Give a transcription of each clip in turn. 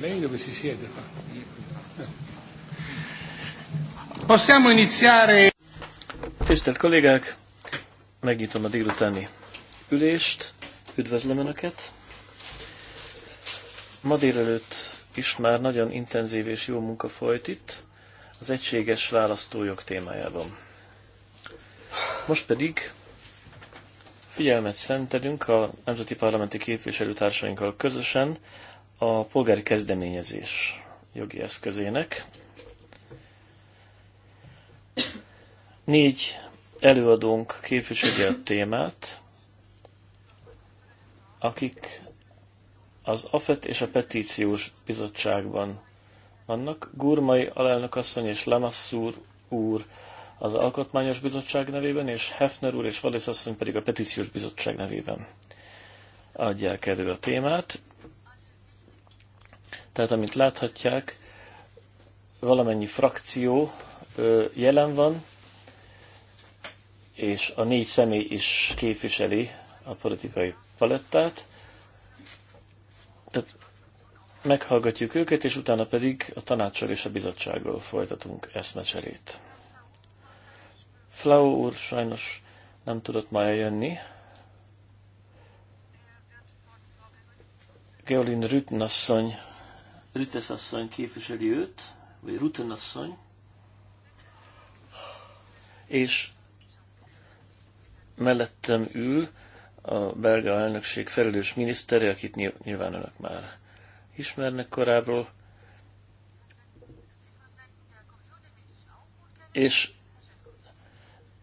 Meglio che si siede qua. Possiamo iniziare. Tisztelt kollégák, megnyitom a délutáni ülést, üdvözlöm Önöket. Ma délelőtt is már nagyon intenzív és jó munka folyt itt, az egységes választójog témájában. Most pedig figyelmet szentelünk a nemzeti parlamenti képviselőtársainkkal közösen a polgári kezdeményezés jogi eszközének. Négy előadónk képviseli a témát, akik az AFET és a Petíciós Bizottságban vannak. Gurmai alelnök asszony és Lemasszúr úr az Alkotmányos Bizottság nevében, és Hefner úr és Valész asszony pedig a Petíciós Bizottság nevében adják elő a témát. Tehát, amint láthatják, valamennyi frakció jelen van, és a négy személy is képviseli a politikai palettát. Tehát meghallgatjuk őket, és utána pedig a tanácssal és a bizottsággal folytatunk eszmecserét. Flau úr sajnos nem tudott ma eljönni. Geolin Rütnasszony Rütes asszony képviseli őt, vagy Ruten asszony, és mellettem ül a belga elnökség felelős minisztere, akit nyilván önök már ismernek korábbról, és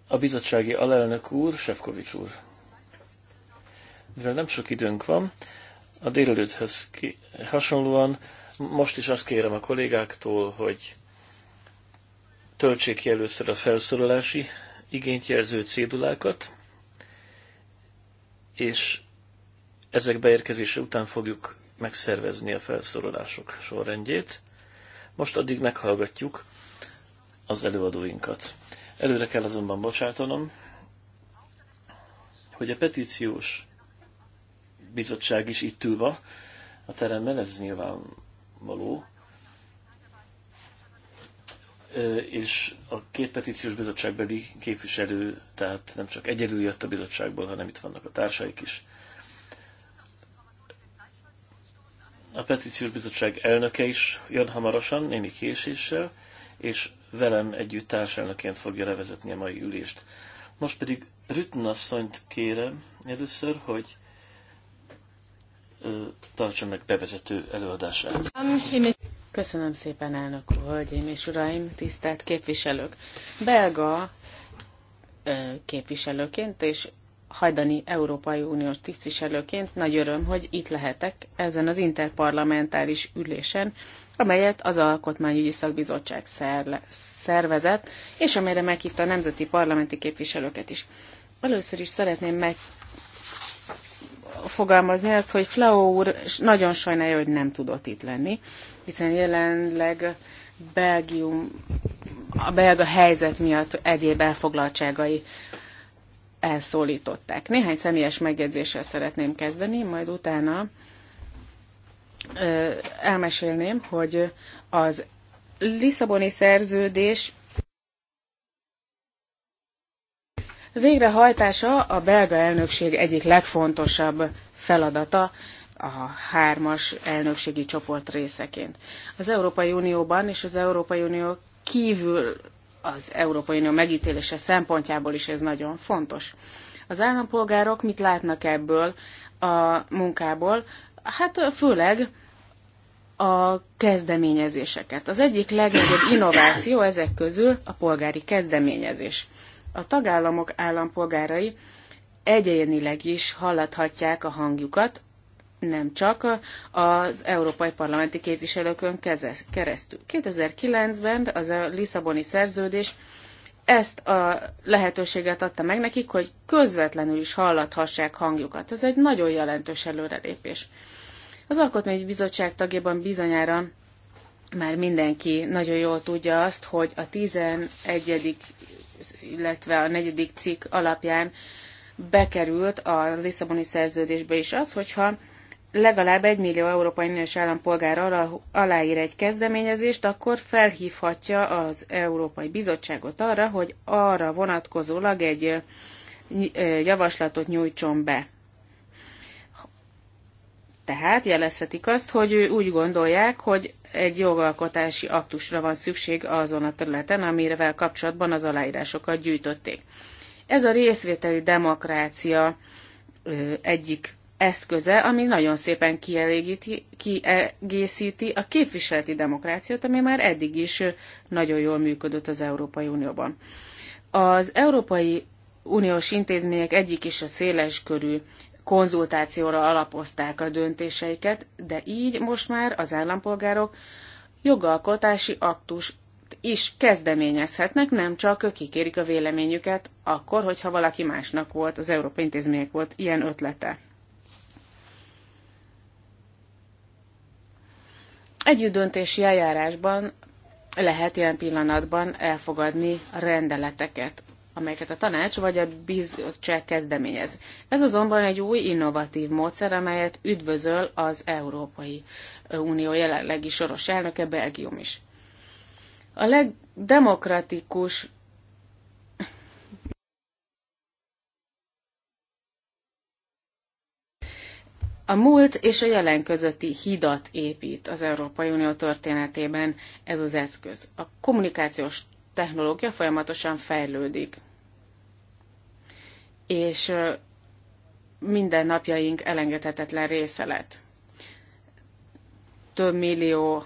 a bizottsági alelnök úr, Sefkovics úr. Mivel nem sok időnk van, a délelőtthöz hasonlóan most is azt kérem a kollégáktól, hogy töltsék ki először a felszorolási igényt jelző cédulákat, és ezek beérkezése után fogjuk megszervezni a felszorolások sorrendjét. Most addig meghallgatjuk az előadóinkat. Előre kell azonban bocsátanom, hogy a petíciós bizottság is itt ülva a teremben, ez nyilván való, és a két petíciós bizottságbeli képviselő, tehát nem csak egyedül jött a bizottságból, hanem itt vannak a társaik is. A petíciós bizottság elnöke is jön hamarosan, némi késéssel, és velem együtt társelnöként fogja levezetni a mai ülést. Most pedig Rütten asszonyt kérem először, hogy tartsa meg bevezető előadását. Um, Köszönöm szépen, elnök úr, hölgyeim és uraim, tisztelt képviselők. Belga képviselőként és hajdani Európai Uniós tisztviselőként nagy öröm, hogy itt lehetek ezen az interparlamentáris ülésen, amelyet az Alkotmányügyi Szakbizottság szervezett, és amelyre meghívta a nemzeti parlamenti képviselőket is. Először is szeretném meg Fogalmazni azt, hogy Flau úr nagyon sajnálja, hogy nem tudott itt lenni, hiszen jelenleg Belgium, a belga helyzet miatt egyéb elfoglaltságai elszólították. Néhány személyes megjegyzéssel szeretném kezdeni, majd utána elmesélném, hogy az Lisszaboni szerződés végrehajtása a belga elnökség egyik legfontosabb feladata a hármas elnökségi csoport részeként. Az Európai Unióban és az Európai Unió kívül az Európai Unió megítélése szempontjából is ez nagyon fontos. Az állampolgárok mit látnak ebből a munkából? Hát főleg a kezdeményezéseket. Az egyik legnagyobb innováció ezek közül a polgári kezdeményezés a tagállamok állampolgárai egyénileg is hallathatják a hangjukat, nem csak az európai parlamenti képviselőkön keresztül. 2009-ben az a Lisszaboni szerződés ezt a lehetőséget adta meg nekik, hogy közvetlenül is hallathassák hangjukat. Ez egy nagyon jelentős előrelépés. Az Alkotmánybizottság tagjában bizonyára már mindenki nagyon jól tudja azt, hogy a 11 illetve a negyedik cikk alapján bekerült a Lisszaboni szerződésbe is az, hogyha legalább egy millió Európai nős állampolgár alá, aláír egy kezdeményezést, akkor felhívhatja az Európai Bizottságot arra, hogy arra vonatkozólag egy javaslatot nyújtson be. Tehát jelezhetik azt, hogy úgy gondolják, hogy egy jogalkotási aktusra van szükség azon a területen, amirevel kapcsolatban az aláírásokat gyűjtötték. Ez a részvételi demokrácia egyik eszköze, ami nagyon szépen kiegészíti a képviseleti demokráciát, ami már eddig is nagyon jól működött az Európai Unióban. Az Európai Uniós intézmények egyik is a széles körű konzultációra alapozták a döntéseiket, de így most már az állampolgárok jogalkotási aktus is kezdeményezhetnek, nem csak kikérik a véleményüket akkor, hogyha valaki másnak volt, az Európai Intézmények volt ilyen ötlete. Együttdöntési eljárásban lehet ilyen pillanatban elfogadni rendeleteket amelyeket a tanács vagy a bizottság kezdeményez. Ez azonban egy új innovatív módszer, amelyet üdvözöl az Európai Unió jelenlegi soros elnöke Belgium is. A legdemokratikus A múlt és a jelen közötti hidat épít az Európai Unió történetében ez az eszköz. A kommunikációs technológia folyamatosan fejlődik és minden napjaink elengedhetetlen része lett. Több millió,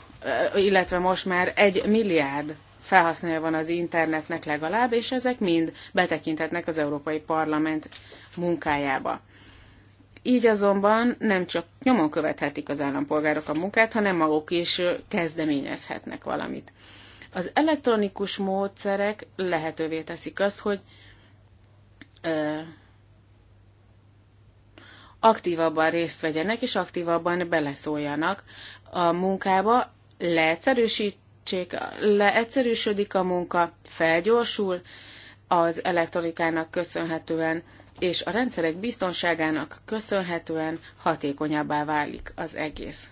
illetve most már egy milliárd felhasználja van az internetnek legalább, és ezek mind betekintetnek az Európai Parlament munkájába. Így azonban nem csak nyomon követhetik az állampolgárok a munkát, hanem maguk is kezdeményezhetnek valamit. Az elektronikus módszerek lehetővé teszik azt, hogy aktívabban részt vegyenek, és aktívabban beleszóljanak a munkába, leegyszerűsödik a munka, felgyorsul az elektronikának köszönhetően, és a rendszerek biztonságának köszönhetően hatékonyabbá válik az egész.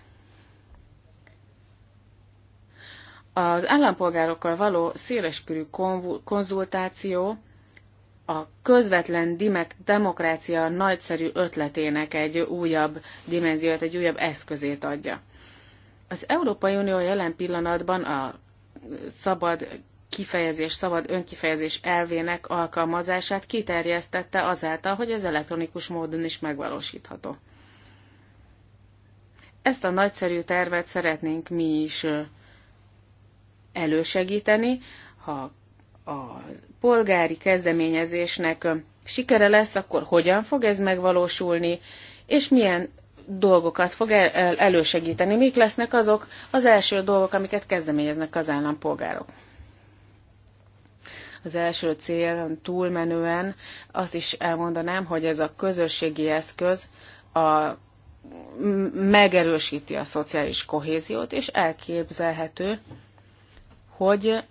Az állampolgárokkal való széleskörű konzultáció a közvetlen dimek, demokrácia nagyszerű ötletének egy újabb dimenziót, egy újabb eszközét adja. Az Európai Unió jelen pillanatban a szabad kifejezés, szabad önkifejezés elvének alkalmazását kiterjesztette azáltal, hogy ez elektronikus módon is megvalósítható. Ezt a nagyszerű tervet szeretnénk mi is elősegíteni, ha a polgári kezdeményezésnek sikere lesz, akkor hogyan fog ez megvalósulni, és milyen dolgokat fog el- elősegíteni, mik lesznek azok az első dolgok, amiket kezdeményeznek az állampolgárok. Az első cél túlmenően azt is elmondanám, hogy ez a közösségi eszköz a megerősíti a szociális kohéziót, és elképzelhető, hogy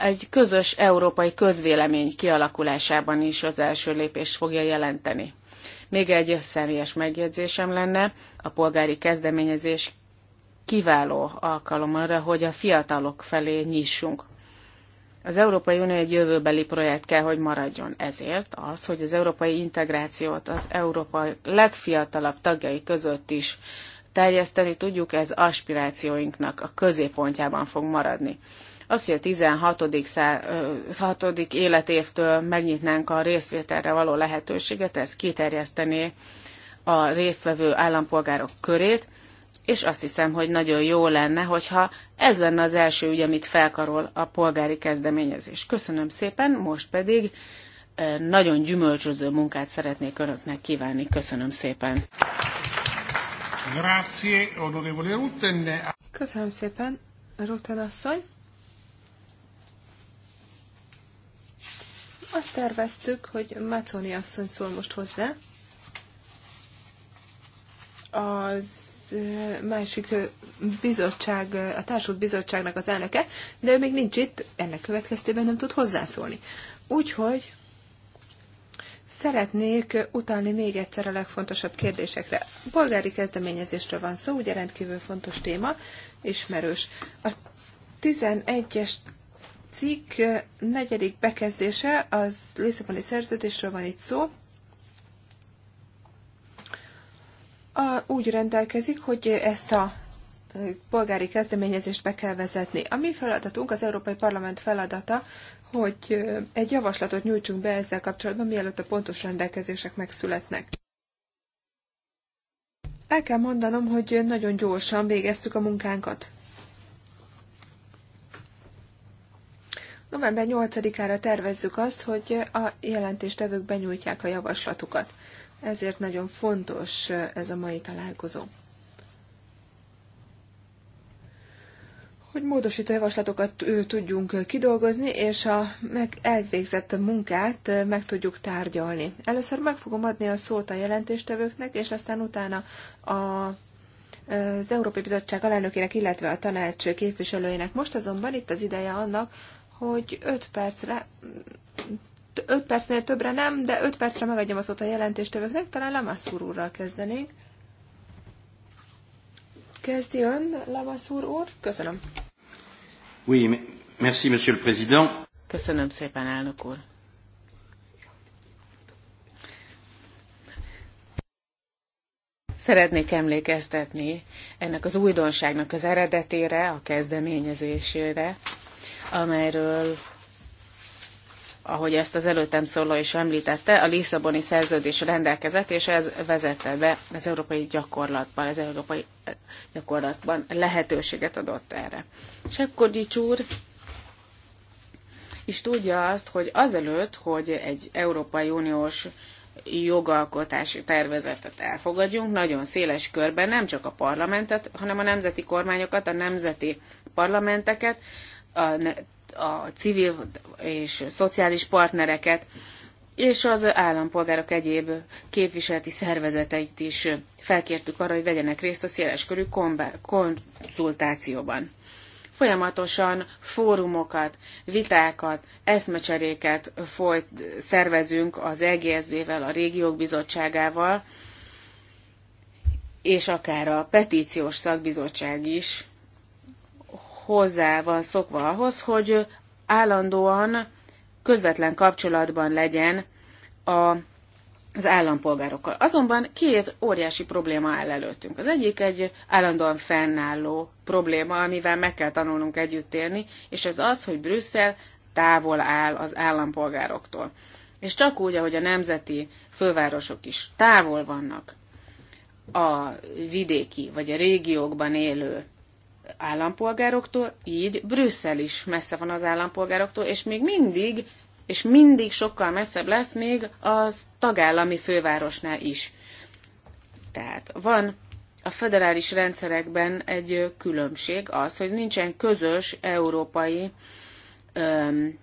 egy közös európai közvélemény kialakulásában is az első lépést fogja jelenteni. Még egy személyes megjegyzésem lenne, a polgári kezdeményezés kiváló alkalom arra, hogy a fiatalok felé nyissunk. Az Európai Unió egy jövőbeli projekt kell, hogy maradjon. Ezért az, hogy az európai integrációt az európai legfiatalabb tagjai között is terjeszteni tudjuk, ez aspirációinknak a középpontjában fog maradni. Az, hogy a 16. Szá, 6. életévtől megnyitnánk a részvételre való lehetőséget, ez kiterjesztené a résztvevő állampolgárok körét, és azt hiszem, hogy nagyon jó lenne, hogyha ez lenne az első ügy, amit felkarol a polgári kezdeményezés. Köszönöm szépen, most pedig nagyon gyümölcsöző munkát szeretnék Önöknek kívánni. Köszönöm szépen. Köszönöm szépen, Rutten asszony. Azt terveztük, hogy Maconi asszony szól most hozzá. Az másik bizottság, a társult bizottságnak az elnöke, de ő még nincs itt, ennek következtében nem tud hozzászólni. Úgyhogy Szeretnék utalni még egyszer a legfontosabb kérdésekre. A polgári kezdeményezésről van szó, ugye rendkívül fontos téma, ismerős. A 11-es cikk negyedik bekezdése, az Lisszaboni szerződésről van itt szó, a, úgy rendelkezik, hogy ezt a polgári kezdeményezést be kell vezetni. A mi feladatunk, az Európai Parlament feladata, hogy egy javaslatot nyújtsunk be ezzel kapcsolatban, mielőtt a pontos rendelkezések megszületnek. El kell mondanom, hogy nagyon gyorsan végeztük a munkánkat. November 8-ára tervezzük azt, hogy a jelentéstevők benyújtják a javaslatukat. Ezért nagyon fontos ez a mai találkozó. hogy módosító javaslatokat tudjunk kidolgozni, és a meg elvégzett munkát meg tudjuk tárgyalni. Először meg fogom adni a szót a jelentéstevőknek, és aztán utána a az Európai Bizottság alelnökének, illetve a tanács képviselőjének. Most azonban itt az ideje annak, hogy 5 percre 5 percnél többre nem, de 5 percre megadjam az ott a jelentéstevőknek, talán Lamaszúr úrral kezdenénk. Kezdi ön, Lamaszúr úr? Köszönöm. Oui, merci, monsieur le président. Köszönöm szépen, elnök úr. Szeretnék emlékeztetni ennek az újdonságnak az eredetére, a kezdeményezésére, amelyről ahogy ezt az előttem szóló is említette, a Lisszaboni szerződés rendelkezett, és ez vezette be az európai gyakorlatban, az európai gyakorlatban lehetőséget adott erre. Sepkodics úr is tudja azt, hogy azelőtt, hogy egy Európai Uniós jogalkotási tervezetet elfogadjunk, nagyon széles körben nem csak a parlamentet, hanem a nemzeti kormányokat, a nemzeti parlamenteket, a, a civil és szociális partnereket, és az állampolgárok egyéb képviseleti szervezeteit is felkértük arra, hogy vegyenek részt a széleskörű konzultációban. Folyamatosan fórumokat, vitákat, eszmecseréket folyt, szervezünk az EGSZB-vel, a Régiók Bizottságával, és akár a petíciós szakbizottság is hozzá van szokva ahhoz, hogy állandóan közvetlen kapcsolatban legyen a az állampolgárokkal. Azonban két óriási probléma áll előttünk. Az egyik egy állandóan fennálló probléma, amivel meg kell tanulnunk együtt élni, és ez az, hogy Brüsszel távol áll az állampolgároktól. És csak úgy, ahogy a nemzeti fővárosok is távol vannak a vidéki vagy a régiókban élő állampolgároktól, így Brüsszel is messze van az állampolgároktól, és még mindig, és mindig sokkal messzebb lesz még az tagállami fővárosnál is. Tehát van a federális rendszerekben egy különbség az, hogy nincsen közös európai öm,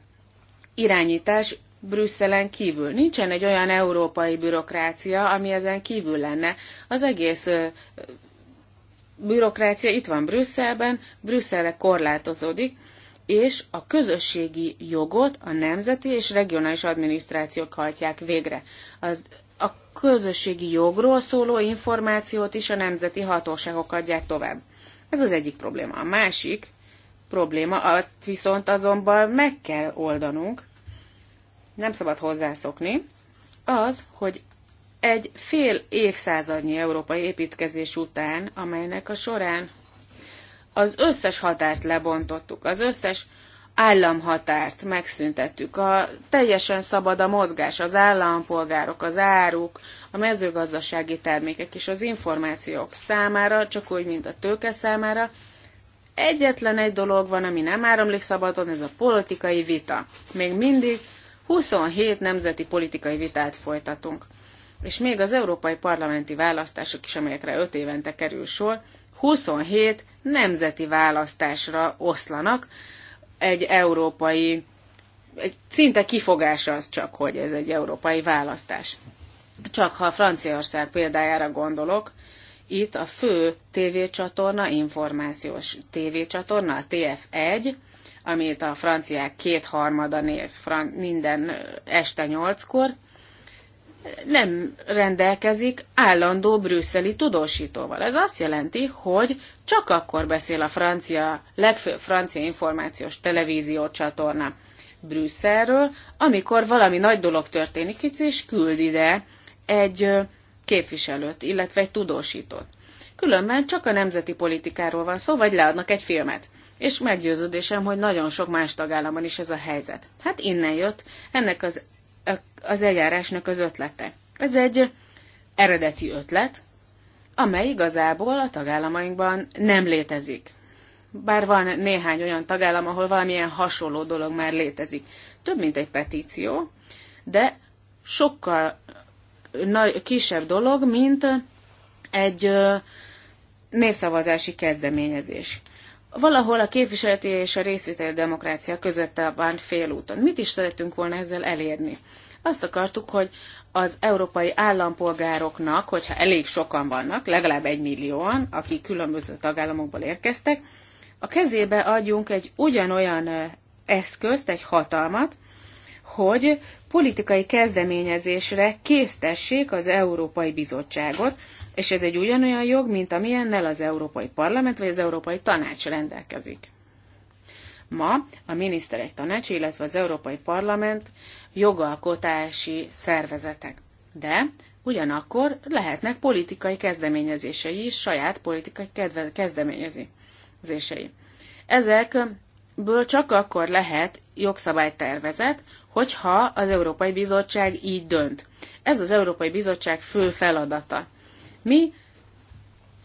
irányítás Brüsszelen kívül. Nincsen egy olyan európai bürokrácia, ami ezen kívül lenne. Az egész bürokrácia itt van Brüsszelben, Brüsszelre korlátozódik, és a közösségi jogot a nemzeti és regionális adminisztrációk hajtják végre. Az a közösségi jogról szóló információt is a nemzeti hatóságok adják tovább. Ez az egyik probléma. A másik probléma, azt viszont azonban meg kell oldanunk, nem szabad hozzászokni, az, hogy egy fél évszázadnyi európai építkezés után, amelynek a során az összes határt lebontottuk, az összes államhatárt megszüntettük, a teljesen szabad a mozgás, az állampolgárok, az áruk, a mezőgazdasági termékek és az információk számára, csak úgy, mint a tőke számára. Egyetlen egy dolog van, ami nem áramlik szabadon, ez a politikai vita. Még mindig 27 nemzeti politikai vitát folytatunk és még az európai parlamenti választások is, amelyekre öt évente kerül sor, 27 nemzeti választásra oszlanak, egy európai, egy szinte kifogás az csak, hogy ez egy európai választás. Csak ha Franciaország példájára gondolok, itt a fő tévécsatorna, információs tévécsatorna, a TF1, amit a franciák kétharmada néz fran- minden este nyolckor, nem rendelkezik állandó brüsszeli tudósítóval. Ez azt jelenti, hogy csak akkor beszél a francia, legfőbb francia információs televízió csatorna Brüsszelről, amikor valami nagy dolog történik itt, és küld ide egy képviselőt, illetve egy tudósítót. Különben csak a nemzeti politikáról van szó, vagy leadnak egy filmet. És meggyőződésem, hogy nagyon sok más tagállamban is ez a helyzet. Hát innen jött ennek az az eljárásnak az ötlete. Ez egy eredeti ötlet, amely igazából a tagállamainkban nem létezik. Bár van néhány olyan tagállam, ahol valamilyen hasonló dolog már létezik. Több, mint egy petíció, de sokkal nagy, kisebb dolog, mint egy névszavazási kezdeményezés valahol a képviseleti és a részvételi demokrácia között van félúton. Mit is szerettünk volna ezzel elérni? Azt akartuk, hogy az európai állampolgároknak, hogyha elég sokan vannak, legalább egy millióan, akik különböző tagállamokból érkeztek, a kezébe adjunk egy ugyanolyan eszközt, egy hatalmat, hogy politikai kezdeményezésre késztessék az Európai Bizottságot, és ez egy ugyanolyan jog, mint amilyennel az Európai Parlament vagy az Európai Tanács rendelkezik. Ma a miniszterek tanács, illetve az Európai Parlament jogalkotási szervezetek. De ugyanakkor lehetnek politikai kezdeményezései is, saját politikai kezdeményezései. Ezekből csak akkor lehet jogszabálytervezet, hogyha az Európai Bizottság így dönt. Ez az Európai Bizottság fő feladata. Mi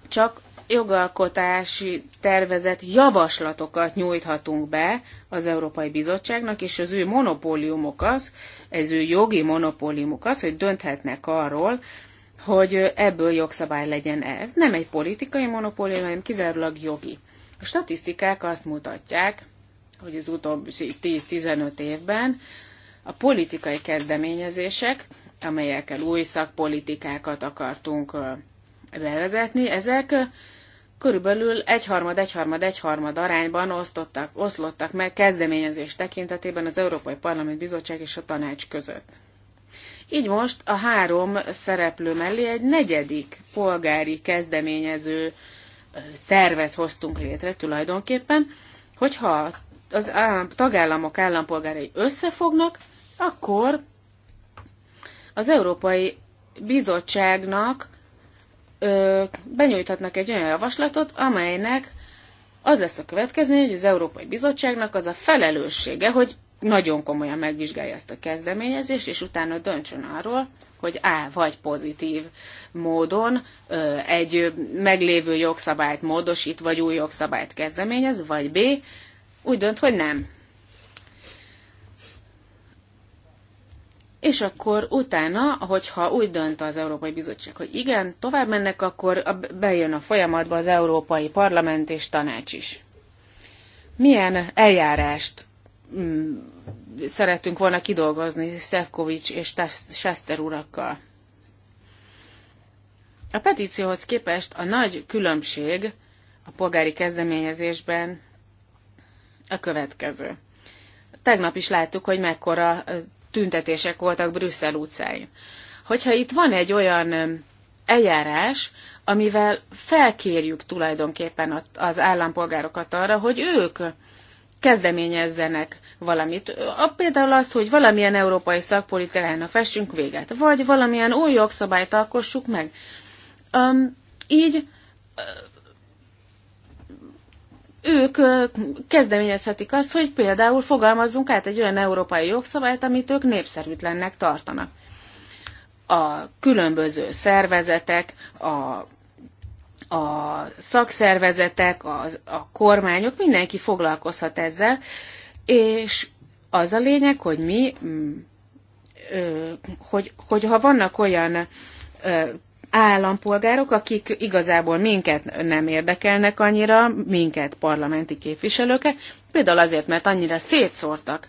csak jogalkotási tervezet javaslatokat nyújthatunk be az Európai Bizottságnak, és az ő monopóliumok az, ez ő jogi monopóliumok az, hogy dönthetnek arról, hogy ebből jogszabály legyen ez. Nem egy politikai monopólium, hanem kizárólag jogi. A statisztikák azt mutatják, hogy az utóbbi 10-15 évben a politikai kezdeményezések, amelyekkel új szakpolitikákat akartunk bevezetni, ezek körülbelül egyharmad, egyharmad, egyharmad arányban osztottak, oszlottak meg kezdeményezés tekintetében az Európai Parlament Bizottság és a Tanács között. Így most a három szereplő mellé egy negyedik polgári kezdeményező szervet hoztunk létre tulajdonképpen, hogyha az állam, tagállamok állampolgárai összefognak, akkor az Európai Bizottságnak ö, benyújthatnak egy olyan javaslatot, amelynek az lesz a következmény, hogy az Európai Bizottságnak az a felelőssége, hogy nagyon komolyan megvizsgálja ezt a kezdeményezést, és utána döntsön arról, hogy á, vagy pozitív módon egy meglévő jogszabályt módosít, vagy új jogszabályt kezdeményez, vagy B, úgy dönt, hogy nem. És akkor utána, hogyha úgy dönt az Európai Bizottság, hogy igen, tovább mennek, akkor bejön a folyamatba az Európai Parlament és Tanács is. Milyen eljárást mm, szerettünk volna kidolgozni Szefkovics és Sester urakkal? A petícióhoz képest a nagy különbség a polgári kezdeményezésben a következő. Tegnap is láttuk, hogy mekkora tüntetések voltak Brüsszel utcáin. Hogyha itt van egy olyan eljárás, amivel felkérjük tulajdonképpen az állampolgárokat arra, hogy ők kezdeményezzenek valamit. A, például azt, hogy valamilyen európai szakpolitikának fessünk véget, vagy valamilyen új jogszabályt alkossuk meg. Um, így ők kezdeményezhetik azt, hogy például fogalmazzunk át egy olyan európai jogszabályt, amit ők népszerűtlennek tartanak. A különböző szervezetek, a a szakszervezetek, az, a kormányok, mindenki foglalkozhat ezzel, és az a lényeg, hogy mi, mm, hogy, hogyha ha vannak olyan állampolgárok, akik igazából minket nem érdekelnek annyira, minket parlamenti képviselőket, például azért, mert annyira szétszórtak.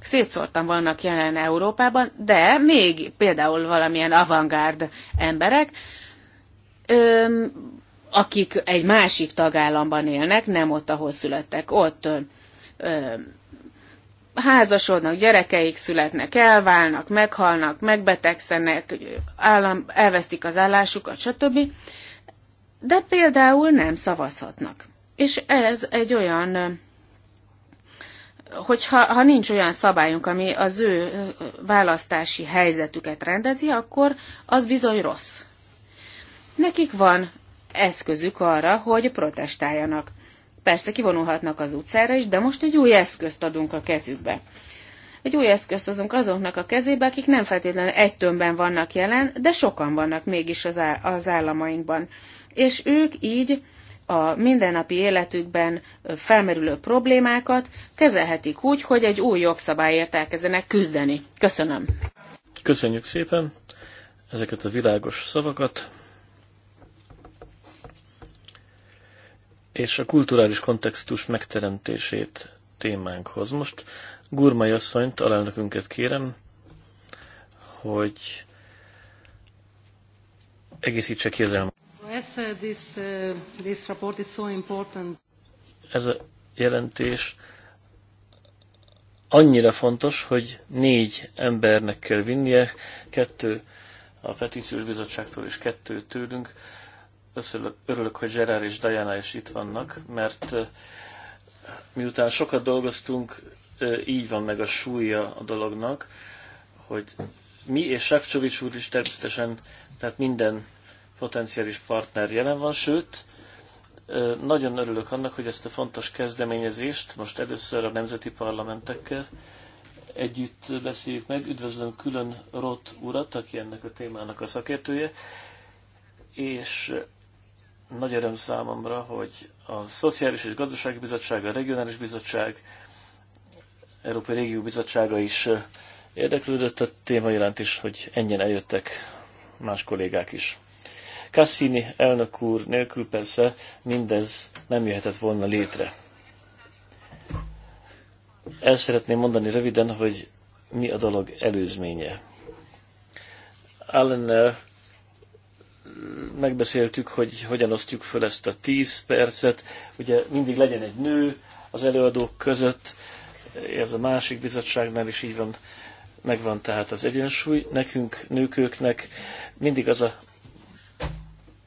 Szétszórtan vannak jelen Európában, de még például valamilyen avantgárd emberek, öm, akik egy másik tagállamban élnek, nem ott, ahol születtek, ott öm, házasodnak, gyerekeik születnek, elválnak, meghalnak, megbetegszenek, állam, elvesztik az állásukat, stb. De például nem szavazhatnak. És ez egy olyan, hogyha ha nincs olyan szabályunk, ami az ő választási helyzetüket rendezi, akkor az bizony rossz. Nekik van eszközük arra, hogy protestáljanak. Persze kivonulhatnak az utcára is, de most egy új eszközt adunk a kezükbe. Egy új eszközt hozunk azoknak a kezébe, akik nem feltétlenül egy tömbben vannak jelen, de sokan vannak mégis az, az államainkban. És ők így a mindennapi életükben felmerülő problémákat kezelhetik úgy, hogy egy új jogszabályért elkezdenek küzdeni. Köszönöm. Köszönjük szépen ezeket a világos szavakat. és a kulturális kontextus megteremtését témánkhoz. Most Gurmai asszonyt, alelnökünket kérem, hogy egészítse ki az uh, uh, Ez a jelentés annyira fontos, hogy négy embernek kell vinnie, kettő a petíciós bizottságtól és kettő tőlünk örülök, hogy Gerard és Diana is itt vannak, mert miután sokat dolgoztunk, így van meg a súlya a dolognak, hogy mi és Sefcsovics úr is természetesen, tehát minden potenciális partner jelen van, sőt, nagyon örülök annak, hogy ezt a fontos kezdeményezést most először a nemzeti parlamentekkel együtt beszéljük meg. Üdvözlöm külön Rott urat, aki ennek a témának a szakértője, és nagy öröm számomra, hogy a Szociális és Gazdasági Bizottság, a Regionális Bizottság, Európai Régió Bizottsága is érdeklődött a téma iránt is, hogy ennyien eljöttek más kollégák is. Cassini elnök úr nélkül persze mindez nem jöhetett volna létre. El szeretném mondani röviden, hogy mi a dolog előzménye. Allennel megbeszéltük, hogy hogyan osztjuk fel ezt a 10 percet. Ugye mindig legyen egy nő az előadók között, ez a másik bizottságnál is így van, megvan tehát az egyensúly. Nekünk, nőkőknek mindig az a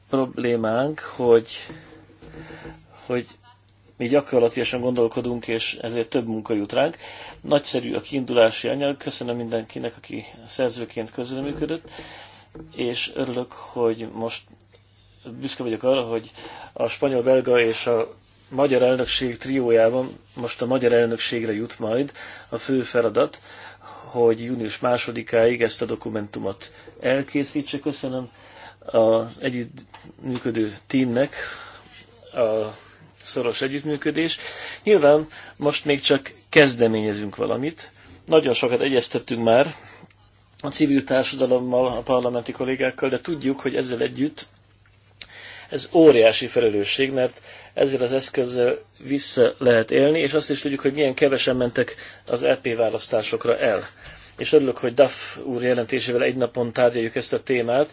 problémánk, hogy, hogy mi gyakorlatilag gondolkodunk, és ezért több munka jut ránk. Nagyszerű a kiindulási anyag, köszönöm mindenkinek, aki szerzőként közreműködött és örülök, hogy most büszke vagyok arra, hogy a spanyol, belga és a magyar elnökség triójában most a magyar elnökségre jut majd a fő feladat, hogy június másodikáig ezt a dokumentumot elkészítse. Köszönöm az együttműködő tímnek a szoros együttműködés. Nyilván most még csak kezdeményezünk valamit. Nagyon sokat egyeztettünk már a civil társadalommal, a parlamenti kollégákkal, de tudjuk, hogy ezzel együtt ez óriási felelősség, mert ezzel az eszközzel vissza lehet élni, és azt is tudjuk, hogy milyen kevesen mentek az EP választásokra el. És örülök, hogy Duff úr jelentésével egy napon tárgyaljuk ezt a témát,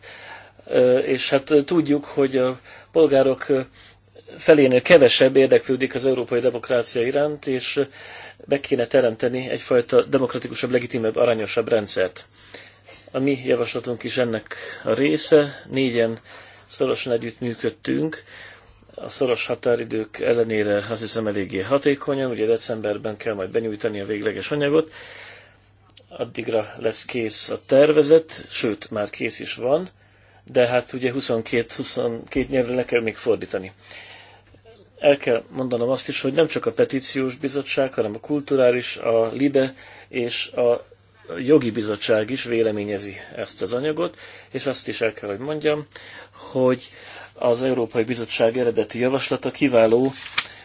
és hát tudjuk, hogy a polgárok felénél kevesebb érdeklődik az európai demokrácia iránt, és meg kéne teremteni egyfajta demokratikusabb, legitimebb, aranyosabb rendszert. A mi javaslatunk is ennek a része. Négyen szorosan együttműködtünk. A szoros határidők ellenére azt hiszem eléggé hatékonyan. Ugye decemberben kell majd benyújtani a végleges anyagot. Addigra lesz kész a tervezet, sőt, már kész is van, de hát ugye 22, 22 nyelvre le kell még fordítani el kell mondanom azt is, hogy nem csak a petíciós bizottság, hanem a kulturális, a LIBE és a jogi bizottság is véleményezi ezt az anyagot, és azt is el kell, hogy mondjam, hogy az Európai Bizottság eredeti javaslata kiváló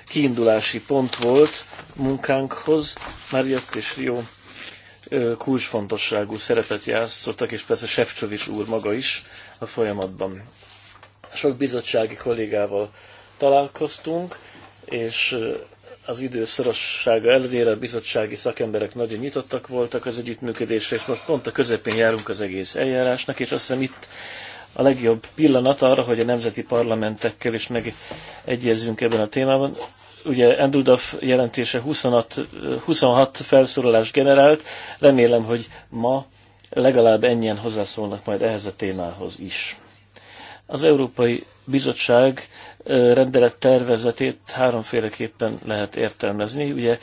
kiindulási pont volt munkánkhoz, már jött és jó kulcsfontosságú szerepet játszottak, és persze Sefcsovics úr maga is a folyamatban. Sok bizottsági kollégával találkoztunk, és az idő szorossága elvére a bizottsági szakemberek nagyon nyitottak voltak az együttműködésre, és most pont a közepén járunk az egész eljárásnak, és azt hiszem itt a legjobb pillanat arra, hogy a nemzeti parlamentekkel is megegyezzünk ebben a témában. Ugye Andrew jelentése 26, 26 felszólalást generált, remélem, hogy ma legalább ennyien hozzászólnak majd ehhez a témához is. Az Európai Bizottság rendelet tervezetét háromféleképpen lehet értelmezni, ugye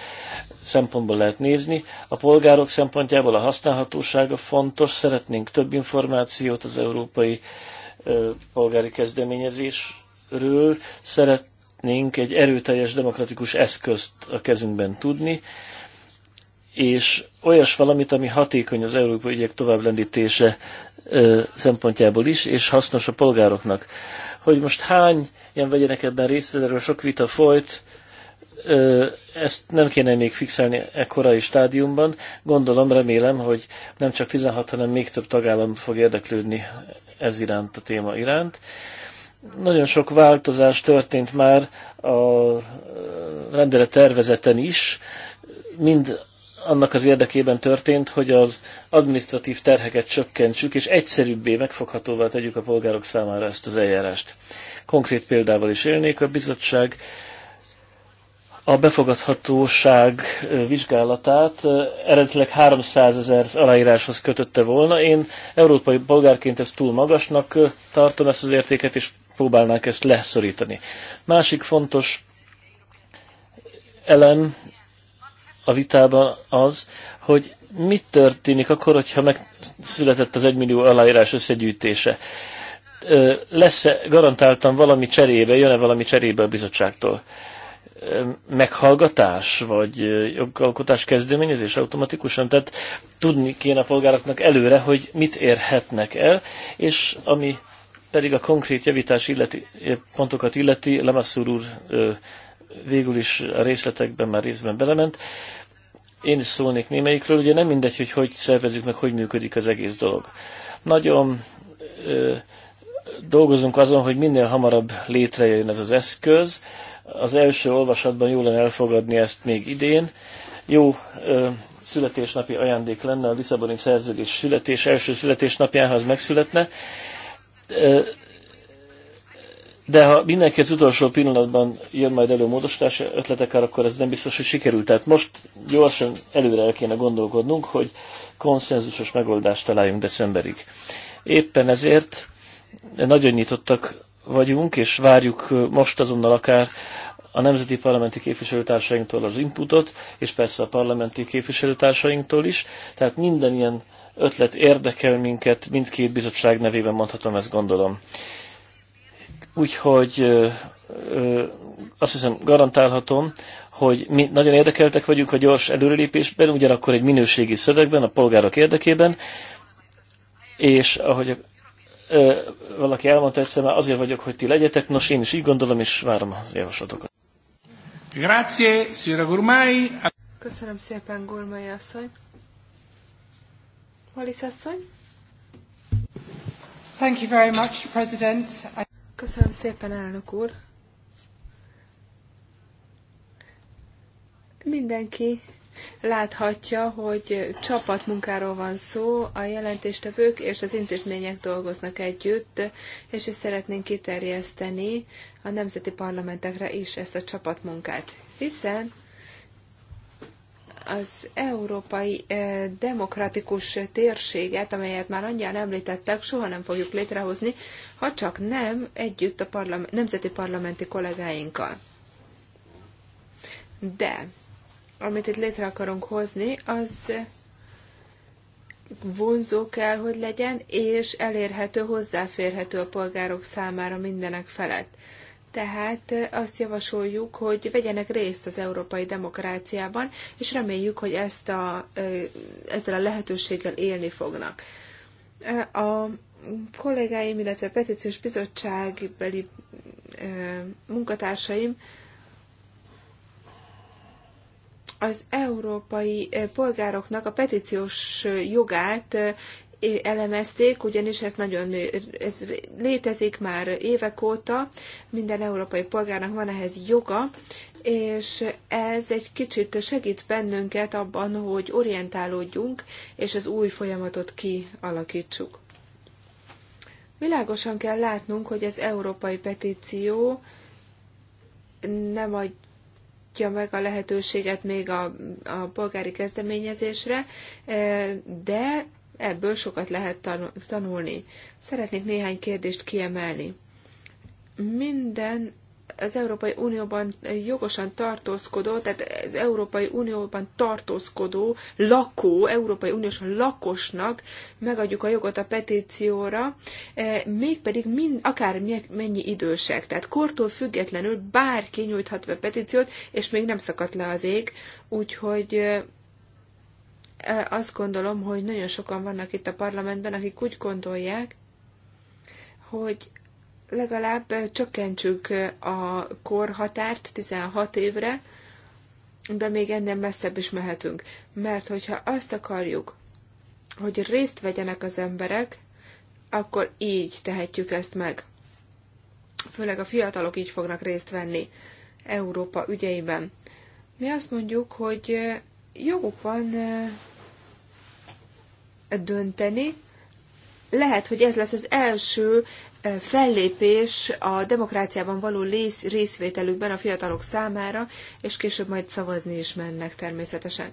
szempontból lehet nézni. A polgárok szempontjából a használhatósága fontos, szeretnénk több információt az európai polgári kezdeményezésről, szeretnénk egy erőteljes demokratikus eszközt a kezünkben tudni, és olyas valamit, ami hatékony az európai ügyek továbblendítése szempontjából is, és hasznos a polgároknak. Hogy most hány ilyen vegyenek ebben részt, erről sok vita folyt, ezt nem kéne még fixelni e korai stádiumban. Gondolom, remélem, hogy nem csak 16, hanem még több tagállam fog érdeklődni ez iránt, a téma iránt. Nagyon sok változás történt már a rendelet tervezeten is, mind annak az érdekében történt, hogy az administratív terheket csökkentsük, és egyszerűbbé megfoghatóvá tegyük a polgárok számára ezt az eljárást. Konkrét példával is élnék, a bizottság a befogadhatóság vizsgálatát eredetileg 300 ezer aláíráshoz kötötte volna. Én európai polgárként ezt túl magasnak tartom ezt az értéket, és próbálnánk ezt leszorítani. Másik fontos elem a vitában az, hogy mit történik akkor, hogyha megszületett az egymillió aláírás összegyűjtése. Lesz-e garantáltan valami cserébe, jön-e valami cserébe a bizottságtól? meghallgatás, vagy jogalkotás kezdeményezés automatikusan, tehát tudni kéne a polgáraknak előre, hogy mit érhetnek el, és ami pedig a konkrét javítás illeti, pontokat illeti, Lemasszúr úr végül is a részletekben már részben belement. Én is szólnék némelyikről, ugye nem mindegy, hogy hogy szervezzük meg, hogy működik az egész dolog. Nagyon ö, dolgozunk azon, hogy minél hamarabb létrejön ez az eszköz. Az első olvasatban jól lenne elfogadni ezt még idén. Jó ö, születésnapi ajándék lenne a Lisszaboni szerződés születés első születésnapján, ha az megszületne. Ö, de ha mindenki az utolsó pillanatban jön majd elő módosítási ötletekkel, akkor ez nem biztos, hogy sikerül. Tehát most gyorsan előre el kéne gondolkodnunk, hogy konszenzusos megoldást találjunk decemberig. Éppen ezért nagyon nyitottak vagyunk, és várjuk most azonnal akár a nemzeti parlamenti képviselőtársainktól az inputot, és persze a parlamenti képviselőtársainktól is. Tehát minden ilyen ötlet érdekel minket, mindkét bizottság nevében mondhatom, ezt gondolom. Úgyhogy azt hiszem garantálhatom, hogy mi nagyon érdekeltek vagyunk a gyors előrelépésben, ugyanakkor egy minőségi szövegben, a polgárok érdekében, és ahogy ö, valaki elmondta egyszer, már azért vagyok, hogy ti legyetek, nos én is így gondolom, és várom a javaslatokat. Grazie, signora Gurmai. Köszönöm szépen, Gurmai asszony. Wallis asszony. Thank you very much, President. I... Köszönöm szépen, elnök úr. Mindenki láthatja, hogy csapatmunkáról van szó, a jelentéstevők és az intézmények dolgoznak együtt, és ezt szeretnénk kiterjeszteni a nemzeti parlamentekre is ezt a csapatmunkát. Hiszen az európai eh, demokratikus térséget, amelyet már annyian említettek, soha nem fogjuk létrehozni, ha csak nem együtt a parlament, nemzeti parlamenti kollégáinkkal. De amit itt létre akarunk hozni, az vonzó kell, hogy legyen, és elérhető, hozzáférhető a polgárok számára mindenek felett tehát azt javasoljuk, hogy vegyenek részt az európai demokráciában, és reméljük, hogy ezt a, ezzel a lehetőséggel élni fognak. A kollégáim, illetve a petíciós bizottságbeli munkatársaim az európai polgároknak a petíciós jogát elemezték, ugyanis ez nagyon ez létezik már évek óta, minden európai polgárnak van ehhez joga, és ez egy kicsit segít bennünket abban, hogy orientálódjunk, és az új folyamatot kialakítsuk. Világosan kell látnunk, hogy az európai petíció nem a meg a lehetőséget még a, a polgári kezdeményezésre, de ebből sokat lehet tanulni. Szeretnék néhány kérdést kiemelni. Minden az Európai Unióban jogosan tartózkodó, tehát az Európai Unióban tartózkodó lakó, Európai Uniós lakosnak megadjuk a jogot a petícióra, e, mégpedig mind, akár mennyi idősek. Tehát kortól függetlenül bárki nyújthat be petíciót, és még nem szakadt le az ég, úgyhogy e, azt gondolom, hogy nagyon sokan vannak itt a parlamentben, akik úgy gondolják, hogy legalább csökkentsük a korhatárt 16 évre, de még ennél messzebb is mehetünk. Mert hogyha azt akarjuk, hogy részt vegyenek az emberek, akkor így tehetjük ezt meg. Főleg a fiatalok így fognak részt venni Európa ügyeiben. Mi azt mondjuk, hogy joguk van dönteni. Lehet, hogy ez lesz az első fellépés a demokráciában való részvételükben a fiatalok számára, és később majd szavazni is mennek természetesen.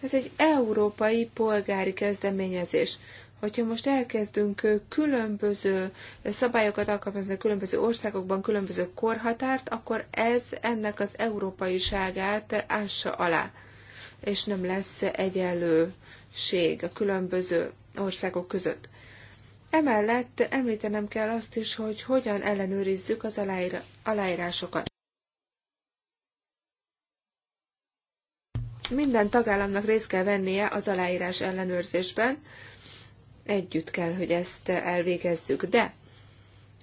Ez egy európai polgári kezdeményezés. Hogyha most elkezdünk különböző szabályokat alkalmazni a különböző országokban, különböző korhatárt, akkor ez ennek az európaiságát ássa alá és nem lesz egyenlőség a különböző országok között. Emellett említenem kell azt is, hogy hogyan ellenőrizzük az aláír- aláírásokat. Minden tagállamnak részt kell vennie az aláírás ellenőrzésben, együtt kell, hogy ezt elvégezzük. De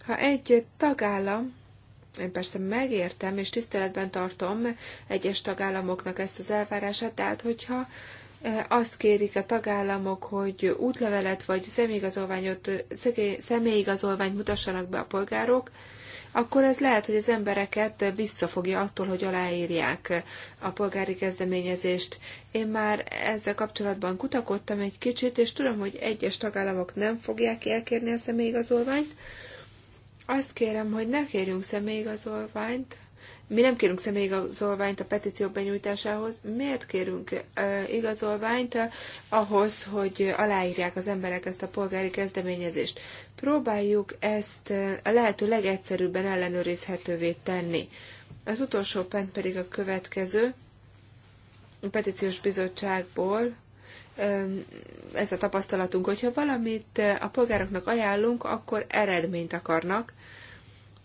ha egy tagállam én persze megértem és tiszteletben tartom egyes tagállamoknak ezt az elvárását, tehát hogyha e, azt kérik a tagállamok, hogy útlevelet vagy személyigazolványot, személyigazolványt mutassanak be a polgárok, akkor ez lehet, hogy az embereket visszafogja attól, hogy aláírják a polgári kezdeményezést. Én már ezzel kapcsolatban kutakodtam egy kicsit, és tudom, hogy egyes tagállamok nem fogják elkérni a személyigazolványt, azt kérem, hogy ne kérjünk személyigazolványt, mi nem kérünk személyigazolványt a petíció benyújtásához. Miért kérünk igazolványt ahhoz, hogy aláírják az emberek ezt a polgári kezdeményezést? Próbáljuk ezt a lehető legegyszerűbben ellenőrizhetővé tenni. Az utolsó pent pedig a következő. A petíciós bizottságból ez a tapasztalatunk, hogyha valamit eh, a polgároknak ajánlunk, akkor eredményt akarnak,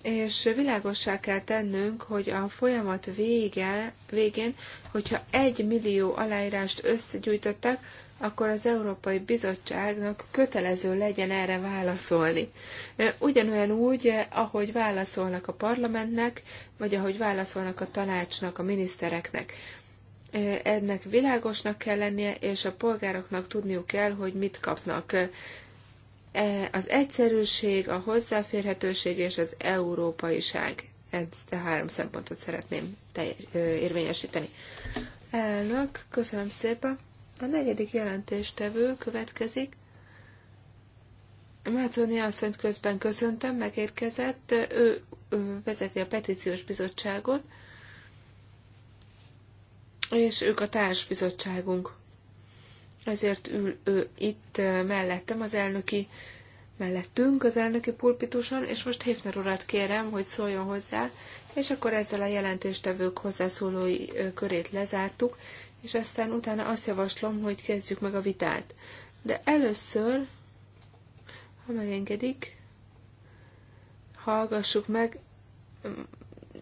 és világossá kell tennünk, hogy a folyamat vége, végén, hogyha egy millió aláírást összegyűjtöttek, akkor az Európai Bizottságnak kötelező legyen erre válaszolni. Ugyanolyan úgy, eh, ahogy válaszolnak a parlamentnek, vagy ahogy válaszolnak a tanácsnak, a minisztereknek ennek világosnak kell lennie, és a polgároknak tudniuk kell, hogy mit kapnak. E, az egyszerűség, a hozzáférhetőség és az európaiság. Ezt a három szempontot szeretném érvényesíteni. Elnök, köszönöm szépen. A negyedik jelentéstevő következik. Mácóni asszonyt közben köszöntöm, megérkezett. Ő vezeti a petíciós bizottságot és ők a társbizottságunk. Ezért ül ő itt mellettem az elnöki, mellettünk az elnöki pulpituson, és most Hefner urat kérem, hogy szóljon hozzá, és akkor ezzel a jelentéstevők hozzászólói körét lezártuk, és aztán utána azt javaslom, hogy kezdjük meg a vitát. De először, ha megengedik, hallgassuk meg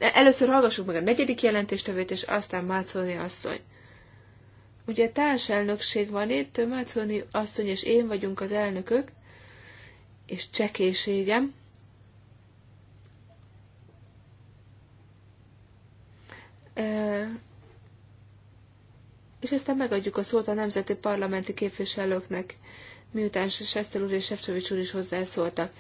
először hallgassuk meg a negyedik jelentéstevőt, és aztán Mácolni asszony. Ugye társelnökség van itt, Mácolni asszony és én vagyunk az elnökök, és csekéségem. És aztán megadjuk a szót a nemzeti parlamenti képviselőknek, miután Sester úr és Sefcsovics úr is hozzászóltak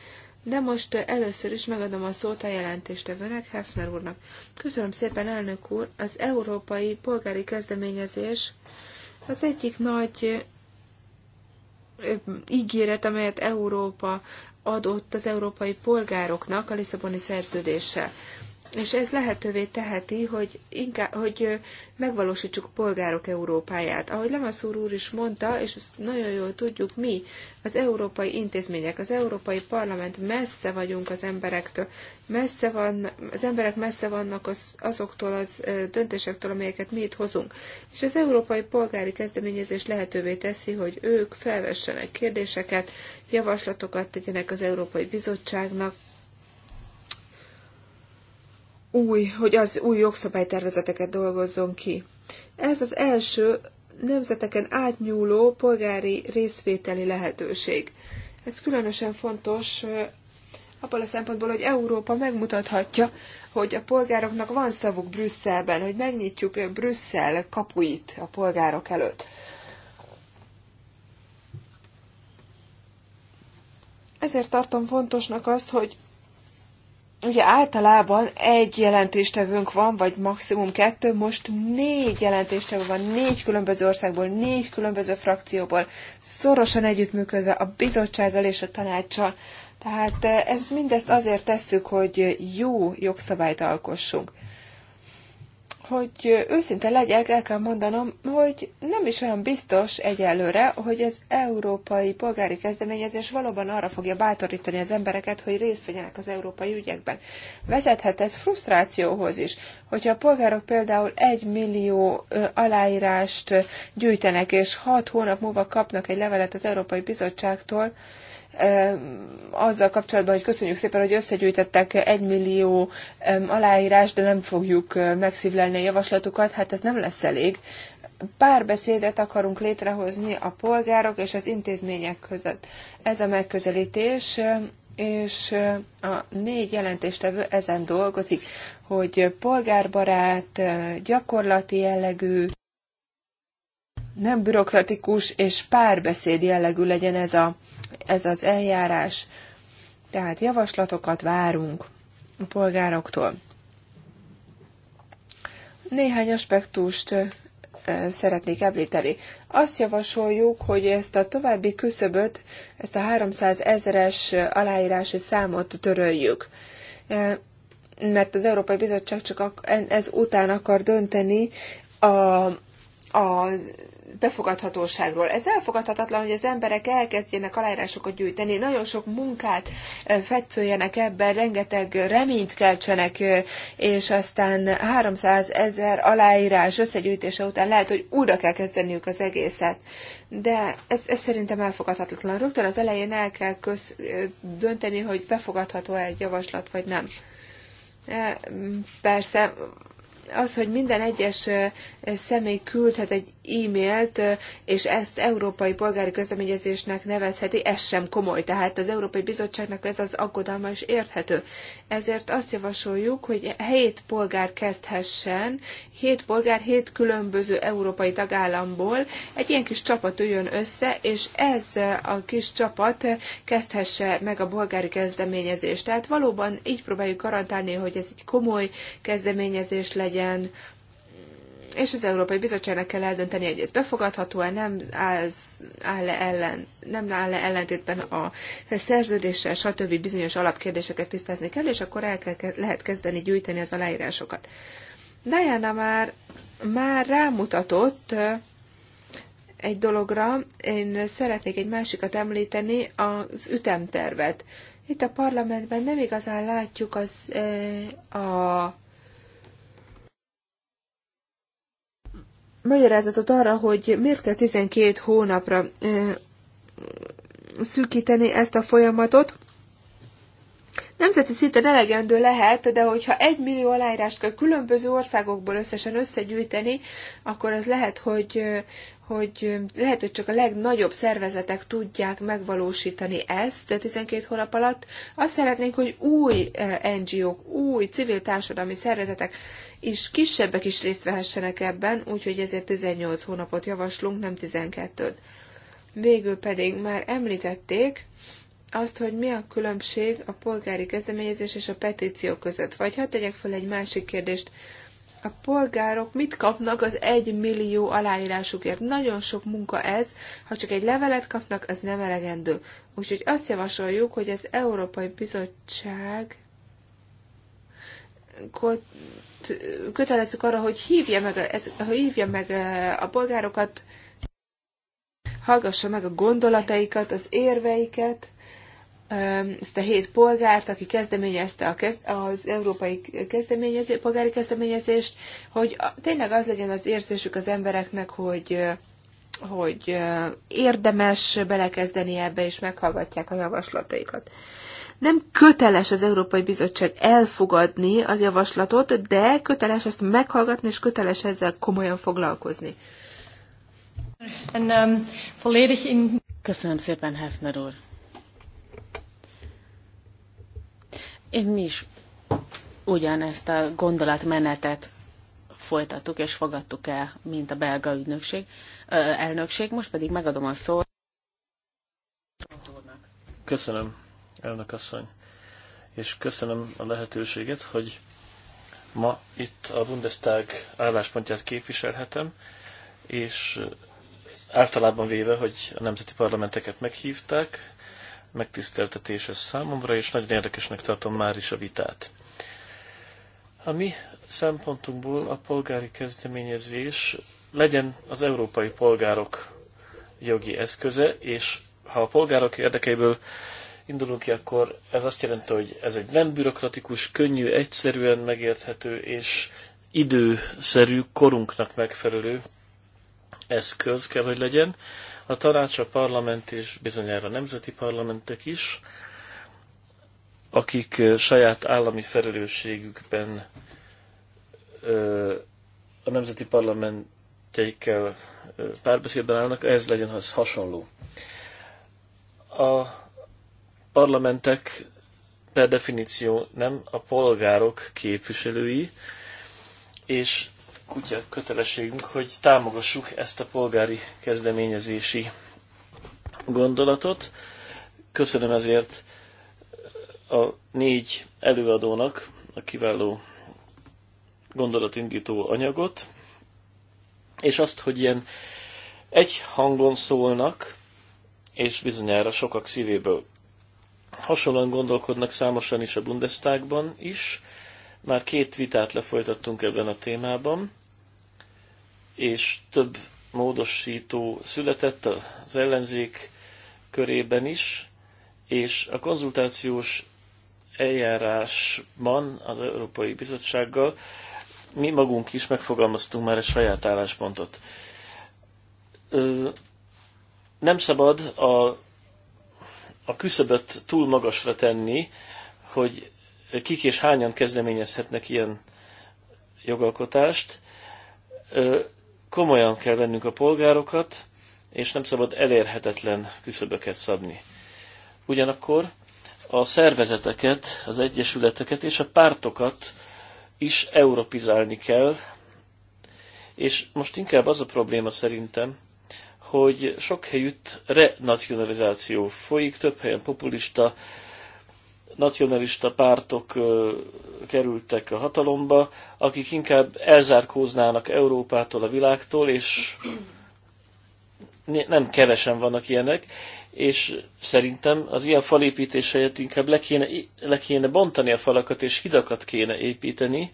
de most eh, először is megadom a szót a jelentéstevőnek, Hefner úrnak. Köszönöm szépen, elnök úr! Az európai polgári kezdeményezés az egyik nagy eh, ígéret, amelyet Európa adott az európai polgároknak a Lisszaboni szerződéssel és ez lehetővé teheti, hogy, inkább, hogy megvalósítsuk polgárok Európáját. Ahogy Lemaszúr úr is mondta, és ezt nagyon jól tudjuk mi, az európai intézmények, az európai parlament messze vagyunk az emberektől, messze van, az emberek messze vannak az, azoktól az döntésektől, amelyeket mi itt hozunk. És az európai polgári kezdeményezés lehetővé teszi, hogy ők felvessenek kérdéseket, javaslatokat tegyenek az Európai Bizottságnak, új, hogy az új jogszabálytervezeteket dolgozzon ki. Ez az első nemzeteken átnyúló polgári részvételi lehetőség. Ez különösen fontos abból a szempontból, hogy Európa megmutathatja, hogy a polgároknak van szavuk Brüsszelben, hogy megnyitjuk Brüsszel kapuit a polgárok előtt. Ezért tartom fontosnak azt, hogy ugye általában egy jelentéstevőnk van, vagy maximum kettő, most négy jelentéstevő van, négy különböző országból, négy különböző frakcióból, szorosan együttműködve a bizottsággal és a tanácssal. Tehát eh, ezt mindezt azért tesszük, hogy jó jogszabályt alkossunk hogy őszinte legyek, el kell mondanom, hogy nem is olyan biztos egyelőre, hogy az európai polgári kezdeményezés valóban arra fogja bátorítani az embereket, hogy részt vegyenek az európai ügyekben. Vezethet ez frusztrációhoz is, hogyha a polgárok például egy millió aláírást gyűjtenek, és hat hónap múlva kapnak egy levelet az Európai Bizottságtól, azzal kapcsolatban, hogy köszönjük szépen, hogy összegyűjtettek egy millió aláírás, de nem fogjuk megszívlelni a javaslatukat, hát ez nem lesz elég. Pár beszédet akarunk létrehozni a polgárok és az intézmények között. Ez a megközelítés, és a négy jelentéstevő ezen dolgozik, hogy polgárbarát, gyakorlati jellegű, nem bürokratikus és párbeszéd jellegű legyen ez, a, ez az eljárás. Tehát javaslatokat várunk a polgároktól. Néhány aspektust szeretnék említeni. Azt javasoljuk, hogy ezt a további küszöböt, ezt a 300 ezeres aláírási számot töröljük. Mert az Európai Bizottság csak ez után akar dönteni a, a befogadhatóságról. Ez elfogadhatatlan, hogy az emberek elkezdjenek aláírásokat gyűjteni, nagyon sok munkát fetszöljenek ebben, rengeteg reményt keltsenek, és aztán 300 ezer aláírás összegyűjtése után lehet, hogy újra kell kezdeniük az egészet. De ez, ez szerintem elfogadhatatlan. Rögtön az elején el kell köz, dönteni, hogy befogadható-e egy javaslat, vagy nem. E, persze, az, hogy minden egyes személy küldhet egy e-mailt, és ezt európai polgári közleményezésnek nevezheti, ez sem komoly. Tehát az Európai Bizottságnak ez az aggodalma is érthető. Ezért azt javasoljuk, hogy hét polgár kezdhessen, hét polgár hét különböző európai tagállamból egy ilyen kis csapat üljön össze, és ez a kis csapat kezdhesse meg a polgári kezdeményezést. Tehát valóban így próbáljuk garantálni, hogy ez egy komoly kezdeményezés legyen, és az Európai Bizottságnak kell eldönteni, hogy ez befogadható-e, nem áll-e ellen, nem áll -e ellentétben a szerződéssel, stb. bizonyos alapkérdéseket tisztázni kell, és akkor el kell, lehet kezdeni gyűjteni az aláírásokat. Diana már, már rámutatott egy dologra, én szeretnék egy másikat említeni, az ütemtervet. Itt a parlamentben nem igazán látjuk az, a magyarázatot arra, hogy miért kell 12 hónapra szűkíteni ezt a folyamatot, Nemzeti szinten elegendő lehet, de hogyha egy millió aláírást kell különböző országokból összesen összegyűjteni, akkor az lehet, hogy, hogy lehet, hogy csak a legnagyobb szervezetek tudják megvalósítani ezt 12 hónap alatt. Azt szeretnénk, hogy új eh, NGO-k, új civil társadalmi szervezetek és kisebbek is részt vehessenek ebben, úgyhogy ezért 18 hónapot javaslunk, nem 12-t. Végül pedig már említették, azt, hogy mi a különbség a polgári kezdeményezés és a petíció között. Vagy hadd tegyek fel egy másik kérdést. A polgárok mit kapnak az egy millió aláírásukért? Nagyon sok munka ez, ha csak egy levelet kapnak, az nem elegendő. Úgyhogy azt javasoljuk, hogy az Európai Bizottság kötelezzük arra, hogy hívja meg, ez, hogy hívja meg e, a polgárokat, hallgassa meg a gondolataikat, az érveiket, ezt a hét polgárt, aki kezdeményezte a az európai kezdeményezést, polgári kezdeményezést, hogy tényleg az legyen az érzésük az embereknek, hogy hogy érdemes belekezdeni ebbe, és meghallgatják a javaslataikat. Nem köteles az Európai Bizottság elfogadni az javaslatot, de köteles ezt meghallgatni, és köteles ezzel komolyan foglalkozni. Um, Köszönöm szépen, Hefner úr! Én Mi is ugyanezt a gondolatmenetet folytattuk és fogadtuk el, mint a belga ügynökség, ö, elnökség. Most pedig megadom a szót. Köszönöm, elnök asszony, és köszönöm a lehetőséget, hogy ma itt a Bundestag álláspontját képviselhetem, és általában véve, hogy a nemzeti parlamenteket meghívták, megtiszteltetés ez számomra, és nagyon érdekesnek tartom már is a vitát. A mi szempontunkból a polgári kezdeményezés legyen az európai polgárok jogi eszköze, és ha a polgárok érdekeiből indulunk ki, akkor ez azt jelenti, hogy ez egy nem bürokratikus, könnyű, egyszerűen megérthető és időszerű, korunknak megfelelő eszköz kell, hogy legyen. A tanács, a parlament és bizonyára a nemzeti parlamentek is, akik saját állami felelősségükben a nemzeti parlamentjeikkel párbeszédben állnak, ez legyen az hasonló. A parlamentek per definíció nem a polgárok képviselői, és kutya kötelességünk, hogy támogassuk ezt a polgári kezdeményezési gondolatot. Köszönöm ezért a négy előadónak a kiváló gondolatindító anyagot, és azt, hogy ilyen egy hangon szólnak, és bizonyára sokak szívéből. Hasonlóan gondolkodnak számosan is a Bundestagban is, már két vitát lefolytattunk ebben a témában, és több módosító született az ellenzék körében is, és a konzultációs eljárásban az Európai Bizottsággal mi magunk is megfogalmaztunk már egy saját álláspontot. Nem szabad a, a küszöböt túl magasra tenni, hogy kik és hányan kezdeményezhetnek ilyen jogalkotást komolyan kell vennünk a polgárokat, és nem szabad elérhetetlen küszöböket szabni. Ugyanakkor a szervezeteket, az egyesületeket és a pártokat is europizálni kell, és most inkább az a probléma szerintem, hogy sok helyütt renacionalizáció folyik, több helyen populista nacionalista pártok kerültek a hatalomba, akik inkább elzárkóznának Európától, a világtól, és nem kevesen vannak ilyenek, és szerintem az ilyen falépítés helyett inkább le kéne, le kéne bontani a falakat, és hidakat kéne építeni,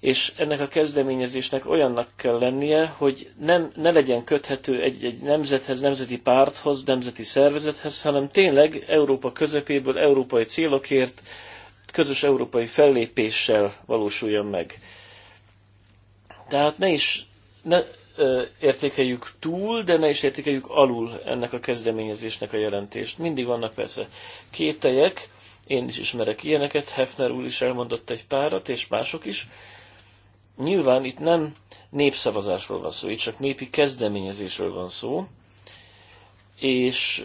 és ennek a kezdeményezésnek olyannak kell lennie, hogy nem, ne legyen köthető egy, egy nemzethez, nemzeti párthoz, nemzeti szervezethez, hanem tényleg Európa közepéből, európai célokért, közös európai fellépéssel valósuljon meg. Tehát ne is ne ö, értékeljük túl, de ne is értékeljük alul ennek a kezdeményezésnek a jelentést. Mindig vannak persze kételjek, én is ismerek ilyeneket, Hefner úr is elmondott egy párat, és mások is, Nyilván itt nem népszavazásról van szó, itt csak népi kezdeményezésről van szó, és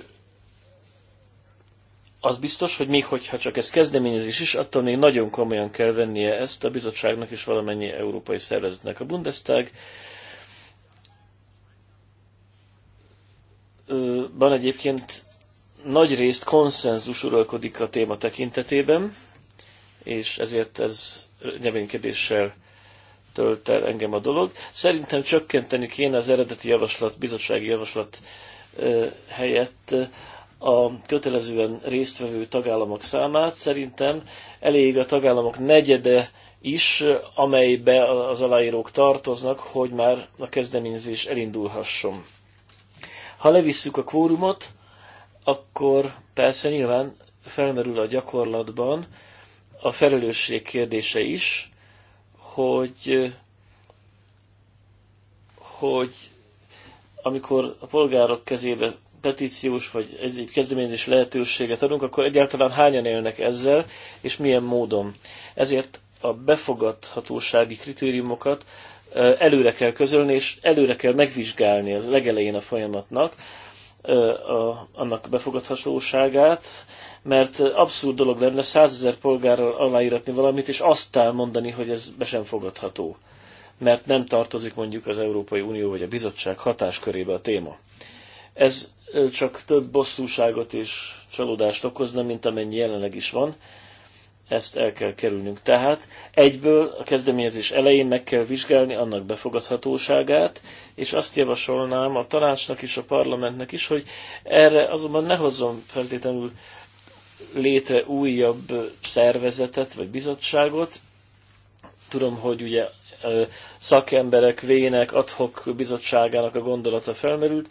az biztos, hogy még hogyha csak ez kezdeményezés is, attól még nagyon komolyan kell vennie ezt a bizottságnak és valamennyi európai szervezetnek. A Bundestag van egyébként nagy részt konszenzus uralkodik a téma tekintetében, és ezért ez reménykedéssel tölt el engem a dolog. Szerintem csökkenteni kéne az eredeti javaslat, bizottsági javaslat helyett a kötelezően résztvevő tagállamok számát. Szerintem elég a tagállamok negyede is, amelybe az aláírók tartoznak, hogy már a kezdeményezés elindulhasson. Ha levisszük a kórumot, akkor persze nyilván felmerül a gyakorlatban a felelősség kérdése is, hogy, hogy amikor a polgárok kezébe petíciós vagy egyéb kezdeményezés lehetőséget adunk, akkor egyáltalán hányan élnek ezzel, és milyen módon. Ezért a befogadhatósági kritériumokat előre kell közölni, és előre kell megvizsgálni az legelején a folyamatnak, a, annak befogadhatóságát, mert abszurd dolog lenne százezer polgárral aláíratni valamit, és aztán mondani, hogy ez be sem fogadható, mert nem tartozik mondjuk az Európai Unió vagy a bizottság hatáskörébe a téma. Ez csak több bosszúságot és csalódást okozna, mint amennyi jelenleg is van, ezt el kell kerülnünk. Tehát egyből a kezdeményezés elején meg kell vizsgálni annak befogadhatóságát, és azt javasolnám a tanácsnak is, a parlamentnek is, hogy erre azonban ne hozzon feltétlenül létre újabb szervezetet vagy bizottságot. Tudom, hogy ugye szakemberek, vének, adhok bizottságának a gondolata felmerült.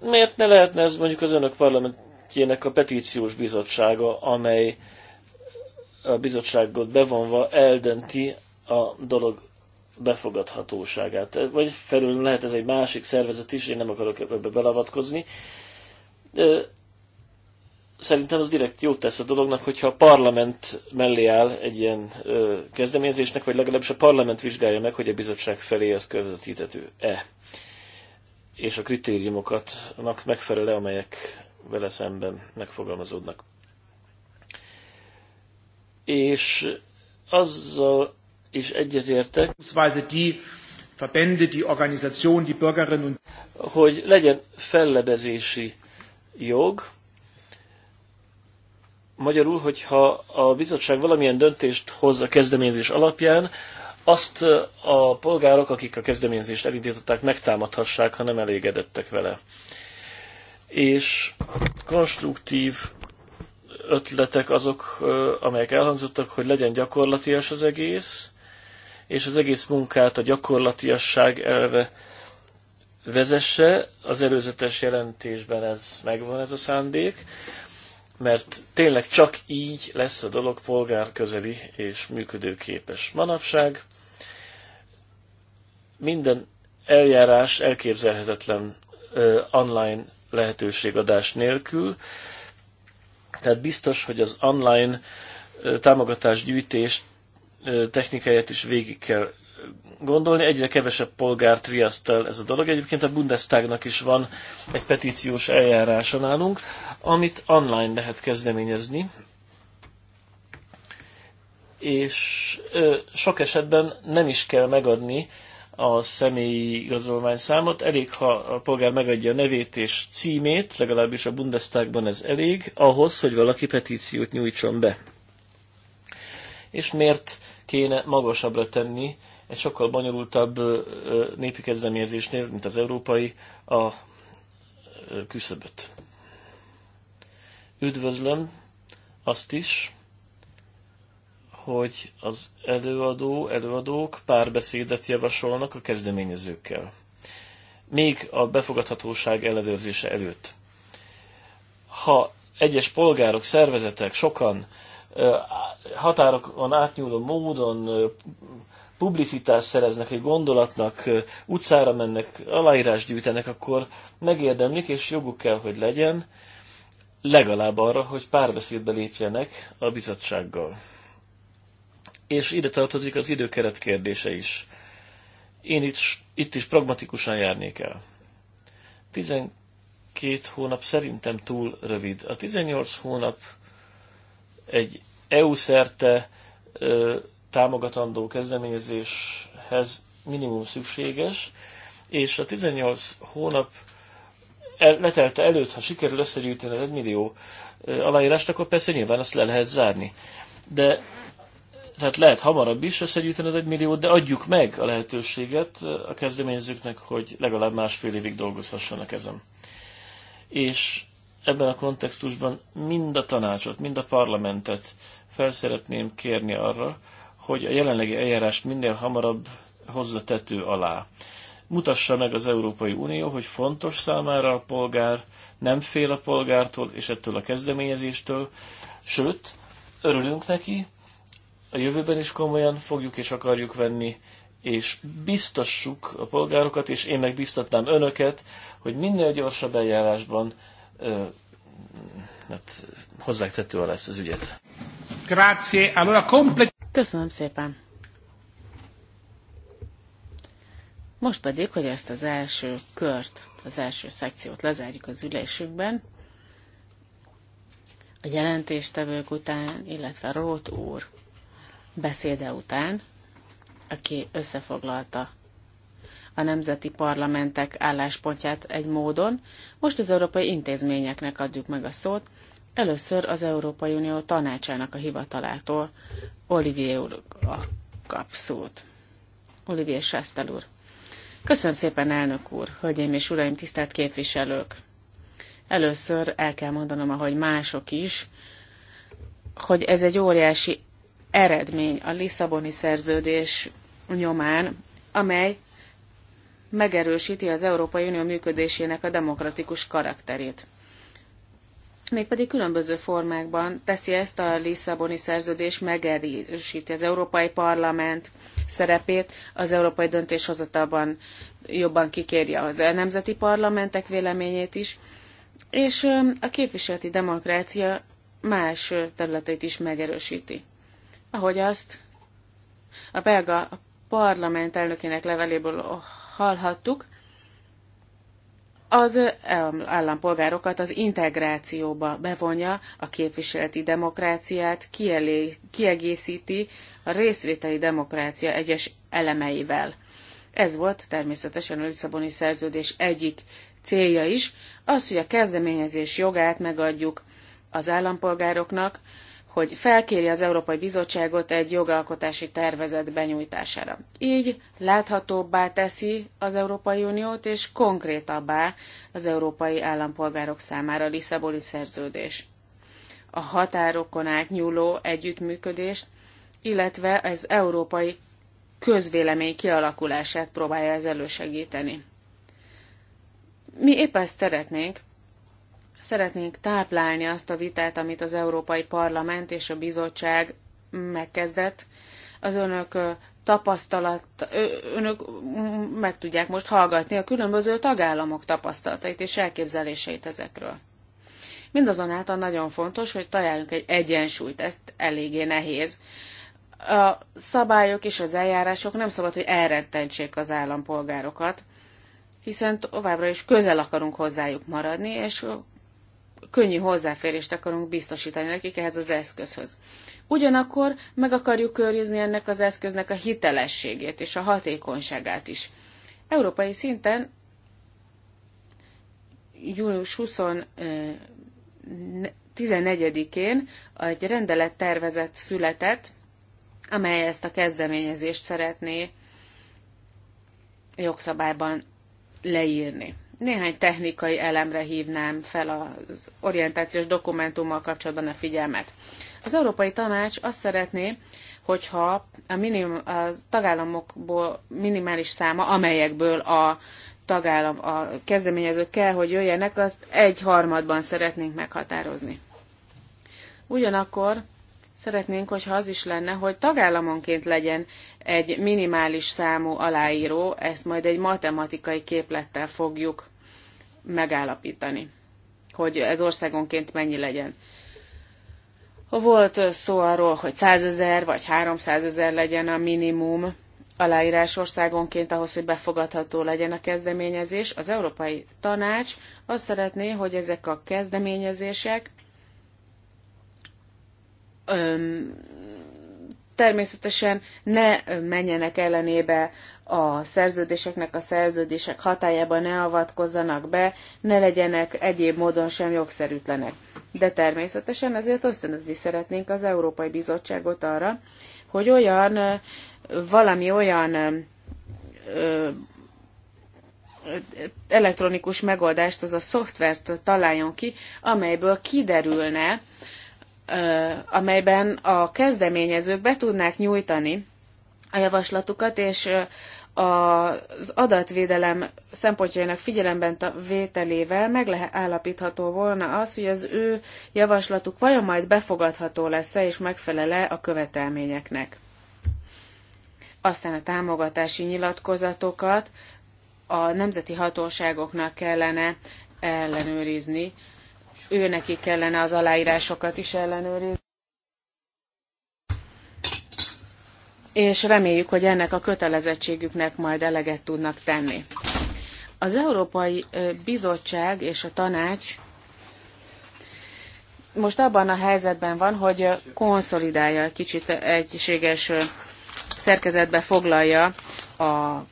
Miért ne lehetne ez mondjuk az önök parlament Szentjének a petíciós bizottsága, amely a bizottságot bevonva eldönti a dolog befogadhatóságát. Vagy felül lehet ez egy másik szervezet is, én nem akarok ebbe belavatkozni. Szerintem az direkt jót tesz a dolognak, hogyha a parlament mellé áll egy ilyen kezdeményezésnek, vagy legalábbis a parlament vizsgálja meg, hogy a bizottság felé ez közvetítető-e és a kritériumokatnak megfelel-e, amelyek vele szemben megfogalmazódnak. És azzal is egyetértek, hogy legyen fellebezési jog, magyarul, hogyha a bizottság valamilyen döntést hoz a kezdeményezés alapján, azt a polgárok, akik a kezdeményezést elindították, megtámadhassák, ha nem elégedettek vele és konstruktív ötletek azok, amelyek elhangzottak, hogy legyen gyakorlatias az egész, és az egész munkát a gyakorlatiasság elve vezesse. Az előzetes jelentésben ez megvan ez a szándék, mert tényleg csak így lesz a dolog polgárközeli és működőképes. Manapság minden eljárás elképzelhetetlen online lehetőségadás nélkül. Tehát biztos, hogy az online gyűjtés technikáját is végig kell gondolni. Egyre kevesebb polgárt riaszt el ez a dolog. Egyébként a Bundestagnak is van egy petíciós eljárása nálunk, amit online lehet kezdeményezni. És sok esetben nem is kell megadni a személyi igazolvány számot. Elég, ha a polgár megadja a nevét és címét, legalábbis a Bundestagban ez elég, ahhoz, hogy valaki petíciót nyújtson be. És miért kéne magasabbra tenni egy sokkal bonyolultabb népi kezdeményezésnél, mint az európai, a küszöböt. Üdvözlöm azt is, hogy az előadó, előadók párbeszédet javasolnak a kezdeményezőkkel. Még a befogadhatóság ellenőrzése előtt. Ha egyes polgárok, szervezetek, sokan határokon átnyúló módon publicitást szereznek egy gondolatnak, utcára mennek, aláírás gyűjtenek, akkor megérdemlik, és joguk kell, hogy legyen, legalább arra, hogy párbeszédbe lépjenek a bizottsággal és ide tartozik az időkeret kérdése is. Én itt, itt is pragmatikusan járnék el. 12 hónap szerintem túl rövid. A 18 hónap egy EU-szerte támogatandó kezdeményezéshez minimum szükséges, és a 18 hónap el, letelte előtt, ha sikerül összegyűjteni az 1 millió aláírást, akkor persze nyilván azt le lehet zárni. De tehát lehet hamarabb is összegyűjteni az egy milliót, de adjuk meg a lehetőséget a kezdeményezőknek, hogy legalább másfél évig dolgozhassanak ezen. És ebben a kontextusban mind a tanácsot, mind a parlamentet felszeretném kérni arra, hogy a jelenlegi eljárást minél hamarabb hozza tető alá. Mutassa meg az Európai Unió, hogy fontos számára a polgár, nem fél a polgártól és ettől a kezdeményezéstől, sőt, örülünk neki, a jövőben is komolyan fogjuk és akarjuk venni, és biztassuk a polgárokat, és én meg biztatnám önöket, hogy minél gyorsabb eljárásban hát, hozzák tető alá ezt az ügyet. Grazie. Allora, complet... Köszönöm szépen. Most pedig, hogy ezt az első kört, az első szekciót lezárjuk az ülésünkben, a jelentéstevők után, illetve Rót úr beszéde után, aki összefoglalta a nemzeti parlamentek álláspontját egy módon, most az európai intézményeknek adjuk meg a szót, először az Európai Unió tanácsának a hivatalától Olivier úr kap szót. Olivier Sestel úr. Köszönöm szépen, elnök úr, hölgyeim és uraim, tisztelt képviselők! Először el kell mondanom, ahogy mások is, hogy ez egy óriási eredmény a Lisszaboni szerződés nyomán, amely megerősíti az Európai Unió működésének a demokratikus karakterét. Mégpedig különböző formákban teszi ezt a Lisszaboni szerződés, megerősíti az Európai Parlament szerepét, az európai döntéshozatalban jobban kikéri a nemzeti parlamentek véleményét is, és a képviseleti demokrácia más területeit is megerősíti ahogy azt a belga parlament elnökének leveléből hallhattuk, az állampolgárokat az integrációba bevonja, a képviseleti demokráciát kielé, kiegészíti a részvételi demokrácia egyes elemeivel. Ez volt természetesen a Lisszaboni szerződés egyik célja is, az, hogy a kezdeményezés jogát megadjuk az állampolgároknak, hogy felkéri az Európai Bizottságot egy jogalkotási tervezet benyújtására. Így láthatóbbá teszi az Európai Uniót, és konkrétabbá az európai állampolgárok számára a Lisszaboni szerződés. A határokon átnyúló együttműködést, illetve az európai közvélemény kialakulását próbálja ez elősegíteni. Mi épp ezt szeretnénk, szeretnénk táplálni azt a vitát, amit az Európai Parlament és a Bizottság megkezdett. Az önök tapasztalat, önök meg tudják most hallgatni a különböző tagállamok tapasztalatait és elképzeléseit ezekről. Mindazonáltal nagyon fontos, hogy találjunk egy egyensúlyt, ezt eléggé nehéz. A szabályok és az eljárások nem szabad, hogy elrettentsék az állampolgárokat, hiszen továbbra is közel akarunk hozzájuk maradni, és könnyű hozzáférést akarunk biztosítani nekik ehhez az eszközhöz. Ugyanakkor meg akarjuk őrizni ennek az eszköznek a hitelességét és a hatékonyságát is. Európai szinten július 20 14-én egy rendelettervezet született, amely ezt a kezdeményezést szeretné jogszabályban leírni. Néhány technikai elemre hívnám fel az orientációs dokumentummal kapcsolatban a figyelmet. Az Európai Tanács azt szeretné, hogyha a, minim, a tagállamokból minimális száma, amelyekből a tagállam, a kezdeményezők kell, hogy jöjjenek, azt egy harmadban szeretnénk meghatározni. Ugyanakkor Szeretnénk, hogyha az is lenne, hogy tagállamonként legyen egy minimális számú aláíró, ezt majd egy matematikai képlettel fogjuk megállapítani, hogy ez országonként mennyi legyen. Volt szó arról, hogy 100 ezer vagy 300 ezer legyen a minimum aláírás országonként ahhoz, hogy befogadható legyen a kezdeményezés. Az Európai Tanács azt szeretné, hogy ezek a kezdeményezések természetesen ne menjenek ellenébe a szerződéseknek, a szerződések hatájába ne avatkozzanak be, ne legyenek egyéb módon sem jogszerűtlenek. De természetesen ezért ösztönözni szeretnénk az Európai Bizottságot arra, hogy olyan, valami olyan elektronikus megoldást, az a szoftvert találjon ki, amelyből kiderülne, amelyben a kezdeményezők be tudnák nyújtani a javaslatukat, és az adatvédelem szempontjainak figyelemben vételével meg lehet állapítható volna az, hogy az ő javaslatuk vajon majd befogadható lesz-e és megfelele a követelményeknek. Aztán a támogatási nyilatkozatokat a nemzeti hatóságoknak kellene ellenőrizni, ő neki kellene az aláírásokat is ellenőrizni. És reméljük, hogy ennek a kötelezettségüknek majd eleget tudnak tenni. Az Európai Bizottság és a Tanács most abban a helyzetben van, hogy konszolidálja, kicsit egységes szerkezetbe foglalja a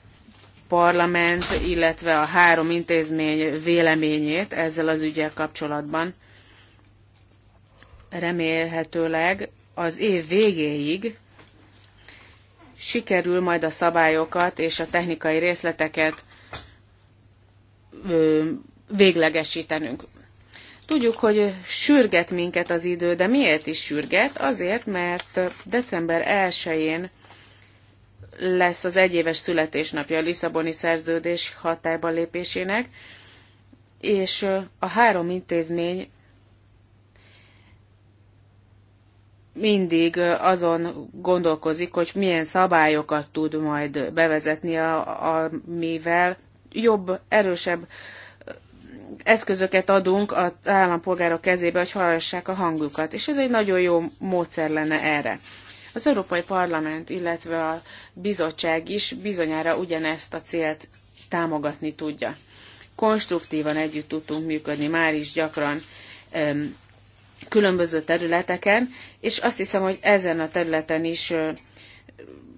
parlament, illetve a három intézmény véleményét ezzel az ügyel kapcsolatban. Remélhetőleg az év végéig sikerül majd a szabályokat és a technikai részleteket ö, véglegesítenünk. Tudjuk, hogy sürget minket az idő, de miért is sürget? Azért, mert december 1-én lesz az egyéves születésnapja a Lisszaboni szerződés hatályba lépésének, és a három intézmény mindig azon gondolkozik, hogy milyen szabályokat tud majd bevezetni, amivel jobb, erősebb eszközöket adunk az állampolgárok kezébe, hogy hallassák a hangjukat. És ez egy nagyon jó módszer lenne erre. Az Európai Parlament, illetve a bizottság is bizonyára ugyanezt a célt támogatni tudja. Konstruktívan együtt tudtunk működni már is gyakran öm, különböző területeken, és azt hiszem, hogy ezen a területen is öm,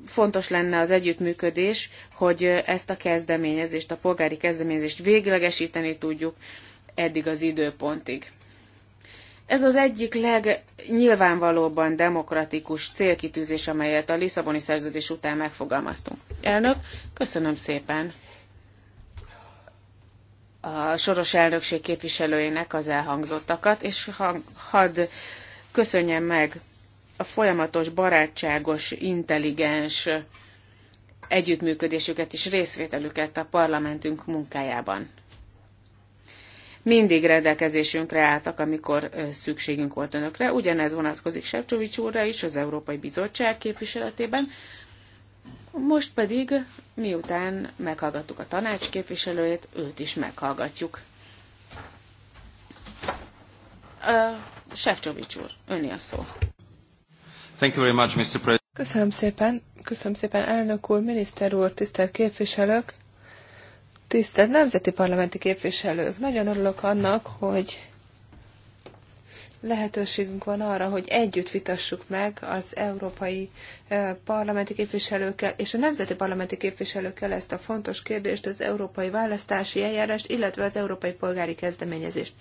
fontos lenne az együttműködés, hogy ezt a kezdeményezést, a polgári kezdeményezést véglegesíteni tudjuk eddig az időpontig. Ez az egyik legnyilvánvalóban demokratikus célkitűzés, amelyet a Lisszaboni szerződés után megfogalmaztunk. Elnök, köszönöm szépen a soros elnökség képviselőjének az elhangzottakat, és ha, hadd köszönjem meg a folyamatos, barátságos, intelligens együttműködésüket és részvételüket a parlamentünk munkájában mindig rendelkezésünkre álltak, amikor szükségünk volt önökre. Ugyanez vonatkozik Sepcsovics úrra is az Európai Bizottság képviseletében. Most pedig, miután meghallgattuk a tanács képviselőjét, őt is meghallgatjuk. Uh, Sefcsovics úr, öné a szó. Thank you very much, Mr. President. Köszönöm szépen, köszönöm szépen, elnök úr, miniszter úr, tisztelt képviselők. Tisztelt nemzeti parlamenti képviselők, nagyon örülök annak, hogy lehetőségünk van arra, hogy együtt vitassuk meg az európai eh, parlamenti képviselőkkel és a nemzeti parlamenti képviselőkkel ezt a fontos kérdést, az európai választási eljárást, illetve az európai polgári kezdeményezést.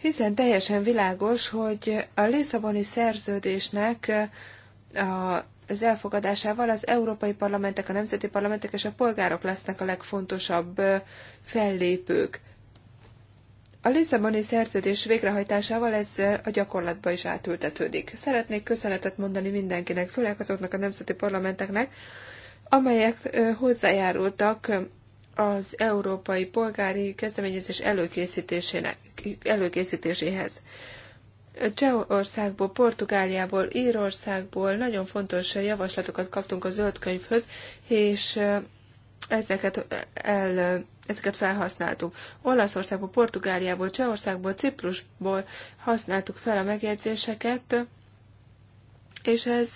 Hiszen teljesen világos, hogy a Lisszaboni szerződésnek eh, a az elfogadásával az európai parlamentek, a nemzeti parlamentek és a polgárok lesznek a legfontosabb fellépők. A Lisszaboni szerződés végrehajtásával ez a gyakorlatba is átültetődik. Szeretnék köszönetet mondani mindenkinek, főleg azoknak a nemzeti parlamenteknek, amelyek hozzájárultak az európai polgári kezdeményezés előkészítésének, előkészítéséhez. Csehországból, Portugáliából, Írországból nagyon fontos javaslatokat kaptunk a zöld könyvhöz, és ezeket, el, ezeket felhasználtuk. Olaszországból, Portugáliából, Csehországból, Ciprusból használtuk fel a megjegyzéseket, és ez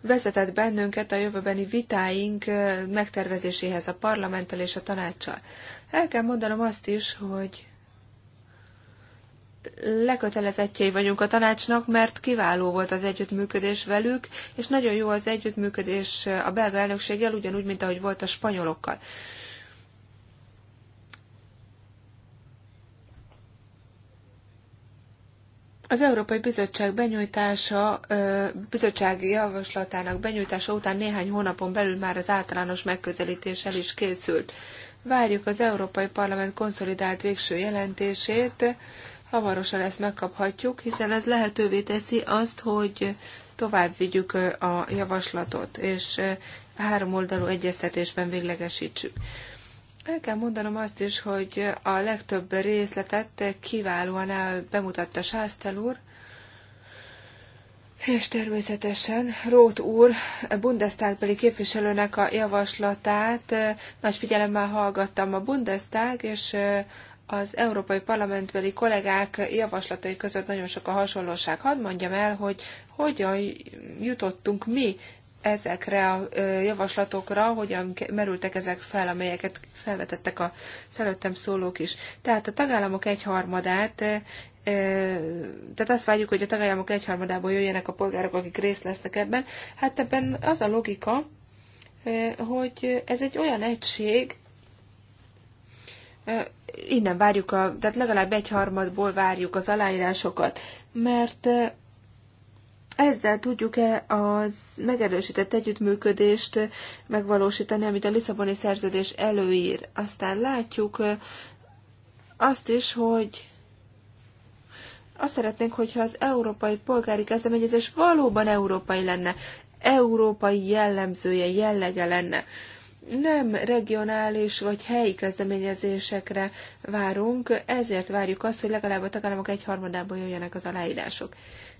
vezetett bennünket a jövőbeni vitáink megtervezéséhez a parlamenttel és a tanácssal. El kell mondanom azt is, hogy lekötelezettjei vagyunk a tanácsnak, mert kiváló volt az együttműködés velük, és nagyon jó az együttműködés a belga elnökséggel, ugyanúgy, mint ahogy volt a spanyolokkal. Az Európai Bizottság benyújtása, bizottság javaslatának benyújtása után néhány hónapon belül már az általános megközelítés el is készült. Várjuk az Európai Parlament konszolidált végső jelentését, hamarosan ezt megkaphatjuk, hiszen ez lehetővé teszi azt, hogy tovább vigyük a javaslatot, és három oldalú egyeztetésben véglegesítsük. El kell mondanom azt is, hogy a legtöbb részletet kiválóan bemutatta Sásztel úr, és természetesen Rót úr, Bundestagbeli képviselőnek a javaslatát nagy figyelemmel hallgattam a Bundestag, és az európai parlamentbeli kollégák javaslatai között nagyon sok a hasonlóság. Hadd mondjam el, hogy hogyan jutottunk mi ezekre a javaslatokra, hogyan merültek ezek fel, amelyeket felvetettek a előttem szólók is. Tehát a tagállamok egyharmadát, tehát azt várjuk, hogy a tagállamok egyharmadából jöjjenek a polgárok, akik részt lesznek ebben. Hát ebben az a logika, hogy ez egy olyan egység, innen várjuk, a, tehát legalább egyharmadból várjuk az aláírásokat, mert ezzel tudjuk-e az megerősített együttműködést megvalósítani, amit a Lisszaboni szerződés előír. Aztán látjuk azt is, hogy azt szeretnénk, hogyha az európai polgári kezdeményezés valóban európai lenne, európai jellemzője, jellege lenne nem regionális vagy helyi kezdeményezésekre várunk, ezért várjuk azt, hogy legalább a tagállamok egyharmadából jöjjenek az aláírások.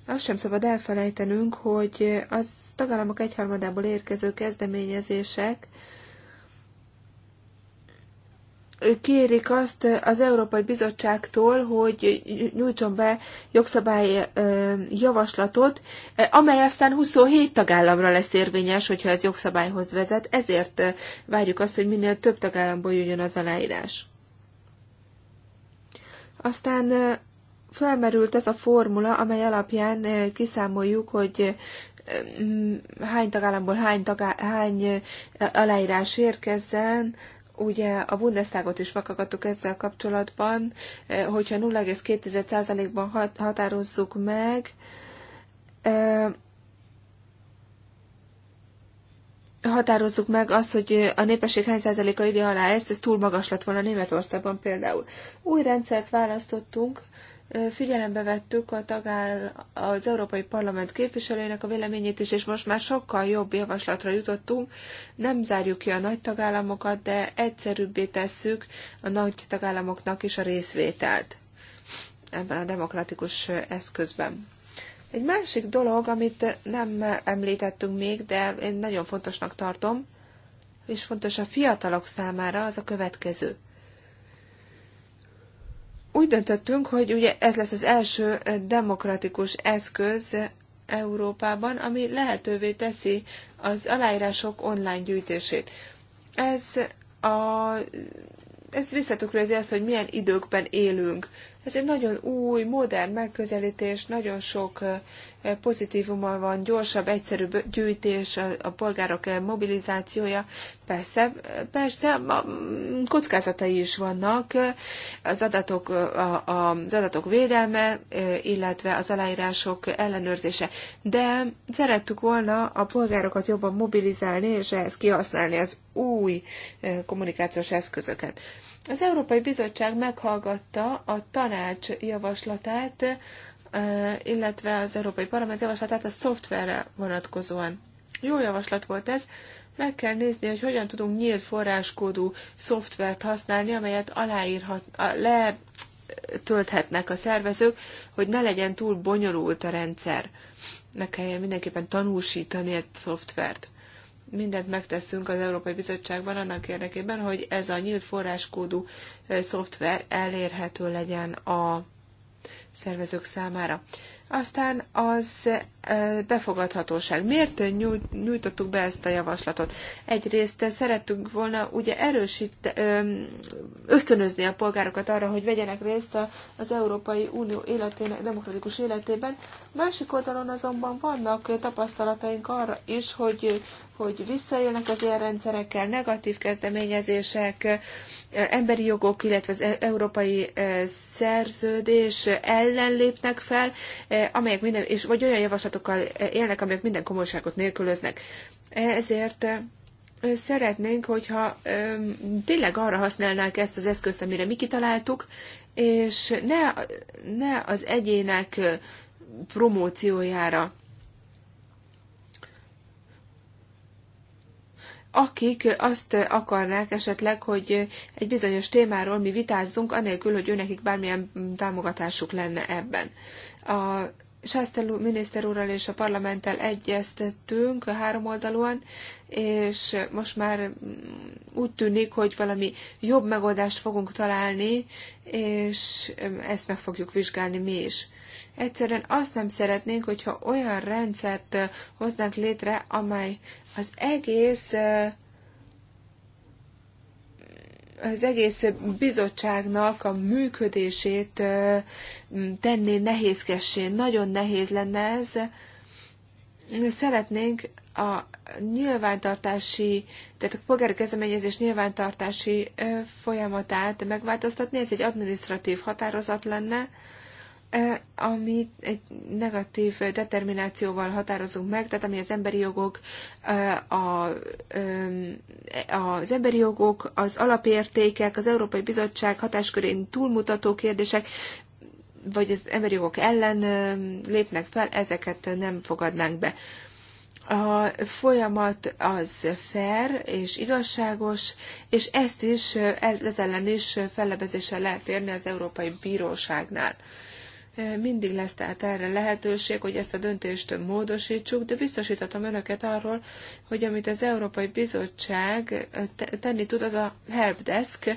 Azt sem szabad elfelejtenünk, hogy az tagállamok egyharmadából érkező kezdeményezések kérik azt az Európai Bizottságtól, hogy nyújtson be jogszabály javaslatot, amely aztán 27 tagállamra lesz érvényes, hogyha ez jogszabályhoz vezet, ezért várjuk azt, hogy minél több tagállamból jöjjön az aláírás. Aztán felmerült ez a formula, amely alapján kiszámoljuk, hogy hány tagállamból hány, tagá- hány aláírás érkezzen, Ugye a Bundestagot is vakagattuk ezzel kapcsolatban, eh, hogyha 0,2%-ban határozzuk meg, eh, határozzuk meg azt, hogy a népesség hány százaléka ide alá ezt, ez túl magas lett volna Németországban például. Új rendszert választottunk, Figyelembe vettük a tagáll, az Európai Parlament képviselőinek a véleményét is, és most már sokkal jobb javaslatra jutottunk. Nem zárjuk ki a nagy tagállamokat, de egyszerűbbé tesszük a nagy tagállamoknak is a részvételt ebben a demokratikus eszközben. Egy másik dolog, amit nem említettünk még, de én nagyon fontosnak tartom, és fontos a fiatalok számára, az a következő. Úgy döntöttünk, hogy ugye ez lesz az első demokratikus eszköz Európában, ami lehetővé teszi az aláírások online gyűjtését. Ez, a, ez visszatükrözi azt, hogy milyen időkben élünk. Ez egy nagyon új, modern megközelítés, nagyon sok pozitívuma van, gyorsabb, egyszerűbb gyűjtés, a polgárok mobilizációja. Persze, persze, kockázatai is vannak, az adatok, az adatok védelme, illetve az aláírások ellenőrzése. De szerettük volna a polgárokat jobban mobilizálni, és ehhez kihasználni az új kommunikációs eszközöket. Az Európai Bizottság meghallgatta a tanács javaslatát, eh, illetve az Európai Parlament javaslatát a szoftverre vonatkozóan. Jó javaslat volt ez, meg kell nézni, hogy hogyan tudunk nyílt forráskódú szoftvert használni, amelyet aláírhat, le tölthetnek a szervezők, hogy ne legyen túl bonyolult a rendszer. Ne kelljen mindenképpen tanúsítani ezt a szoftvert mindent megteszünk az Európai Bizottságban annak érdekében, hogy ez a nyílt forráskódú szoftver elérhető legyen a szervezők számára. Aztán az befogadhatóság. Miért nyújtottuk be ezt a javaslatot? Egyrészt szerettünk volna ugye erősít, ösztönözni a polgárokat arra, hogy vegyenek részt az Európai Unió életének, demokratikus életében. Másik oldalon azonban vannak tapasztalataink arra is, hogy hogy visszaélnek az ilyen rendszerekkel, negatív kezdeményezések, emberi jogok, illetve az e- európai e, szerződés ellen lépnek fel, e, amelyek minden, és vagy olyan javaslatokkal élnek, amelyek minden komolyságot nélkülöznek. Ezért szeretnénk, hogyha tényleg arra használnák ezt az eszközt, amire mi kitaláltuk, és ne, ne az egyének promóciójára akik azt akarnák esetleg, hogy egy bizonyos témáról mi vitázzunk, anélkül, hogy őnekik bármilyen támogatásuk lenne ebben. A Sásztelú miniszter úrral és a parlamenttel egyeztettünk három oldalon, és most már úgy tűnik, hogy valami jobb megoldást fogunk találni, és ezt meg fogjuk vizsgálni mi is. Egyszerűen azt nem szeretnénk, hogyha olyan rendszert hoznak létre, amely az egész az egész bizottságnak a működését tenné nehézkessé. Nagyon nehéz lenne ez. Szeretnénk a nyilvántartási, tehát a polgári kezdeményezés nyilvántartási folyamatát megváltoztatni. Ez egy administratív határozat lenne, E, amit egy negatív determinációval határozunk meg, tehát ami az emberi jogok, e, a, e, az emberi jogok, az alapértékek, az Európai Bizottság hatáskörén túlmutató kérdések, vagy az emberi jogok ellen lépnek fel, ezeket nem fogadnánk be. A folyamat az fair és igazságos, és ezt is, ez ellen is fellebezéssel lehet érni az Európai Bíróságnál. Mindig lesz tehát erre lehetőség, hogy ezt a döntést módosítsuk, de biztosítatom önöket arról, hogy amit az Európai Bizottság tenni tud, az a helpdesk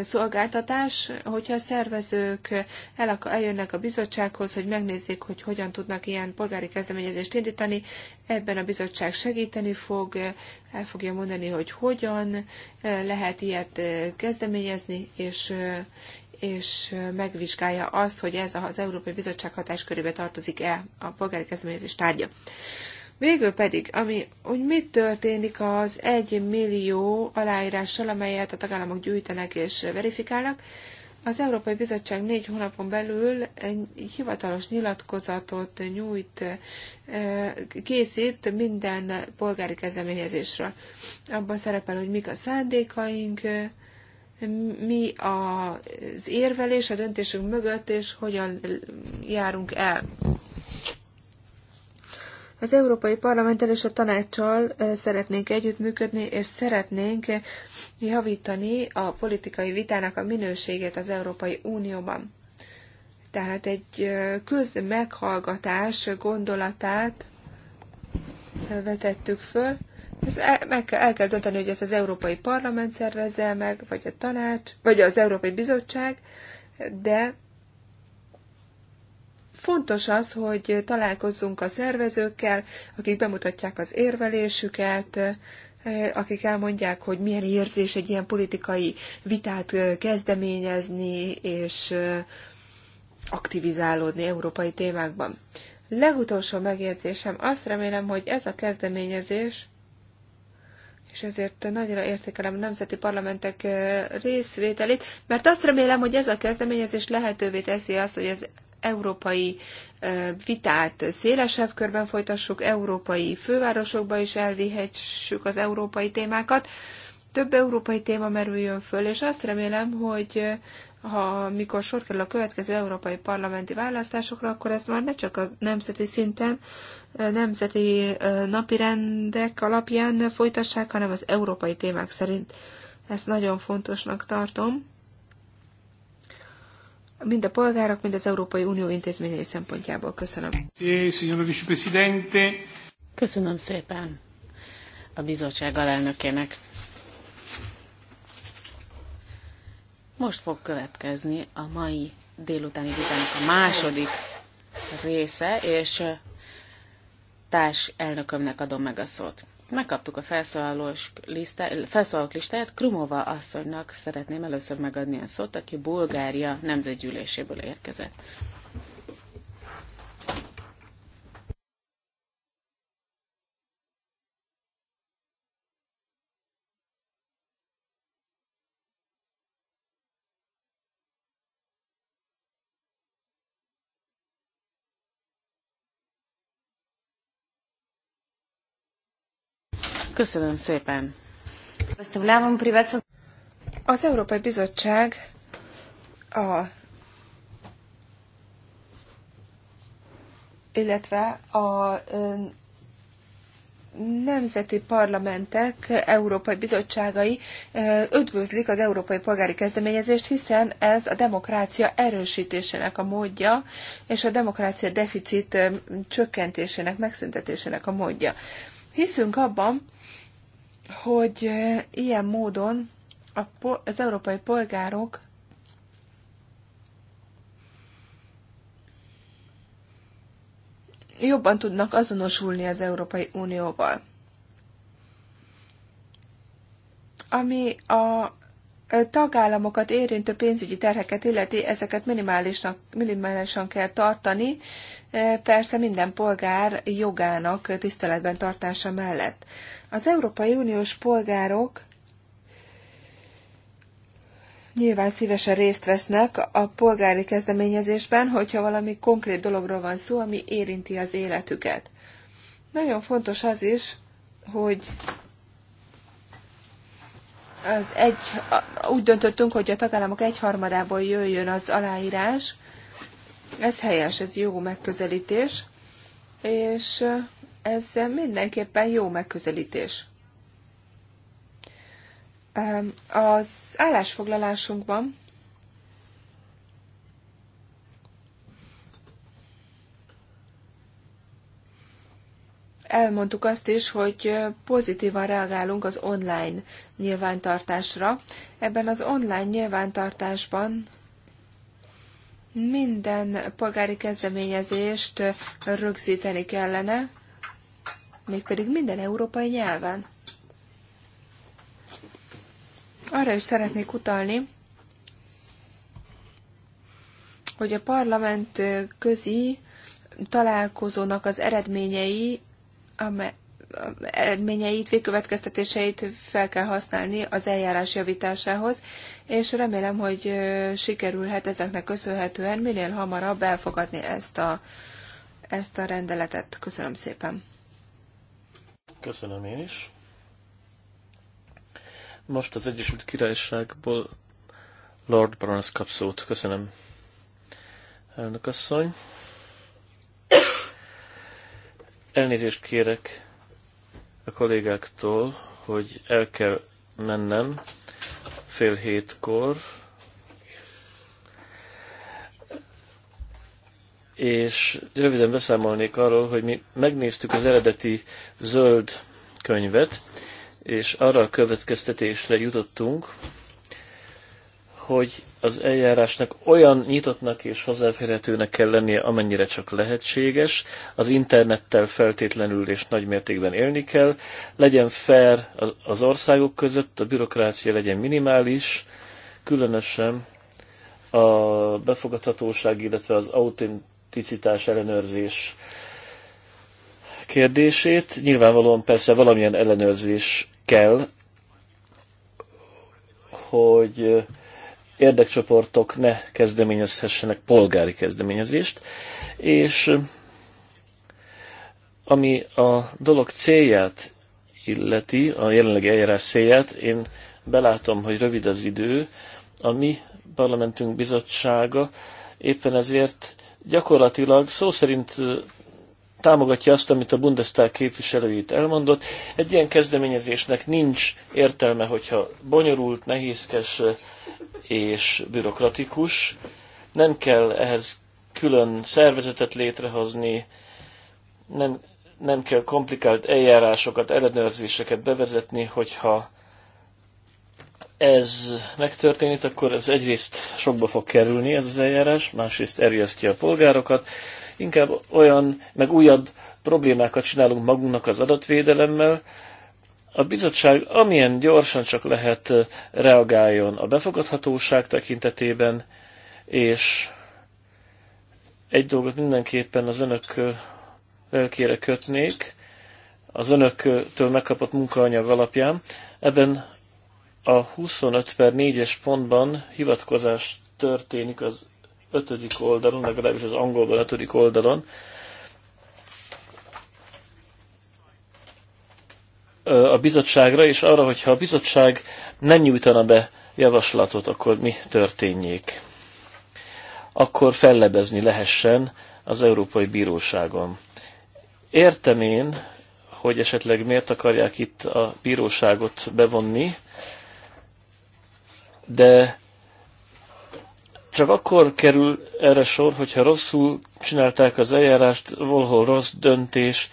szolgáltatás, hogyha a szervezők el, eljönnek a bizottsághoz, hogy megnézzék, hogy hogyan tudnak ilyen polgári kezdeményezést indítani, ebben a bizottság segíteni fog, el fogja mondani, hogy hogyan lehet ilyet kezdeményezni, és és megvizsgálja azt, hogy ez az Európai Bizottság hatáskörébe tartozik-e a polgári kezdeményezés tárgya. Végül pedig, ami, hogy mit történik az egy millió aláírással, amelyet a tagállamok gyűjtenek és verifikálnak, az Európai Bizottság négy hónapon belül egy hivatalos nyilatkozatot nyújt, készít minden polgári kezdeményezésről. Abban szerepel, hogy mik a szándékaink, mi az érvelés a döntésünk mögött, és hogyan járunk el. Az Európai Parlamenttel és a tanácssal eh, szeretnénk együttműködni, és szeretnénk eh, javítani a politikai vitának a minőségét az Európai Unióban. Tehát egy eh, közmeghallgatás gondolatát vetettük föl, ez el, meg kell, el kell dönteni, hogy ezt az Európai Parlament szervezze meg, vagy a tanács, vagy az Európai Bizottság, de fontos az, hogy találkozzunk a szervezőkkel, akik bemutatják az érvelésüket, akik elmondják, hogy milyen érzés egy ilyen politikai vitát kezdeményezni és aktivizálódni európai témákban. Legutolsó megjegyzésem, azt remélem, hogy ez a kezdeményezés és ezért nagyra értékelem a nemzeti parlamentek részvételét, mert azt remélem, hogy ez a kezdeményezés lehetővé teszi azt, hogy az európai vitát szélesebb körben folytassuk, európai fővárosokba is elvihetsük az európai témákat, több európai téma merüljön föl, és azt remélem, hogy ha mikor sor kerül a következő európai parlamenti választásokra, akkor ez már ne csak a nemzeti szinten, nemzeti rendek alapján folytassák, hanem az európai témák szerint. Ezt nagyon fontosnak tartom, mind a polgárok, mind az Európai Unió intézményei szempontjából. Köszönöm. Köszönöm szépen a bizottság alelnökének. Most fog következni a mai délutáni vitának a második része, és társ elnökömnek adom meg a szót. Megkaptuk a felszólalós felszólalók listáját. Krumova asszonynak szeretném először megadni a szót, aki Bulgária nemzetgyűléséből érkezett. Köszönöm szépen. Az Európai Bizottság a illetve a nemzeti parlamentek európai bizottságai üdvözlik az európai polgári kezdeményezést, hiszen ez a demokrácia erősítésének a módja, és a demokrácia deficit csökkentésének, megszüntetésének a módja. Hiszünk abban, hogy ilyen módon az európai polgárok jobban tudnak azonosulni az Európai Unióval. Ami a tagállamokat érintő pénzügyi terheket illeti, ezeket minimálisnak, minimálisan kell tartani, e, persze minden polgár jogának tiszteletben tartása mellett. Az Európai Uniós polgárok nyilván szívesen részt vesznek a polgári kezdeményezésben, hogyha valami konkrét dologról van szó, ami érinti az életüket. Nagyon fontos az is, hogy az egy, úgy döntöttünk, hogy a tagállamok egyharmadából jöjjön az aláírás. Ez helyes, ez jó megközelítés, és ez mindenképpen jó megközelítés. Az állásfoglalásunkban elmondtuk azt is, hogy pozitívan reagálunk az online nyilvántartásra. Ebben az online nyilvántartásban minden polgári kezdeményezést rögzíteni kellene, mégpedig minden európai nyelven. Arra is szeretnék utalni, hogy a parlament közi találkozónak az eredményei amely eredményeit, végkövetkeztetéseit fel kell használni az eljárás javításához, és remélem, hogy sikerülhet ezeknek köszönhetően minél hamarabb elfogadni ezt a, ezt a rendeletet. Köszönöm szépen. Köszönöm én is. Most az Egyesült Királyságból Lord Barnes kap szót. Köszönöm. Elnök asszony. Elnézést kérek a kollégáktól, hogy el kell mennem fél hétkor, és röviden beszámolnék arról, hogy mi megnéztük az eredeti zöld könyvet, és arra a következtetésre jutottunk, hogy az eljárásnak olyan nyitottnak és hozzáférhetőnek kell lennie, amennyire csak lehetséges. Az internettel feltétlenül és nagy mértékben élni kell. Legyen fair az, az országok között, a bürokrácia legyen minimális, különösen a befogadhatóság, illetve az autenticitás ellenőrzés kérdését. Nyilvánvalóan persze valamilyen ellenőrzés kell, hogy érdekcsoportok ne kezdeményezhessenek polgári kezdeményezést, és ami a dolog célját illeti, a jelenlegi eljárás célját, én belátom, hogy rövid az idő, a mi parlamentünk bizottsága éppen ezért gyakorlatilag szó szerint támogatja azt, amit a Bundestag képviselőit elmondott. Egy ilyen kezdeményezésnek nincs értelme, hogyha bonyolult, nehézkes eh, és bürokratikus. Nem kell ehhez külön szervezetet létrehozni, nem, nem kell komplikált eljárásokat, ellenőrzéseket bevezetni, hogyha ez megtörténik, akkor ez egyrészt sokba fog kerülni ez az eljárás, másrészt erjeszti a polgárokat, inkább olyan, meg újabb problémákat csinálunk magunknak az adatvédelemmel. A bizottság amilyen gyorsan csak lehet reagáljon a befogadhatóság tekintetében, és egy dolgot mindenképpen az önök lelkére kötnék, az önöktől megkapott munkaanyag alapján. Ebben a 25 per 4-es pontban hivatkozás történik az ötödik oldalon, legalábbis az angolban ötödik oldalon, a bizottságra, és arra, hogyha a bizottság nem nyújtana be javaslatot, akkor mi történjék. Akkor fellebezni lehessen az Európai Bíróságon. Értem én, hogy esetleg miért akarják itt a bíróságot bevonni, de csak akkor kerül erre sor, hogyha rosszul csinálták az eljárást, valahol rossz döntés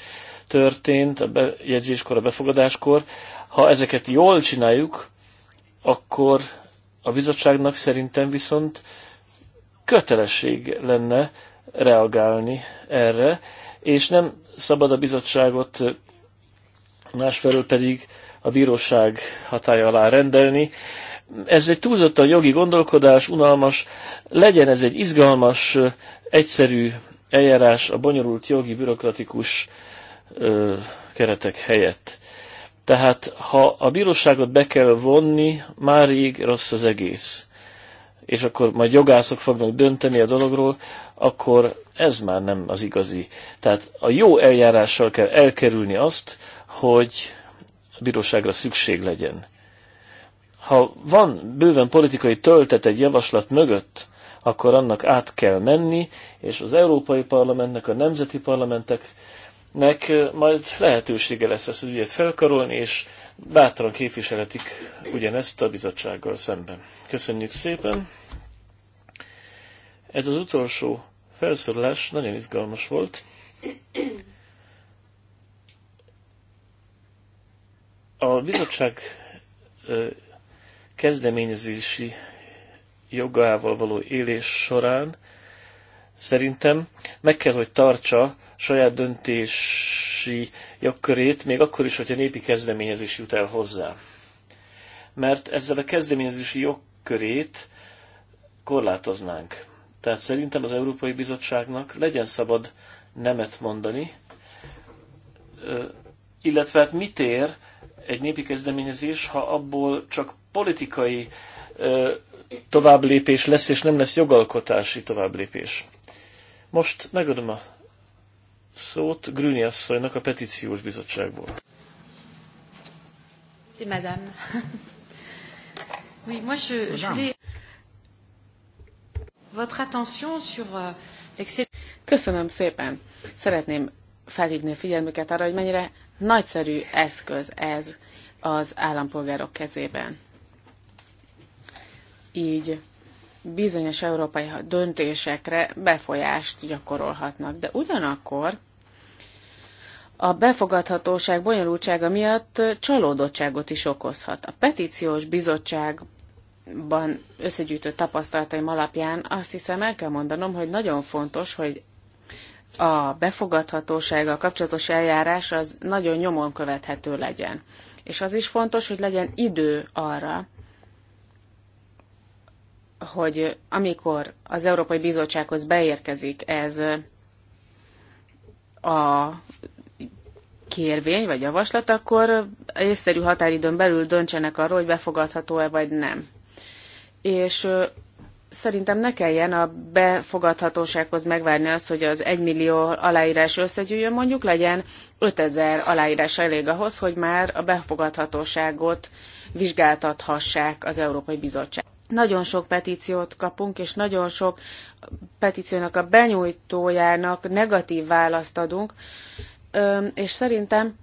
történt a bejegyzéskor, a befogadáskor. Ha ezeket jól csináljuk, akkor a bizottságnak szerintem viszont kötelesség lenne reagálni erre, és nem szabad a bizottságot másfelől pedig a bíróság hatája alá rendelni. Ez egy túlzottan jogi gondolkodás, unalmas, legyen ez egy izgalmas, egyszerű eljárás a bonyolult jogi, bürokratikus ö, keretek helyett. Tehát, ha a bíróságot be kell vonni, már rég rossz az egész, és akkor majd jogászok fognak dönteni a dologról, akkor ez már nem az igazi. Tehát a jó eljárással kell elkerülni azt, hogy a bíróságra szükség legyen ha van bőven politikai töltet egy javaslat mögött, akkor annak át kell menni, és az Európai Parlamentnek, a nemzeti parlamenteknek majd lehetősége lesz ezt az ügyet felkarolni, és bátran képviseletik ugyanezt a bizottsággal szemben. Köszönjük szépen! Ez az utolsó felszólalás nagyon izgalmas volt. A bizottság kezdeményezési jogával való élés során szerintem meg kell, hogy tartsa saját döntési jogkörét, még akkor is, hogyha népi kezdeményezés jut el hozzá. Mert ezzel a kezdeményezési jogkörét korlátoznánk. Tehát szerintem az Európai Bizottságnak legyen szabad nemet mondani, illetve hát mit ér egy népi kezdeményezés, ha abból csak politikai továbblépés lesz, és nem lesz jogalkotási továbblépés. Most megadom a szót Grüni asszonynak a petíciós bizottságból. Oui, moi je, je voulais votre attention sur euh, Köszönöm szépen. Szeretném felhívni a figyelmüket arra, hogy mennyire nagyszerű eszköz ez az állampolgárok kezében így bizonyos európai döntésekre befolyást gyakorolhatnak. De ugyanakkor a befogadhatóság bonyolultsága miatt csalódottságot is okozhat. A petíciós bizottságban összegyűjtött tapasztalataim alapján azt hiszem el kell mondanom, hogy nagyon fontos, hogy a a kapcsolatos eljárás az nagyon nyomon követhető legyen. És az is fontos, hogy legyen idő arra, hogy amikor az Európai Bizottsághoz beérkezik ez a kérvény vagy javaslat, akkor észszerű határidőn belül döntsenek arról, hogy befogadható-e vagy nem. És szerintem ne kelljen a befogadhatósághoz megvárni azt, hogy az 1 millió aláírás összegyűjjön, mondjuk legyen 5000 aláírás elég ahhoz, hogy már a befogadhatóságot vizsgáltathassák az Európai Bizottság. Nagyon sok petíciót kapunk, és nagyon sok petíciónak a benyújtójának negatív választ adunk, és szerintem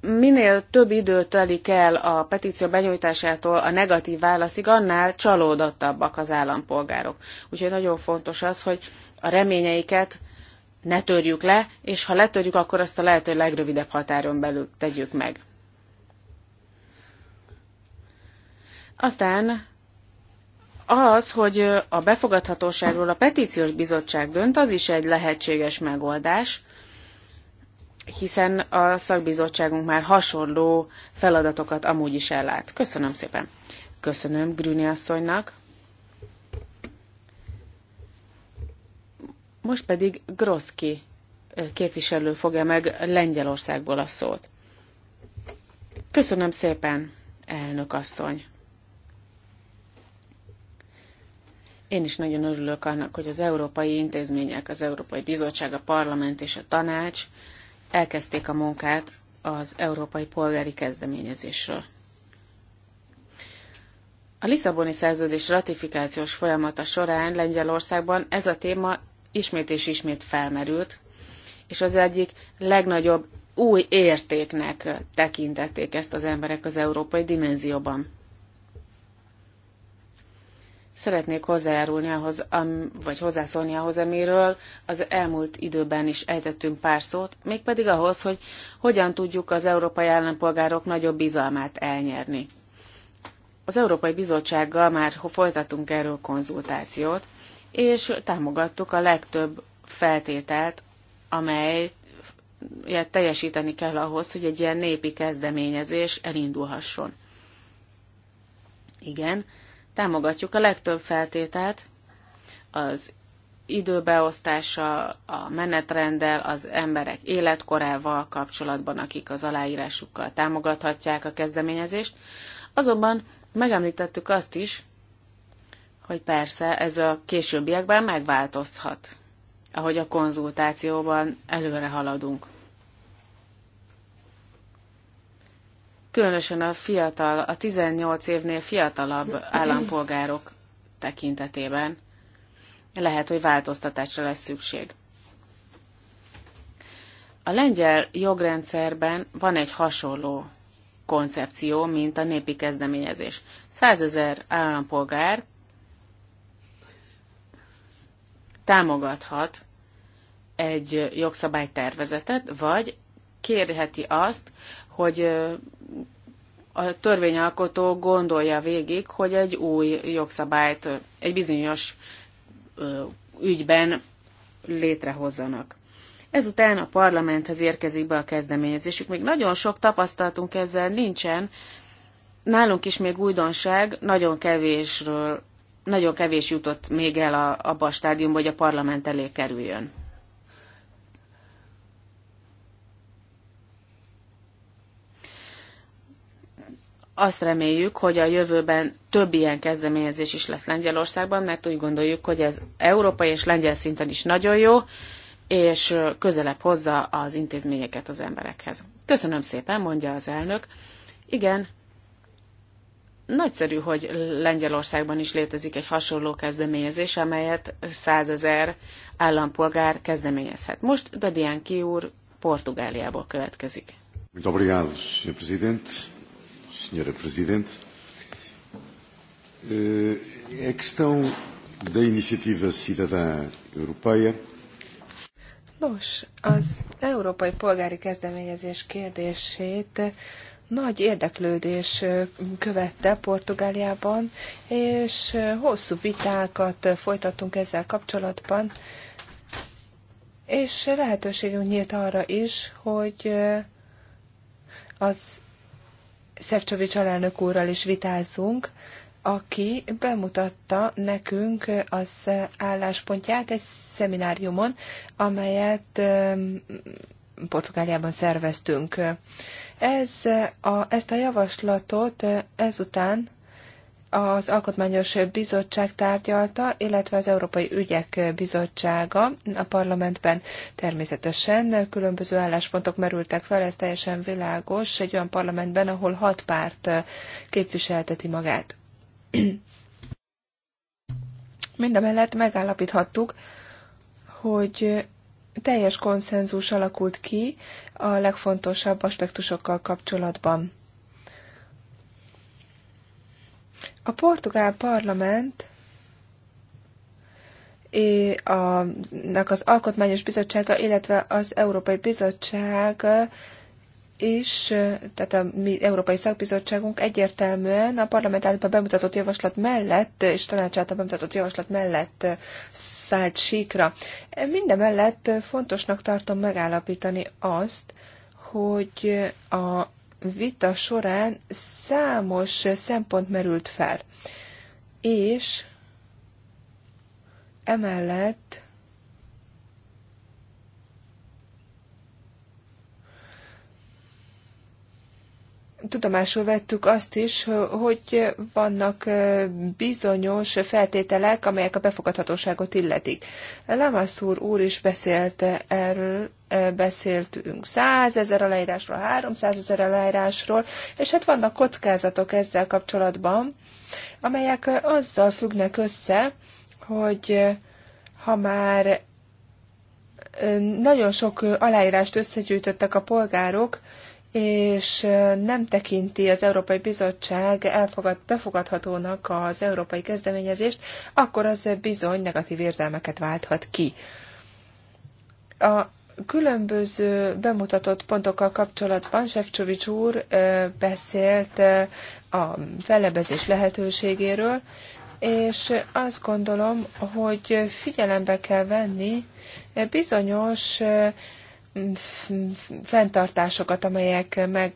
minél több idő telik el a petíció benyújtásától a negatív válaszig, annál csalódottabbak az állampolgárok. Úgyhogy nagyon fontos az, hogy a reményeiket ne törjük le, és ha letörjük, akkor azt a lehető legrövidebb határon belül tegyük meg. Aztán az, hogy a befogadhatóságról a petíciós bizottság dönt, az is egy lehetséges megoldás, hiszen a szakbizottságunk már hasonló feladatokat amúgy is ellát. Köszönöm szépen. Köszönöm Grüni asszonynak. Most pedig Groszki képviselő fogja meg Lengyelországból a szót. Köszönöm szépen, elnök asszony. Én is nagyon örülök annak, hogy az európai intézmények, az Európai Bizottság, a Parlament és a Tanács elkezdték a munkát az európai polgári kezdeményezésről. A Lisszaboni szerződés ratifikációs folyamata során Lengyelországban ez a téma ismét és ismét felmerült, és az egyik legnagyobb új értéknek tekintették ezt az emberek az európai dimenzióban. Szeretnék hozzájárulni ahhoz, am, vagy hozzászólni ahhoz, amiről az elmúlt időben is ejtettünk pár szót, mégpedig ahhoz, hogy hogyan tudjuk az európai állampolgárok nagyobb bizalmát elnyerni. Az Európai Bizottsággal már folytatunk erről konzultációt, és támogattuk a legtöbb feltételt, amelyet teljesíteni kell ahhoz, hogy egy ilyen népi kezdeményezés elindulhasson. Igen, Támogatjuk a legtöbb feltételt, az időbeosztása, a menetrenddel, az emberek életkorával kapcsolatban, akik az aláírásukkal támogathatják a kezdeményezést. Azonban megemlítettük azt is, hogy persze ez a későbbiekben megváltozhat, ahogy a konzultációban előre haladunk. különösen a fiatal, a 18 évnél fiatalabb állampolgárok tekintetében lehet, hogy változtatásra lesz szükség. A lengyel jogrendszerben van egy hasonló koncepció, mint a népi kezdeményezés. Százezer állampolgár támogathat egy jogszabálytervezetet, vagy kérheti azt, hogy a törvényalkotó gondolja végig, hogy egy új jogszabályt egy bizonyos ügyben létrehozzanak. Ezután a parlamenthez érkezik be a kezdeményezésük. Még nagyon sok tapasztalatunk ezzel nincsen. Nálunk is még újdonság, nagyon kevésről, nagyon kevés jutott még el a, abba a stádiumba, hogy a parlament elé kerüljön. azt reméljük, hogy a jövőben több ilyen kezdeményezés is lesz Lengyelországban, mert úgy gondoljuk, hogy ez európai és lengyel szinten is nagyon jó, és közelebb hozza az intézményeket az emberekhez. Köszönöm szépen, mondja az elnök. Igen, nagyszerű, hogy Lengyelországban is létezik egy hasonló kezdeményezés, amelyet százezer állampolgár kezdeményezhet. Most Debianki úr Portugáliából következik. Dobrigado, Presidente. Senhora Presidente. A eh, questão da iniciativa cidadã europeia. Nos, az európai polgári kezdeményezés kérdését nagy érdeklődés követte Portugáliában, és hosszú vitákat folytattunk ezzel kapcsolatban, és lehetőségünk nyílt arra is, hogy az Szefcsovics alelnök úrral is vitázzunk, aki bemutatta nekünk az álláspontját egy szemináriumon, amelyet Portugáliában szerveztünk. Ez a, ezt a javaslatot ezután az Alkotmányos Bizottság tárgyalta, illetve az Európai Ügyek Bizottsága a parlamentben természetesen különböző álláspontok merültek fel, ez teljesen világos egy olyan parlamentben, ahol hat párt képviselteti magát. Mindemellett megállapíthattuk, hogy teljes konszenzus alakult ki a legfontosabb aspektusokkal kapcsolatban a portugál parlament a, az Alkotmányos Bizottsága, illetve az Európai Bizottság és tehát a mi Európai Szakbizottságunk egyértelműen a parlament által bemutatott javaslat mellett, és tanács által bemutatott javaslat mellett szállt síkra. Minden mellett fontosnak tartom megállapítani azt, hogy a vita során számos szempont merült fel, és emellett tudomásul vettük azt is, hogy vannak bizonyos feltételek, amelyek a befogadhatóságot illetik. Lamassur úr is beszélt erről, beszéltünk 100 ezer aláírásról, 300 ezer aláírásról, és hát vannak kockázatok ezzel kapcsolatban, amelyek azzal függnek össze, hogy ha már nagyon sok aláírást összegyűjtöttek a polgárok, és nem tekinti az Európai Bizottság elfogad, befogadhatónak az európai kezdeményezést, akkor az bizony negatív érzelmeket válthat ki. A különböző bemutatott pontokkal kapcsolatban Sefcsovics úr beszélt a fellebezés lehetőségéről, és azt gondolom, hogy figyelembe kell venni bizonyos fenntartásokat, amelyek meg,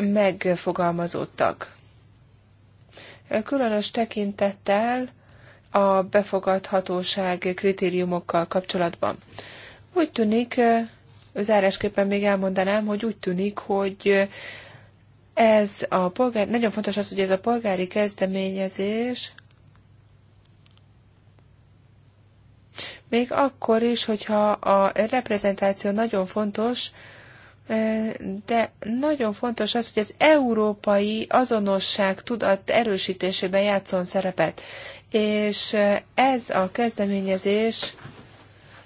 megfogalmazódtak. Különös tekintettel a befogadhatóság kritériumokkal kapcsolatban. Úgy tűnik, zárásképpen még elmondanám, hogy úgy tűnik, hogy ez a polgár, nagyon fontos az, hogy ez a polgári kezdeményezés még akkor is, hogyha a reprezentáció nagyon fontos, eh, de nagyon fontos az, hogy az európai azonosság tudat erősítésében játszon szerepet. És eh, ez a kezdeményezés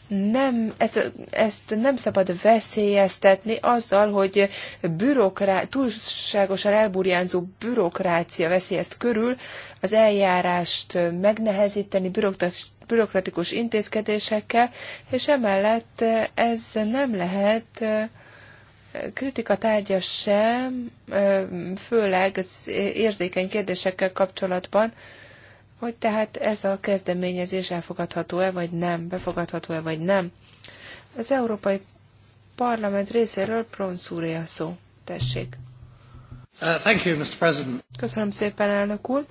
nem, ezt, ezt nem szabad veszélyeztetni azzal, hogy bürokrá, túlságosan elburjánzó bürokrácia veszi ezt körül, az eljárást megnehezíteni, bürokratikus intézkedésekkel, és emellett eh, ez nem lehet eh, kritika tárgya sem, eh, főleg az érzékeny kérdésekkel kapcsolatban, hogy tehát ez a kezdeményezés elfogadható-e vagy nem, befogadható-e vagy nem. Az Európai Parlament részéről Pronsz a szó. Tessék. Uh, thank you, Mr. President. Köszönöm szépen, elnök úr.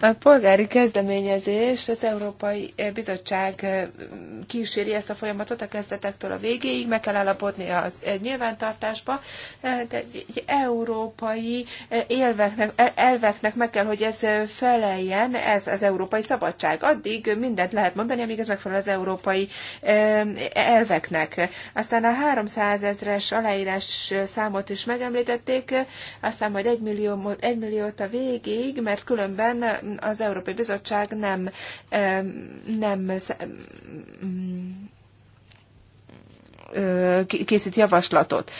A polgári kezdeményezés, az Európai Bizottság kíséri ezt a folyamatot a kezdetektől a végéig, meg kell állapodni az nyilvántartásba, de egy európai élveknek, elveknek meg kell, hogy ez feleljen, ez az európai szabadság. Addig mindent lehet mondani, amíg ez megfelel az európai elveknek. Aztán a 300 ezres aláírás számot is megemlítették, aztán majd 1 millió, 1 milliót a végéig, mert különben az Európai Bizottság nem, nem készít javaslatot.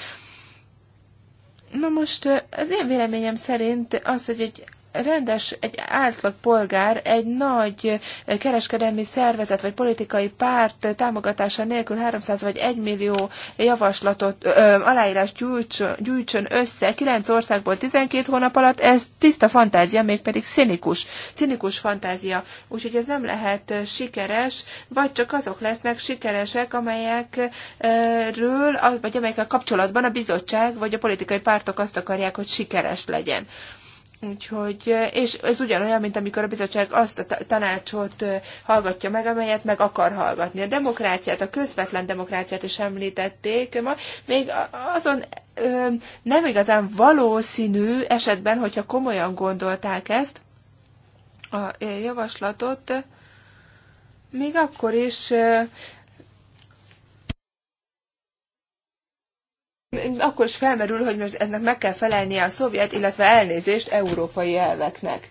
Na most az én véleményem szerint az, hogy egy rendes, egy átlag polgár egy nagy kereskedelmi szervezet vagy politikai párt támogatása nélkül 300 vagy 1 millió javaslatot, ö, aláírás gyűjtsön, gyűjtsön össze 9 országból 12 hónap alatt, ez tiszta fantázia, mégpedig szinikus, szinikus fantázia. Úgyhogy ez nem lehet sikeres, vagy csak azok lesznek sikeresek, amelyekről, vagy amelyekkel kapcsolatban a bizottság vagy a politikai pártok azt akarják, hogy sikeres legyen. Úgyhogy, eh, és ez ugyanolyan, mint amikor a bizottság azt a tanácsot eh, hallgatja meg, amelyet meg akar hallgatni. A demokráciát, a közvetlen demokráciát is említették ma, még azon eh, nem igazán valószínű esetben, hogyha komolyan gondolták ezt, a javaslatot, még akkor is akkor is felmerül, hogy most ennek meg kell felelnie a szovjet, illetve elnézést európai elveknek.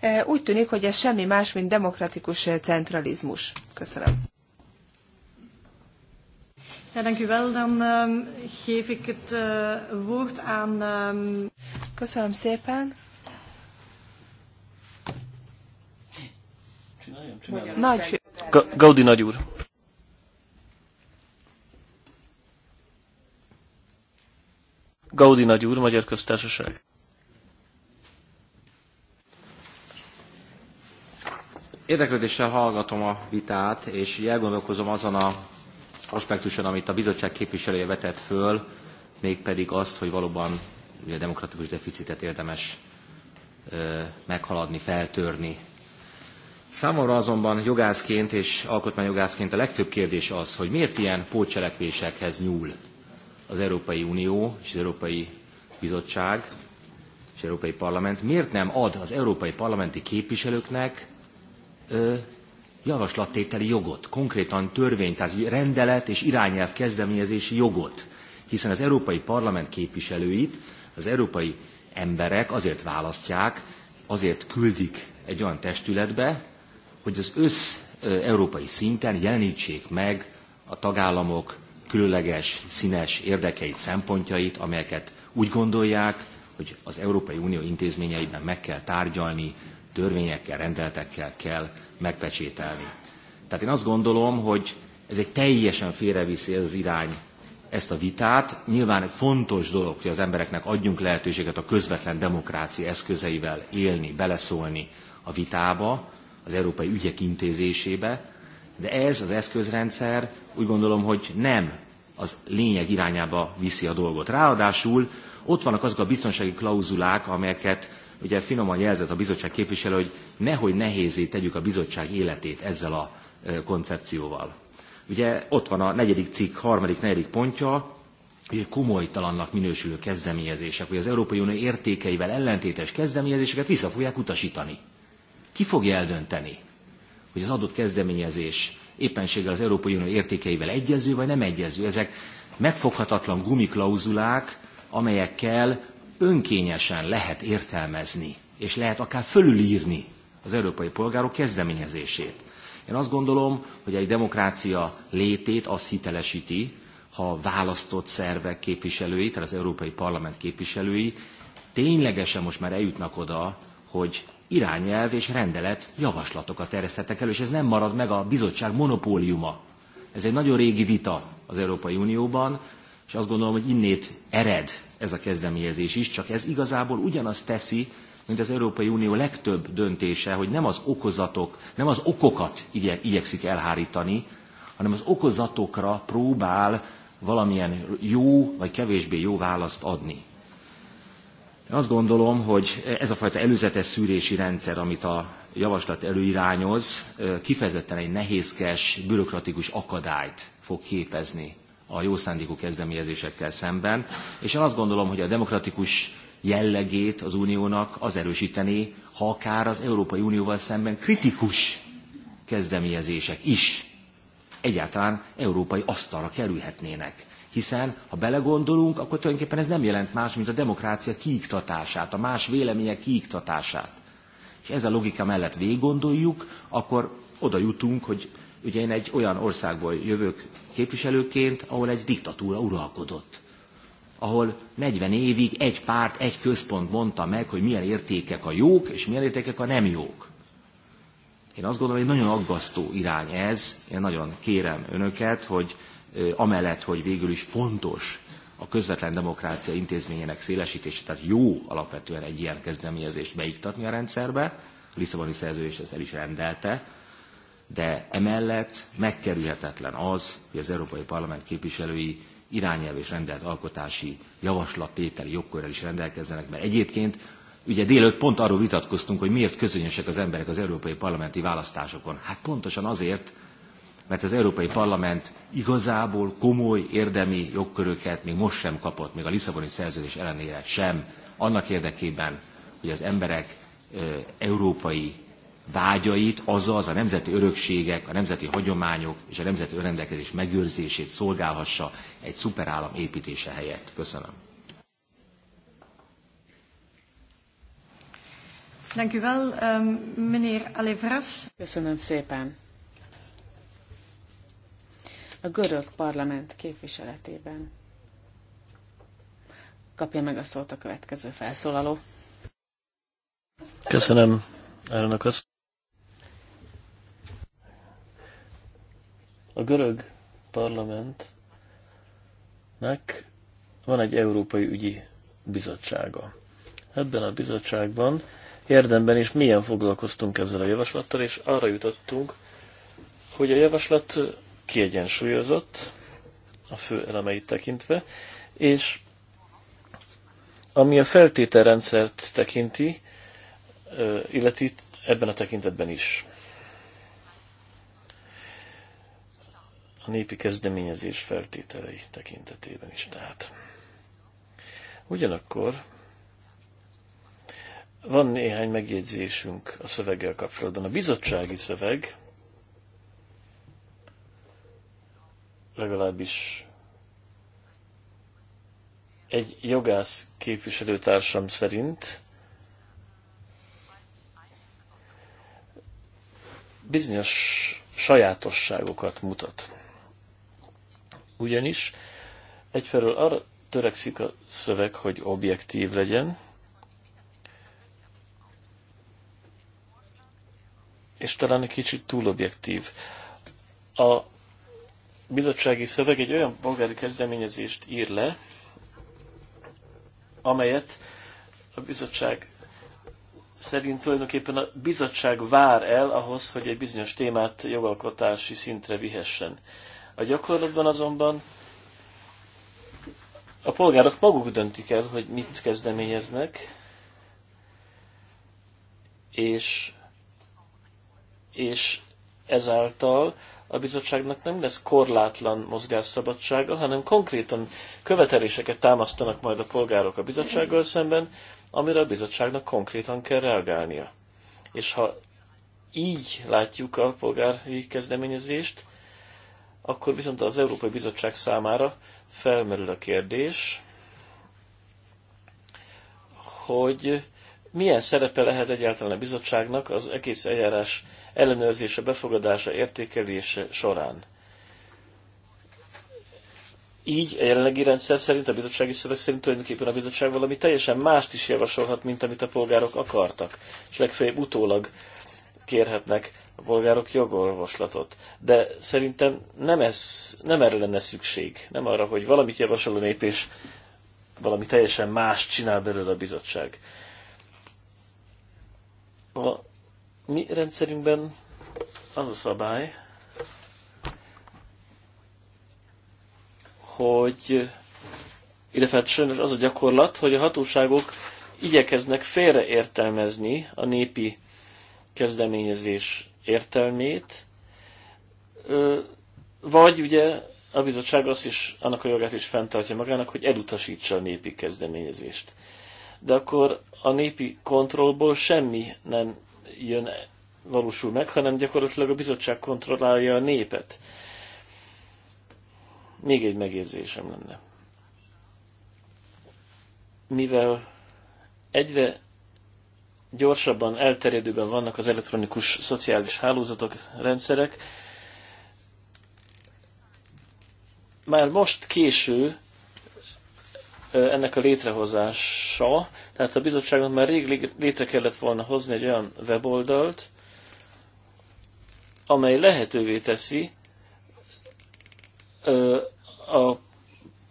E, úgy tűnik, hogy ez semmi más, mint demokratikus centralizmus. Köszönöm. Ja, dank u wel. Dan um, geef ik het uh, woord aan... Um... Köszönöm szépen. Nagy... Gaudi nagy úr. Gaudi Nagy úr, Magyar Köztársaság. Érdeklődéssel hallgatom a vitát, és elgondolkozom azon a aspektuson, amit a bizottság képviselője vetett föl, mégpedig azt, hogy valóban ugye, a demokratikus deficitet érdemes ö, meghaladni, feltörni. Számomra azonban jogászként és alkotmányjogászként a legfőbb kérdés az, hogy miért ilyen pótcselekvésekhez nyúl az Európai Unió és az Európai Bizottság és az Európai Parlament miért nem ad az európai parlamenti képviselőknek ö, javaslattételi jogot, konkrétan törvény, tehát rendelet és irányelv kezdeményezési jogot, hiszen az Európai Parlament képviselőit az európai emberek azért választják, azért küldik egy olyan testületbe, hogy az össz-európai szinten jelenítsék meg a tagállamok különleges, színes érdekeit, szempontjait, amelyeket úgy gondolják, hogy az Európai Unió intézményeiben meg kell tárgyalni, törvényekkel, rendeletekkel kell megpecsételni. Tehát én azt gondolom, hogy ez egy teljesen félreviszi ez az irány ezt a vitát. Nyilván fontos dolog, hogy az embereknek adjunk lehetőséget a közvetlen demokrácia eszközeivel élni, beleszólni a vitába, az európai ügyek intézésébe, de ez az eszközrendszer úgy gondolom, hogy nem az lényeg irányába viszi a dolgot. Ráadásul ott vannak azok a biztonsági klauzulák, amelyeket ugye finoman jelzett a bizottság képviselő, hogy nehogy nehézé tegyük a bizottság életét ezzel a koncepcióval. Ugye ott van a negyedik cikk, harmadik, negyedik pontja, hogy komolytalannak minősülő kezdeményezések, vagy az Európai Unió értékeivel ellentétes kezdeményezéseket vissza fogják utasítani. Ki fogja eldönteni, hogy az adott kezdeményezés éppenséggel az Európai Unió értékeivel egyező vagy nem egyező. Ezek megfoghatatlan gumiklauzulák, amelyekkel önkényesen lehet értelmezni, és lehet akár fölülírni az európai polgárok kezdeményezését. Én azt gondolom, hogy egy demokrácia létét azt hitelesíti, ha választott szervek képviselői, tehát az Európai Parlament képviselői ténylegesen most már eljutnak oda, hogy irányelv és rendelet javaslatokat terjesztettek elő, és ez nem marad meg a bizottság monopóliuma. Ez egy nagyon régi vita az Európai Unióban, és azt gondolom, hogy innét ered ez a kezdeményezés is, csak ez igazából ugyanazt teszi, mint az Európai Unió legtöbb döntése, hogy nem az okozatok, nem az okokat igye, igyekszik elhárítani, hanem az okozatokra próbál valamilyen jó vagy kevésbé jó választ adni. Én azt gondolom, hogy ez a fajta előzetes szűrési rendszer, amit a javaslat előirányoz, kifejezetten egy nehézkes, bürokratikus akadályt fog képezni a jó szándékú kezdeményezésekkel szemben, és én azt gondolom, hogy a demokratikus jellegét az uniónak az erősíteni, ha akár az Európai Unióval szemben kritikus kezdeményezések is egyáltalán európai asztalra kerülhetnének hiszen ha belegondolunk, akkor tulajdonképpen ez nem jelent más, mint a demokrácia kiiktatását, a más vélemények kiiktatását. És ez a logika mellett végiggondoljuk, akkor oda jutunk, hogy ugye én egy olyan országból jövök képviselőként, ahol egy diktatúra uralkodott ahol 40 évig egy párt, egy központ mondta meg, hogy milyen értékek a jók, és milyen értékek a nem jók. Én azt gondolom, hogy nagyon aggasztó irány ez. Én nagyon kérem önöket, hogy amellett, hogy végül is fontos a közvetlen demokrácia intézményének szélesítése, tehát jó alapvetően egy ilyen kezdeményezést beiktatni a rendszerbe, a Lisszaboni szerződés ezt el is rendelte, de emellett megkerülhetetlen az, hogy az Európai Parlament képviselői irányelv és rendelt alkotási javaslattételi jogkörrel is rendelkezzenek, mert egyébként ugye délőtt pont arról vitatkoztunk, hogy miért közönösek az emberek az európai parlamenti választásokon. Hát pontosan azért, mert az Európai Parlament igazából komoly érdemi jogköröket még most sem kapott, még a Lisszaboni szerződés ellenére sem, annak érdekében, hogy az emberek európai vágyait, azaz a nemzeti örökségek, a nemzeti hagyományok és a nemzeti önrendelkezés megőrzését szolgálhassa egy szuperállam építése helyett. Köszönöm. Ehm, Köszönöm szépen a görög parlament képviseletében. Kapja meg a szót a következő felszólaló. Köszönöm, elnök azt. A görög parlamentnek van egy európai ügyi bizottsága. Ebben a bizottságban érdemben is milyen foglalkoztunk ezzel a javaslattal, és arra jutottunk, hogy a javaslat kiegyensúlyozott a fő elemeit tekintve, és ami a feltételrendszert tekinti, illeti ebben a tekintetben is. A népi kezdeményezés feltételei tekintetében is tehát. Ugyanakkor van néhány megjegyzésünk a szöveggel kapcsolatban. A bizottsági szöveg legalábbis egy jogász képviselőtársam szerint bizonyos sajátosságokat mutat. Ugyanis egyfelől arra törekszik a szöveg, hogy objektív legyen, és talán egy kicsit túl objektív. A bizottsági szöveg egy olyan polgári kezdeményezést ír le, amelyet a bizottság szerint tulajdonképpen a bizottság vár el ahhoz, hogy egy bizonyos témát jogalkotási szintre vihessen. A gyakorlatban azonban a polgárok maguk döntik el, hogy mit kezdeményeznek, és, és ezáltal a bizottságnak nem lesz korlátlan mozgásszabadsága, hanem konkrétan követeléseket támasztanak majd a polgárok a bizottsággal szemben, amire a bizottságnak konkrétan kell reagálnia. És ha így látjuk a polgári kezdeményezést, akkor viszont az Európai Bizottság számára felmerül a kérdés, hogy milyen szerepe lehet egyáltalán a bizottságnak az egész eljárás ellenőrzése, befogadása, értékelése során. Így a jelenlegi rendszer szerint, a bizottsági szöveg szerint tulajdonképpen a bizottság valami teljesen mást is javasolhat, mint amit a polgárok akartak, és legfeljebb utólag kérhetnek a polgárok jogorvoslatot. De szerintem nem, ez, nem erre lenne szükség, nem arra, hogy valamit javasol a nép, és valami teljesen más csinál belőle a bizottság. A mi rendszerünkben az a szabály, hogy illetve hát sajnos az a gyakorlat, hogy a hatóságok igyekeznek félreértelmezni a népi kezdeményezés értelmét, vagy ugye a bizottság azt is, annak a jogát is fenntartja magának, hogy elutasítsa a népi kezdeményezést. De akkor a népi kontrollból semmi nem jön, valósul meg, hanem gyakorlatilag a bizottság kontrollálja a népet. Még egy megérzésem lenne. Mivel egyre gyorsabban elterjedőben vannak az elektronikus szociális hálózatok, rendszerek, már most késő ennek a létrehozása, tehát a bizottságnak már rég létre kellett volna hozni egy olyan weboldalt, amely lehetővé teszi a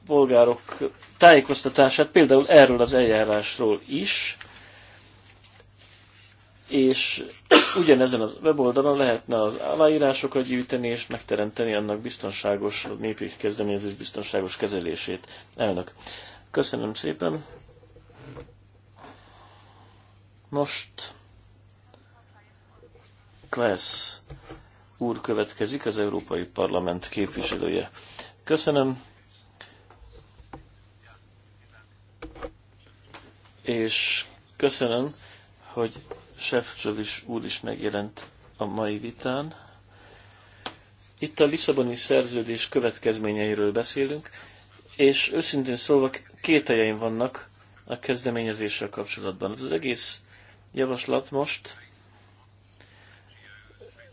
polgárok tájékoztatását, például erről az eljárásról is, és ugyanezen a weboldalon lehetne az aláírásokat gyűjteni és megteremteni annak biztonságos, a népi kezdeményezés biztonságos kezelését. Elnök. Köszönöm szépen. Most Klesz úr következik, az Európai Parlament képviselője. Köszönöm. És köszönöm, hogy is úr is megjelent a mai vitán. Itt a Lisszaboni szerződés következményeiről beszélünk, és őszintén szólva kételjeim vannak a kezdeményezéssel kapcsolatban. Az egész javaslat most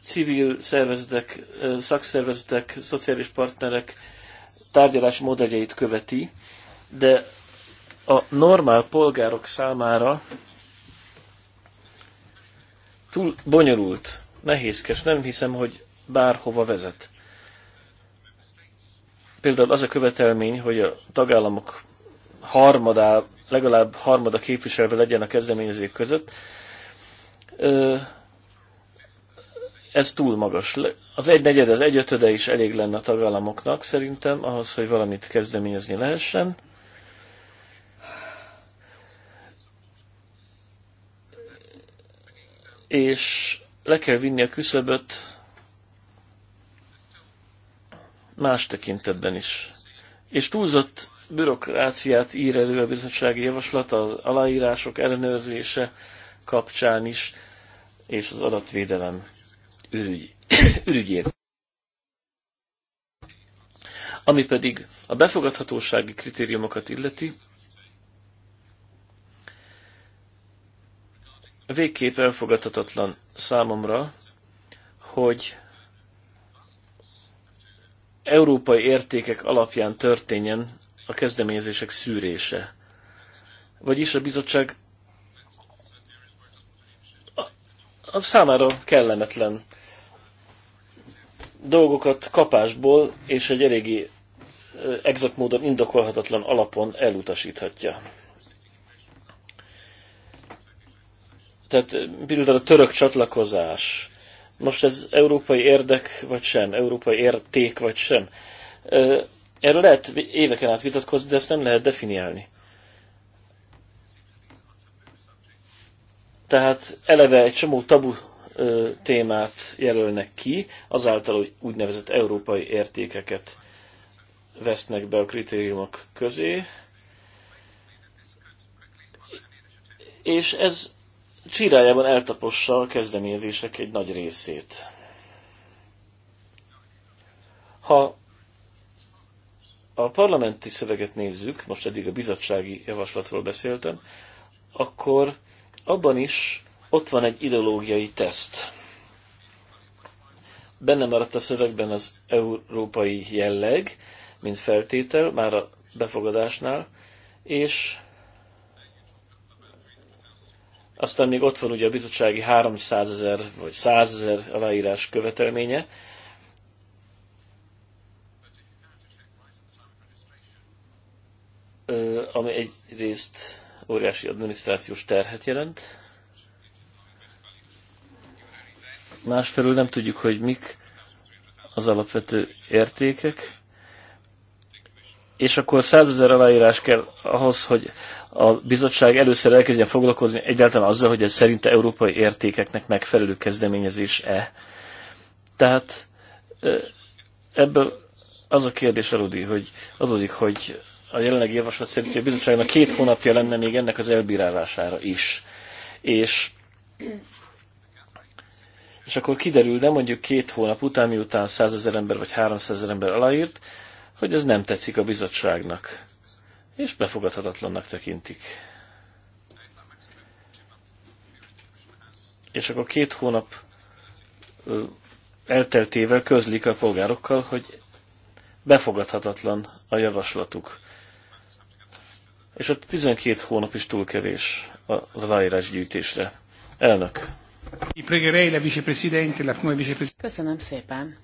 civil szervezetek, szakszervezetek, szociális partnerek tárgyalás modelljeit követi, de a normál polgárok számára túl bonyolult, nehézkes, nem hiszem, hogy bárhova vezet. Például az a követelmény, hogy a tagállamok harmadá, legalább harmada képviselve legyen a kezdeményezők között, ez túl magas. Az egy negyed, az egy ötöde is elég lenne a tagállamoknak szerintem, ahhoz, hogy valamit kezdeményezni lehessen. És le kell vinni a küszöböt más tekintetben is. És túlzott bürokráciát ír elő a bizottsági javaslat az aláírások ellenőrzése kapcsán is, és az adatvédelem ürügy, ürügyét. Ami pedig a befogadhatósági kritériumokat illeti, végképp elfogadhatatlan számomra, hogy európai értékek alapján történjen a kezdeményezések szűrése. Vagyis a bizottság a, számára kellemetlen dolgokat kapásból és egy eléggé exakt módon indokolhatatlan alapon elutasíthatja. Tehát például a török csatlakozás, most ez európai érdek vagy sem, európai érték vagy sem. Erről lehet éveken át vitatkozni, de ezt nem lehet definiálni. Tehát eleve egy csomó tabu témát jelölnek ki, azáltal, hogy úgynevezett európai értékeket vesznek be a kritériumok közé. És ez csírájában eltapossa a kezdeményezések egy nagy részét. Ha a parlamenti szöveget nézzük, most eddig a bizottsági javaslatról beszéltem, akkor abban is ott van egy ideológiai teszt. Benne maradt a szövegben az európai jelleg, mint feltétel, már a befogadásnál, és aztán még ott van ugye a bizottsági 300 ezer vagy 100 ezer aláírás követelménye. ami egyrészt óriási adminisztrációs terhet jelent. Másfelől nem tudjuk, hogy mik az alapvető értékek és akkor százezer aláírás kell ahhoz, hogy a bizottság először elkezdjen foglalkozni egyáltalán azzal, hogy ez szerinte európai értékeknek megfelelő kezdeményezés-e. Tehát ebből az a kérdés aludi, hogy, adódik, hogy a jelenlegi javaslat szerint a bizottságnak két hónapja lenne még ennek az elbírálására is. És, és akkor kiderül, de mondjuk két hónap után, miután százezer ember vagy háromszázezer ember aláírt, hogy ez nem tetszik a bizottságnak, és befogadhatatlannak tekintik. És akkor két hónap elteltével közlik a polgárokkal, hogy befogadhatatlan a javaslatuk. És ott 12 hónap is túl kevés az gyűjtésre. Elnök. Köszönöm szépen.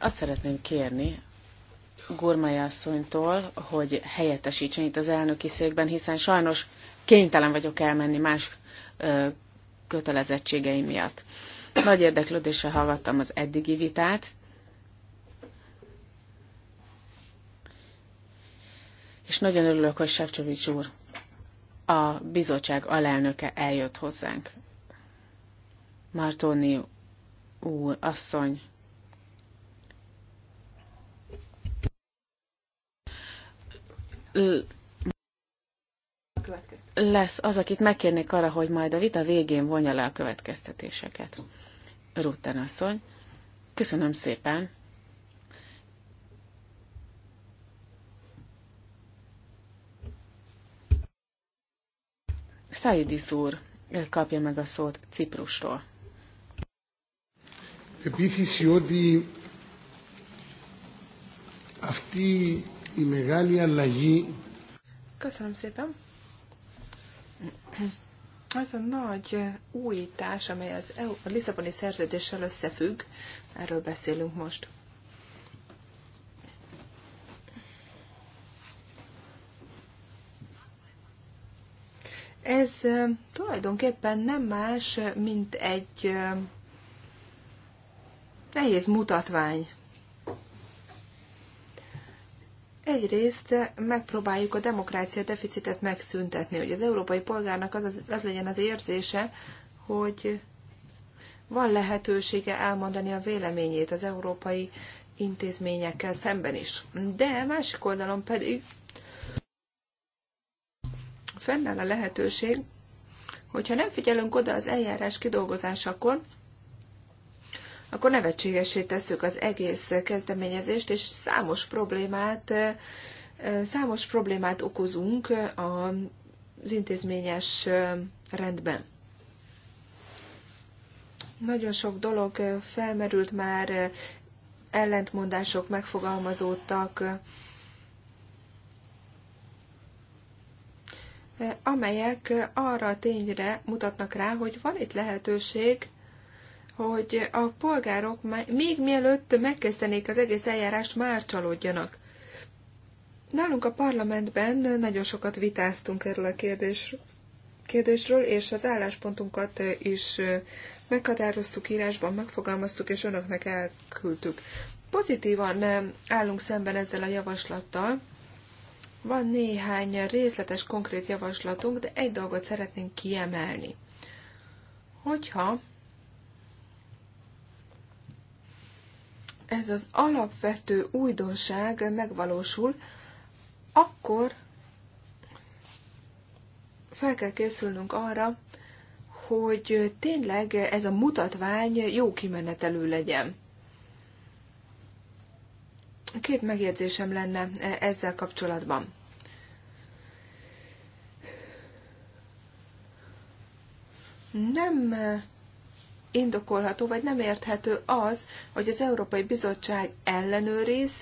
Azt szeretném kérni Gurmai asszonytól, hogy helyettesítsen itt az elnöki székben, hiszen sajnos kénytelen vagyok elmenni más ö, kötelezettségeim miatt. Nagy érdeklődéssel hallgattam az eddigi vitát, és nagyon örülök, hogy Sefcsovics úr, a bizottság alelnöke eljött hozzánk. Martoni úr, asszony, lesz az, akit megkérnék arra, hogy majd a vita végén vonja le a következtetéseket. Rutten asszony, köszönöm szépen. Szájidis úr kapja meg a szót Ciprusról. Επίσης ότι αυτή η μεγάλη αλλαγή. Köszönöm szépen. Ez a nagy újítás, amely az EU, a Lisszaboni szerződéssel összefügg, erről beszélünk most. Ez tulajdonképpen nem más, mint egy nehéz mutatvány. Egyrészt megpróbáljuk a demokrácia deficitet megszüntetni, hogy az európai polgárnak az, az, legyen az érzése, hogy van lehetősége elmondani a véleményét az európai intézményekkel szemben is. De másik oldalon pedig fennáll a lehetőség, hogyha nem figyelünk oda az eljárás kidolgozásakor, akkor nevetségesé tesszük az egész kezdeményezést, és számos problémát, számos problémát okozunk az intézményes rendben. Nagyon sok dolog felmerült már, ellentmondások megfogalmazódtak, amelyek arra a tényre mutatnak rá, hogy van itt lehetőség hogy a polgárok még mielőtt megkezdenék az egész eljárást, már csalódjanak. Nálunk a parlamentben nagyon sokat vitáztunk erről a kérdésről, kérdésről és az álláspontunkat is meghatároztuk írásban, megfogalmaztuk, és önöknek elküldtük. Pozitívan állunk szemben ezzel a javaslattal. Van néhány részletes, konkrét javaslatunk, de egy dolgot szeretnénk kiemelni. Hogyha ez az alapvető újdonság megvalósul, akkor fel kell készülnünk arra, hogy tényleg ez a mutatvány jó kimenetelő legyen. Két megjegyzésem lenne ezzel kapcsolatban. Nem indokolható, vagy nem érthető az, hogy az Európai Bizottság ellenőriz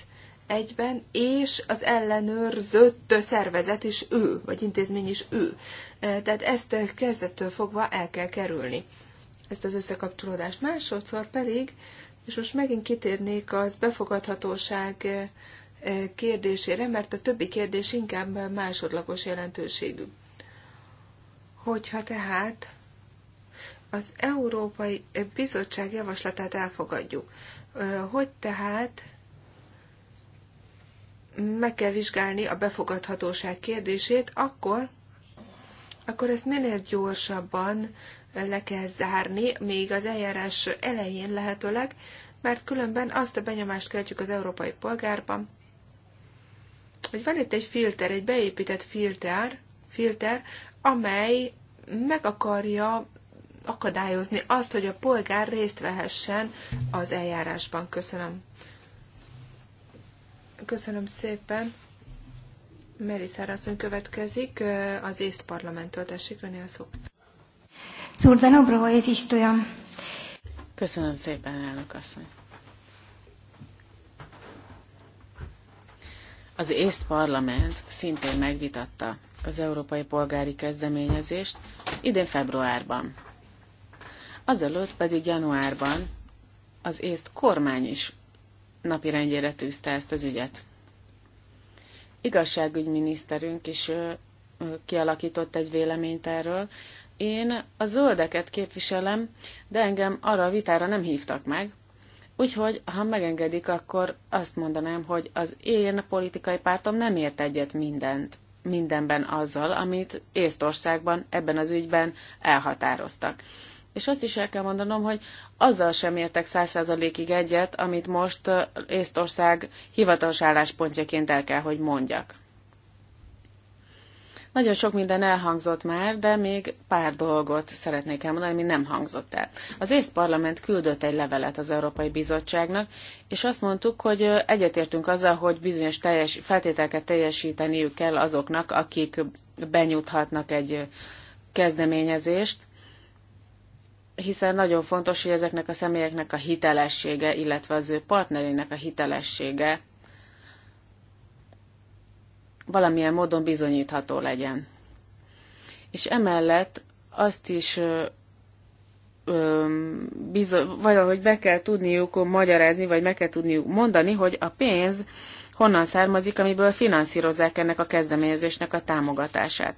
egyben, és az ellenőrzött szervezet is ő, vagy intézmény is ő. E, tehát ezt kezdettől fogva el kell kerülni, ezt az összekapcsolódást. Másodszor pedig, és most megint kitérnék az befogadhatóság e, e, kérdésére, mert a többi kérdés inkább másodlagos jelentőségű. Hogyha tehát az Európai Bizottság javaslatát elfogadjuk. Hogy tehát meg kell vizsgálni a befogadhatóság kérdését, akkor, akkor ezt minél gyorsabban le kell zárni, még az eljárás elején lehetőleg, mert különben azt a benyomást keltjük az európai polgárban, hogy van itt egy filter, egy beépített filter, filter amely meg akarja akadályozni azt, hogy a polgár részt vehessen az eljárásban. Köszönöm. Köszönöm szépen. Meri Szárazon következik, az észt parlamenttől tessék önni a szó. is ezisztója. Köszönöm szépen, elnök asszony. Az észt parlament szintén megvitatta az európai polgári kezdeményezést idén februárban azelőtt pedig januárban az észt kormány is napirendjére tűzte ezt az ügyet. Igazságügyminiszterünk is kialakított egy véleményt erről. Én a zöldeket képviselem, de engem arra a vitára nem hívtak meg, Úgyhogy, ha megengedik, akkor azt mondanám, hogy az én politikai pártom nem ért egyet mindent, mindenben azzal, amit Észtországban ebben az ügyben elhatároztak. És azt is el kell mondanom, hogy azzal sem értek száz százalékig egyet, amit most Észtország hivatalos álláspontjaként el kell, hogy mondjak. Nagyon sok minden elhangzott már, de még pár dolgot szeretnék elmondani, ami nem hangzott el. Az észt parlament küldött egy levelet az Európai Bizottságnak, és azt mondtuk, hogy egyetértünk azzal, hogy bizonyos teljes, feltételeket teljesíteniük kell azoknak, akik benyújthatnak egy kezdeményezést, hiszen nagyon fontos, hogy ezeknek a személyeknek a hitelessége, illetve az ő partnerének a hitelessége valamilyen módon bizonyítható legyen. És emellett azt is bizony, valahogy be kell tudniuk magyarázni, vagy meg kell tudniuk mondani, hogy a pénz honnan származik, amiből finanszírozzák ennek a kezdeményezésnek a támogatását.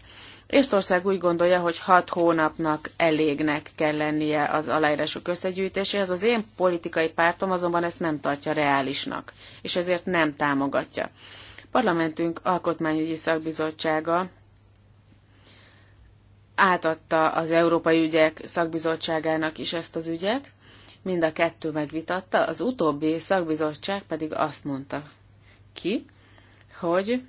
Észtország úgy gondolja, hogy hat hónapnak elégnek kell lennie az aláírások összegyűjtéséhez, az én politikai pártom azonban ezt nem tartja reálisnak, és ezért nem támogatja. Parlamentünk alkotmányügyi szakbizottsága átadta az Európai Ügyek Szakbizottságának is ezt az ügyet, mind a kettő megvitatta, az utóbbi szakbizottság pedig azt mondta ki, hogy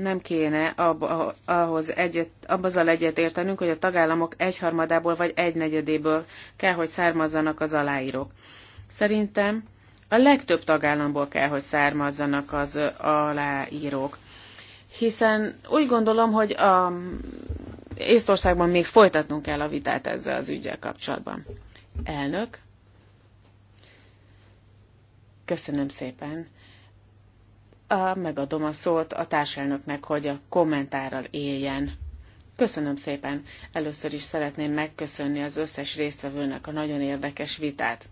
nem kéne ab ahhoz egyet, abbazzal egyet értenünk, hogy a tagállamok egyharmadából vagy egynegyedéből kell, hogy származzanak az aláírók. Szerintem a legtöbb tagállamból kell, hogy származzanak az aláírók. Hiszen úgy gondolom, hogy a Észtországban még folytatnunk kell a vitát ezzel az ügyel kapcsolatban. Elnök, köszönöm szépen a, megadom a szót a társelnöknek, hogy a kommentárral éljen. Köszönöm szépen. Először is szeretném megköszönni az összes résztvevőnek a nagyon érdekes vitát.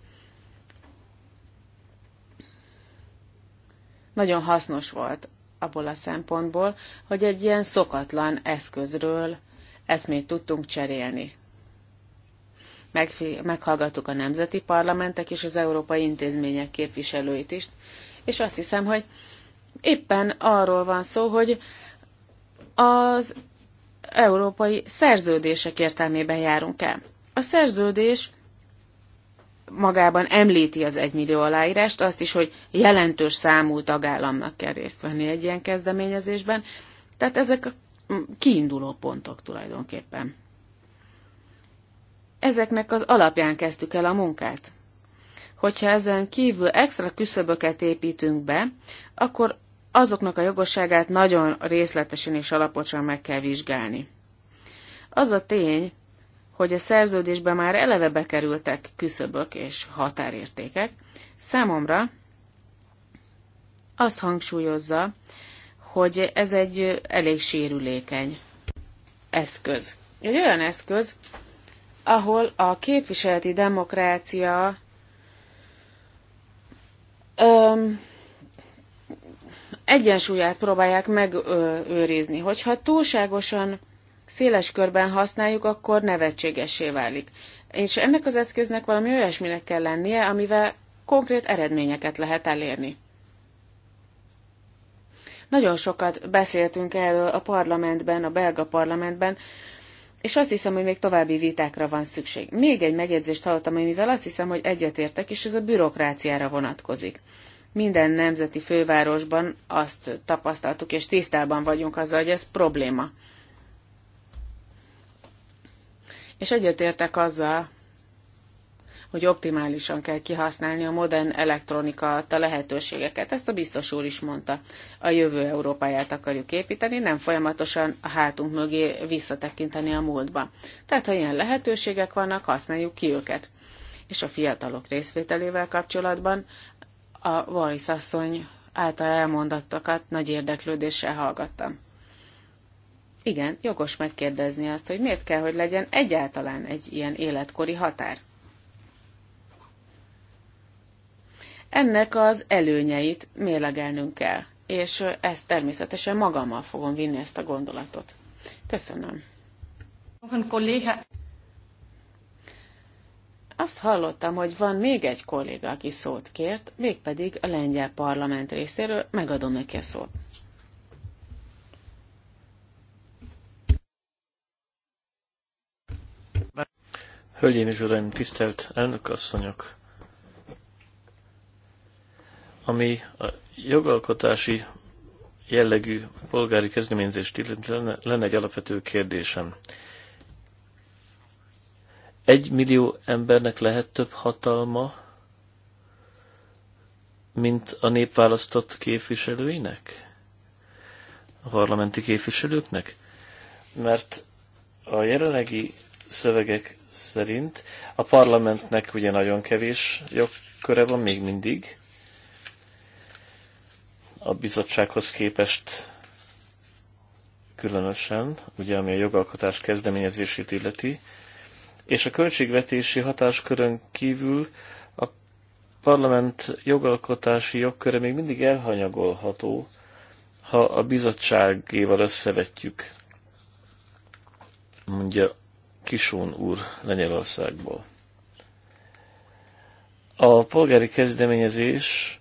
Nagyon hasznos volt abból a szempontból, hogy egy ilyen szokatlan eszközről eszmét tudtunk cserélni. Meghallgattuk a nemzeti parlamentek és az európai intézmények képviselőit is, és azt hiszem, hogy Éppen arról van szó, hogy az európai szerződések értelmében járunk el. A szerződés magában említi az egymillió aláírást, azt is, hogy jelentős számú tagállamnak kell részt venni egy ilyen kezdeményezésben. Tehát ezek a kiinduló pontok tulajdonképpen. Ezeknek az alapján kezdtük el a munkát. Hogyha ezen kívül extra küszöböket építünk be, akkor azoknak a jogosságát nagyon részletesen és alaposan meg kell vizsgálni. Az a tény, hogy a szerződésbe már eleve bekerültek küszöbök és határértékek, számomra azt hangsúlyozza, hogy ez egy elég sérülékeny eszköz. Egy olyan eszköz, ahol a képviseleti demokrácia öm, egyensúlyát próbálják megőrizni. Hogyha túlságosan széles körben használjuk, akkor nevetségessé válik. És ennek az eszköznek valami olyasminek kell lennie, amivel konkrét eredményeket lehet elérni. Nagyon sokat beszéltünk erről a parlamentben, a belga parlamentben, és azt hiszem, hogy még további vitákra van szükség. Még egy megjegyzést hallottam, amivel azt hiszem, hogy egyetértek, és ez a bürokráciára vonatkozik. Minden nemzeti fővárosban azt tapasztaltuk, és tisztában vagyunk azzal, hogy ez probléma. És egyetértek azzal, hogy optimálisan kell kihasználni a modern elektronika adta lehetőségeket. Ezt a biztos úr is mondta. A jövő Európáját akarjuk építeni, nem folyamatosan a hátunk mögé visszatekinteni a múltba. Tehát, ha ilyen lehetőségek vannak, használjuk ki őket. És a fiatalok részvételével kapcsolatban a Wallis asszony által elmondattakat nagy érdeklődéssel hallgattam. Igen, jogos megkérdezni azt, hogy miért kell, hogy legyen egyáltalán egy ilyen életkori határ. Ennek az előnyeit mélegelnünk kell, és ezt természetesen magammal fogom vinni ezt a gondolatot. Köszönöm. Azt hallottam, hogy van még egy kolléga, aki szót kért, mégpedig a lengyel parlament részéről. Megadom neki a szót. Hölgyeim és Uraim, tisztelt elnök asszonyok, Ami a jogalkotási jellegű polgári kezdeményezést illeti, lenne, lenne egy alapvető kérdésem. Egy millió embernek lehet több hatalma, mint a népválasztott képviselőinek? A parlamenti képviselőknek? Mert a jelenlegi szövegek szerint a parlamentnek ugye nagyon kevés jogköre van még mindig, a bizottsághoz képest különösen, ugye ami a jogalkotás kezdeményezését illeti, és a költségvetési hatáskörön kívül a parlament jogalkotási jogköre még mindig elhanyagolható, ha a bizottságéval összevetjük, mondja Kisón úr Lengyelországból. A polgári kezdeményezés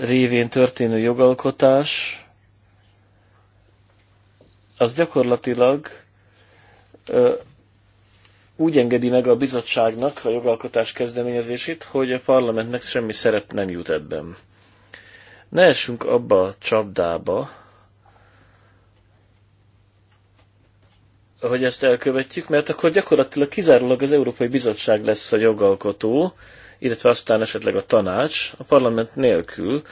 révén történő jogalkotás az gyakorlatilag úgy engedi meg a bizottságnak a jogalkotás kezdeményezését, hogy a parlamentnek semmi szerep nem jut ebben. Ne essünk abba a csapdába, hogy ezt elkövetjük, mert akkor gyakorlatilag kizárólag az Európai Bizottság lesz a jogalkotó, illetve aztán esetleg a tanács, a parlament nélkül,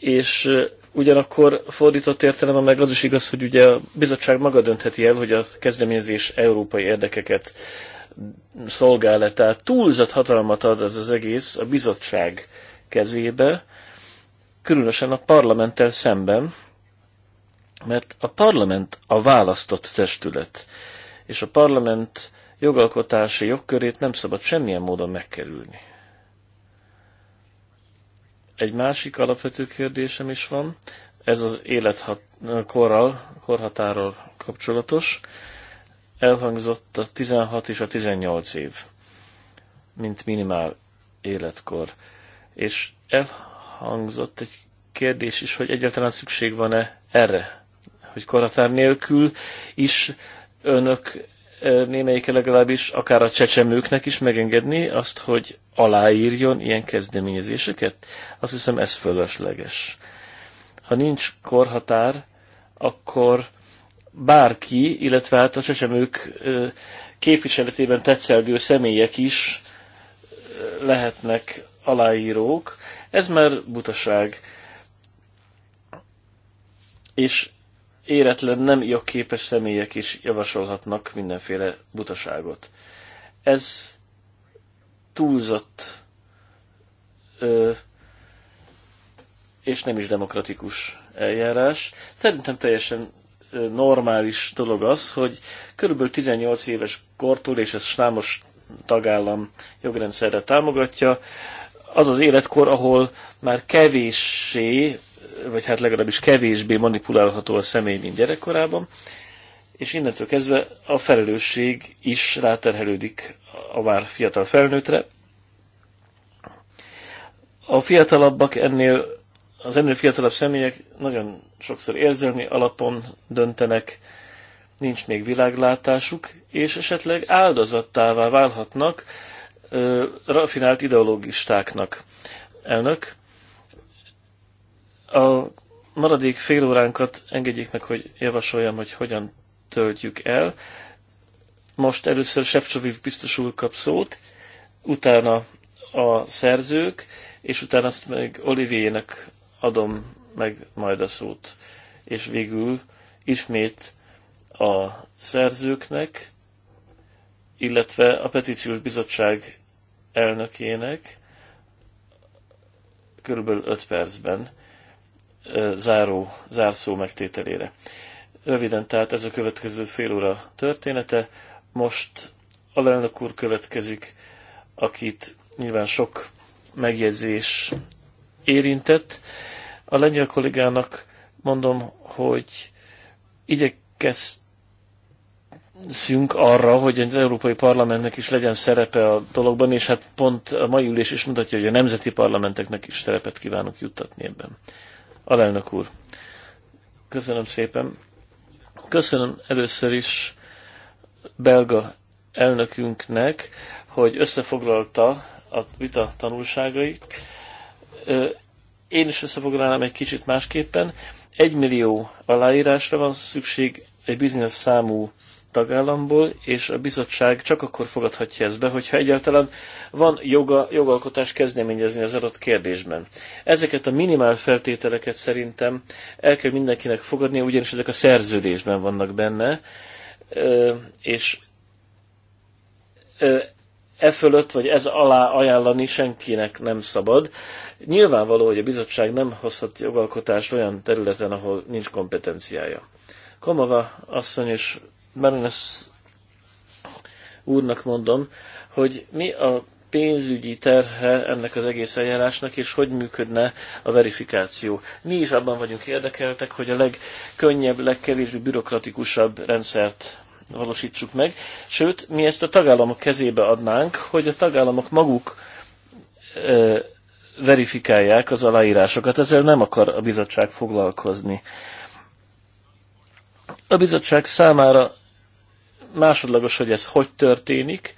és Ugyanakkor fordított értelemben meg az is igaz, hogy ugye a bizottság maga döntheti el, hogy a kezdeményezés európai érdekeket szolgál-e. Tehát túlzat hatalmat ad az az egész a bizottság kezébe, különösen a parlamenttel szemben, mert a parlament a választott testület, és a parlament jogalkotási jogkörét nem szabad semmilyen módon megkerülni. Egy másik alapvető kérdésem is van, ez az életkorral, korhatárral kapcsolatos. Elhangzott a 16 és a 18 év, mint minimál életkor. És elhangzott egy kérdés is, hogy egyáltalán szükség van-e erre, hogy korhatár nélkül is önök némelyike legalábbis akár a csecsemőknek is megengedni azt, hogy aláírjon ilyen kezdeményezéseket? Azt hiszem ez fölösleges. Ha nincs korhatár, akkor bárki, illetve hát a csecsemők képviseletében tetszelgő személyek is lehetnek aláírók. Ez már butaság. És éretlen, nem jogképes személyek is javasolhatnak mindenféle butaságot. Ez túlzott ö, és nem is demokratikus eljárás. Szerintem teljesen normális dolog az, hogy körülbelül 18 éves kortól, és ez számos tagállam jogrendszerre támogatja, az az életkor, ahol már kevéssé vagy hát legalábbis kevésbé manipulálható a személy, mint gyerekkorában, és innentől kezdve a felelősség is ráterhelődik a már fiatal felnőttre. A fiatalabbak ennél, az ennél fiatalabb személyek nagyon sokszor érzelmi alapon döntenek, nincs még világlátásuk, és esetleg áldozattává válhatnak ö, rafinált ideológistáknak. Elnök, a maradék fél óránkat engedjék meg, hogy javasoljam, hogy hogyan töltjük el. Most először Sefcsoviv biztos úr kap szót, utána a szerzők, és utána azt meg Olivier-nek adom meg majd a szót. És végül ismét a szerzőknek, illetve a petíciós bizottság elnökének körülbelül 5 percben záró, zárszó megtételére. Röviden, tehát ez a következő fél óra története. Most lelnök úr következik, akit nyilván sok megjegyzés érintett. A lengyel kollégának mondom, hogy igyekeztünk arra, hogy az Európai Parlamentnek is legyen szerepe a dologban, és hát pont a mai ülés is mutatja, hogy a nemzeti parlamenteknek is szerepet kívánok juttatni ebben. Alelnök úr, köszönöm szépen. Köszönöm először is belga elnökünknek, hogy összefoglalta a vita tanulságait. Én is összefoglalnám egy kicsit másképpen. Egy millió aláírásra van szükség egy bizonyos számú tagállamból, és a bizottság csak akkor fogadhatja ezt be, hogyha egyáltalán van joga, jogalkotás kezdeményezni az adott kérdésben. Ezeket a minimál feltételeket szerintem el kell mindenkinek fogadni, ugyanis ezek a szerződésben vannak benne, és e fölött, vagy ez alá ajánlani senkinek nem szabad. Nyilvánvaló, hogy a bizottság nem hozhat jogalkotást olyan területen, ahol nincs kompetenciája. Komova asszony is Magnus úrnak mondom, hogy mi a pénzügyi terhe ennek az egész eljárásnak, és hogy működne a verifikáció. Mi is abban vagyunk érdekeltek, hogy a legkönnyebb, legkevésbé bürokratikusabb rendszert valósítsuk meg. Sőt, mi ezt a tagállamok kezébe adnánk, hogy a tagállamok maguk ö, verifikálják az aláírásokat. Ezzel nem akar a bizottság foglalkozni. A bizottság számára másodlagos, hogy ez hogy történik,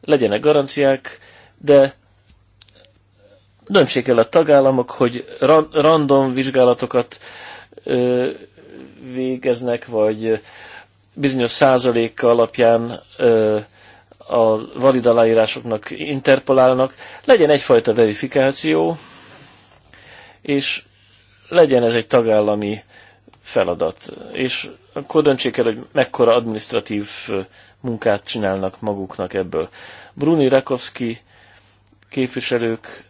legyenek garanciák, de döntsék el a tagállamok, hogy random vizsgálatokat végeznek, vagy bizonyos százaléka alapján a valid aláírásoknak interpolálnak. Legyen egyfajta verifikáció, és legyen ez egy tagállami feladat. És akkor döntsék el, hogy mekkora administratív munkát csinálnak maguknak ebből. Bruni Rakowski képviselők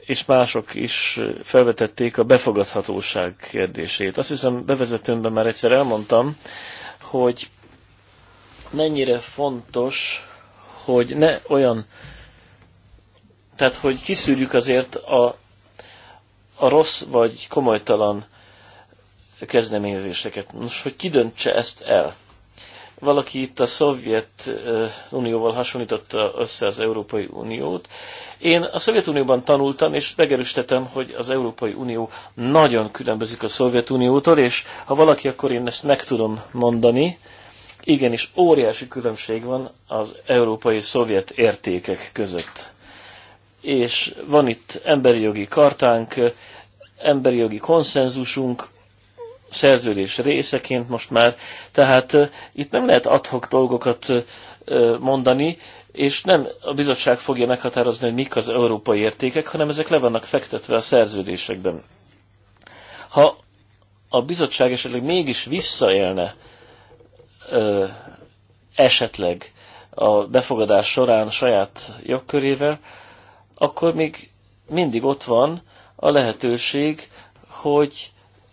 és mások is felvetették a befogadhatóság kérdését. Azt hiszem bevezetőmben már egyszer elmondtam, hogy mennyire fontos, hogy ne olyan, tehát hogy kiszűrjük azért a, a rossz vagy komolytalan kezdeményezéseket. Nos, hogy kidöntse ezt el? Valaki itt a Szovjet Unióval hasonlította össze az Európai Uniót. Én a Szovjetunióban tanultam, és megerősítettem, hogy az Európai Unió nagyon különbözik a Szovjetuniótól, és ha valaki, akkor én ezt meg tudom mondani. Igenis, óriási különbség van az európai és szovjet értékek között. És van itt emberi jogi kartánk, emberi jogi konszenzusunk, szerződés részeként most már, tehát itt nem lehet adhok dolgokat mondani, és nem a bizottság fogja meghatározni, hogy mik az európai értékek, hanem ezek le vannak fektetve a szerződésekben. Ha a bizottság esetleg mégis visszaélne ö, esetleg a befogadás során saját jogkörével, akkor még mindig ott van a lehetőség, hogy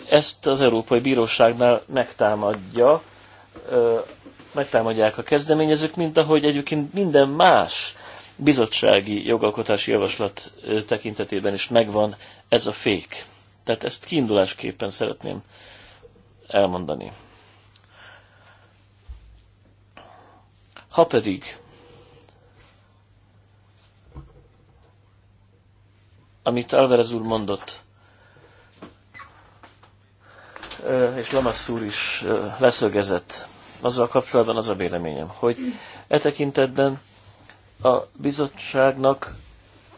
ezt az Európai Bíróságnál megtámadja, megtámadják a kezdeményezők, mint ahogy egyébként minden más bizottsági jogalkotási javaslat tekintetében is megvan ez a fék. Tehát ezt kiindulásképpen szeretném elmondani. Ha pedig amit Alvarez úr mondott, és Lamasszúr is leszögezett. Azzal kapcsolatban az a véleményem, hogy e tekintetben a bizottságnak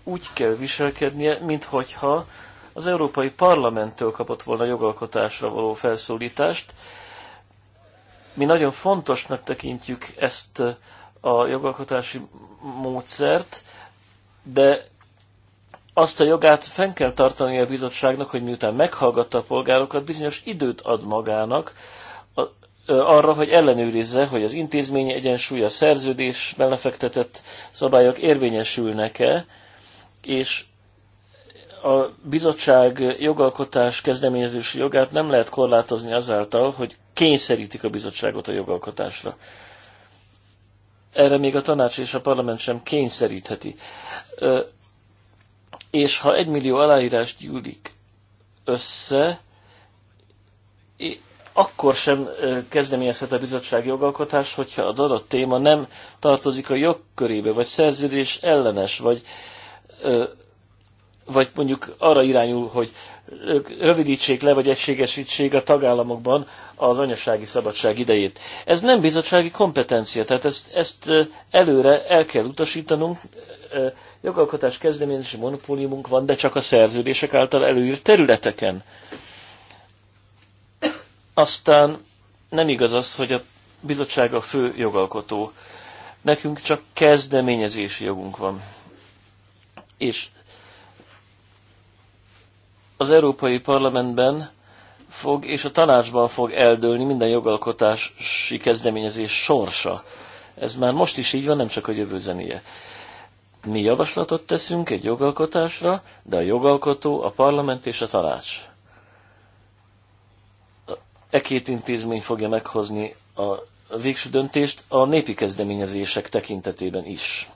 úgy kell viselkednie, minthogyha az Európai Parlamenttől kapott volna jogalkotásra való felszólítást. Mi nagyon fontosnak tekintjük ezt a jogalkotási módszert, de azt a jogát fenn kell tartani a bizottságnak, hogy miután meghallgatta a polgárokat, bizonyos időt ad magának arra, hogy ellenőrizze, hogy az intézmény egyensúly, a szerződés belefektetett szabályok érvényesülnek-e, és a bizottság jogalkotás kezdeményezési jogát nem lehet korlátozni azáltal, hogy kényszerítik a bizottságot a jogalkotásra. Erre még a tanács és a parlament sem kényszerítheti és ha egy millió aláírás gyűlik össze, akkor sem kezdeményezhet a bizottság jogalkotás, hogyha az adott téma nem tartozik a jogkörébe, vagy szerződés ellenes, vagy, vagy mondjuk arra irányul, hogy rövidítsék le, vagy egységesítsék a tagállamokban az anyasági szabadság idejét. Ez nem bizottsági kompetencia, tehát ezt, ezt előre el kell utasítanunk, Jogalkotás kezdeményezési monopóliumunk van, de csak a szerződések által előírt területeken. Aztán nem igaz az, hogy a bizottság a fő jogalkotó. Nekünk csak kezdeményezési jogunk van. És az Európai Parlamentben fog, és a tanácsban fog eldőlni minden jogalkotási kezdeményezés sorsa. Ez már most is így van, nem csak a jövő zenéje. Mi javaslatot teszünk egy jogalkotásra, de a jogalkotó, a parlament és a tanács. E két intézmény fogja meghozni a végső döntést a népi kezdeményezések tekintetében is.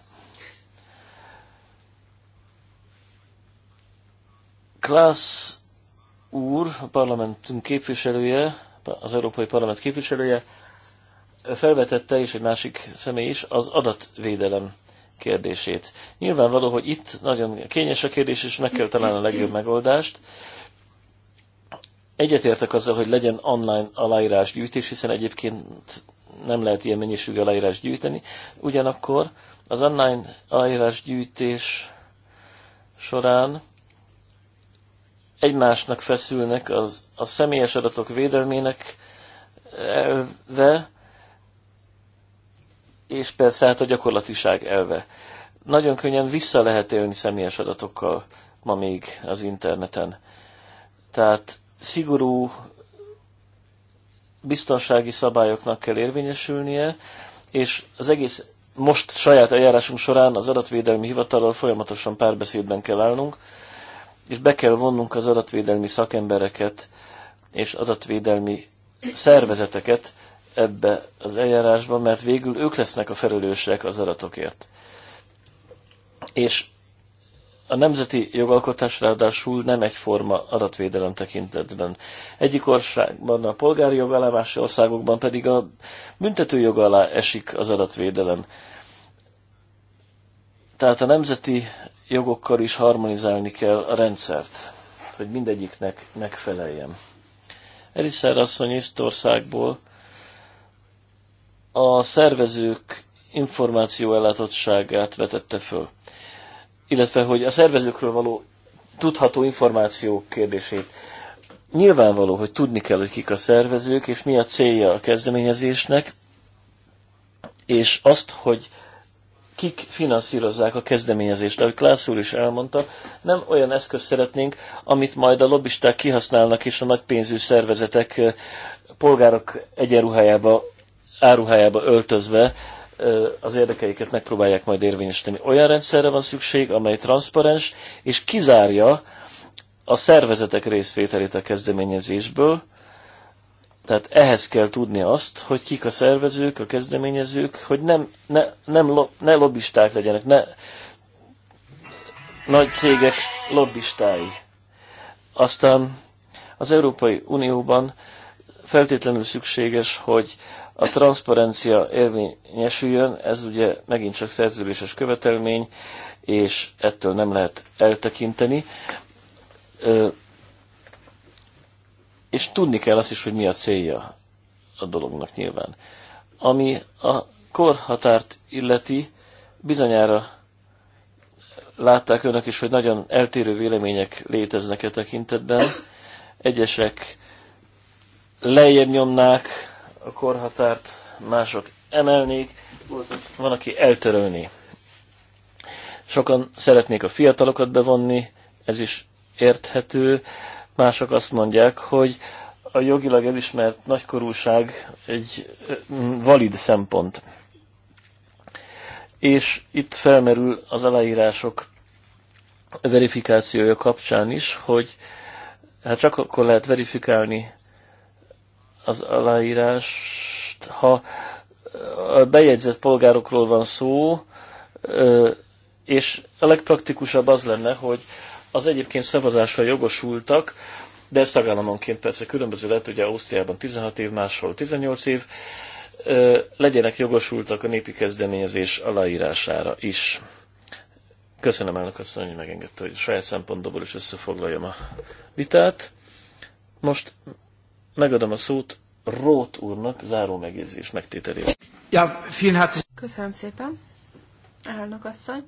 Klaas úr, a parlamentünk képviselője, az Európai Parlament képviselője, felvetette, és egy másik személy is, az adatvédelem kérdését. Nyilvánvaló, hogy itt nagyon kényes a kérdés, és meg kell találni a legjobb megoldást. Egyetértek azzal, hogy legyen online aláírás gyűjtés, hiszen egyébként nem lehet ilyen mennyiségű aláírás gyűjteni. Ugyanakkor az online aláírás gyűjtés során egymásnak feszülnek az, a személyes adatok védelmének elve, és persze hát a gyakorlatiság elve. Nagyon könnyen vissza lehet élni személyes adatokkal ma még az interneten. Tehát szigorú biztonsági szabályoknak kell érvényesülnie, és az egész most saját eljárásunk során az adatvédelmi hivatalral folyamatosan párbeszédben kell állnunk, és be kell vonnunk az adatvédelmi szakembereket és adatvédelmi szervezeteket ebbe az eljárásba, mert végül ők lesznek a felelősek az adatokért. És a nemzeti jogalkotás ráadásul nem egyforma adatvédelem tekintetben. Egyik országban a polgári jog alá, más országokban pedig a büntető jog alá esik az adatvédelem. Tehát a nemzeti jogokkal is harmonizálni kell a rendszert, hogy mindegyiknek megfeleljen. Eliszer asszony Észtországból a szervezők információ ellátottságát vetette föl, illetve hogy a szervezőkről való tudható információk kérdését. Nyilvánvaló, hogy tudni kell, hogy kik a szervezők, és mi a célja a kezdeményezésnek, és azt, hogy kik finanszírozzák a kezdeményezést. Ahogy Klász úr is elmondta, nem olyan eszköz szeretnénk, amit majd a lobbisták kihasználnak, és a nagy pénzű szervezetek eh, polgárok egyenruhájába áruhájába öltözve az érdekeiket megpróbálják majd érvényesíteni. Olyan rendszerre van szükség, amely transzparens, és kizárja a szervezetek részvételét a kezdeményezésből, tehát ehhez kell tudni azt, hogy kik a szervezők, a kezdeményezők, hogy nem, ne, nem lo, ne lobbisták legyenek, ne nagy cégek lobbistái. Aztán az Európai Unióban feltétlenül szükséges, hogy a transzparencia érvényesüljön, ez ugye megint csak szerződéses követelmény, és ettől nem lehet eltekinteni. Ö, és tudni kell azt is, hogy mi a célja a dolognak nyilván. Ami a korhatárt illeti, bizonyára látták önök is, hogy nagyon eltérő vélemények léteznek e tekintetben. Egyesek lejjebb nyomnák a korhatárt, mások emelnék, van, aki eltörölni. Sokan szeretnék a fiatalokat bevonni, ez is érthető. Mások azt mondják, hogy a jogilag elismert nagykorúság egy valid szempont. És itt felmerül az aláírások verifikációja kapcsán is, hogy hát csak akkor lehet verifikálni az aláírást. Ha a bejegyzett polgárokról van szó, és a legpraktikusabb az lenne, hogy az egyébként szavazásra jogosultak, de ez tagállamonként persze különböző lett, ugye Ausztriában 16 év, máshol 18 év, legyenek jogosultak a népi kezdeményezés aláírására is. Köszönöm elnök asszony, hogy megengedte, hogy a saját szempontból is összefoglaljam a vitát. Most Megadom a szót Rót úrnak záró megjegyzés megtételére. Ja, vielen Köszönöm szépen, elnök asszony.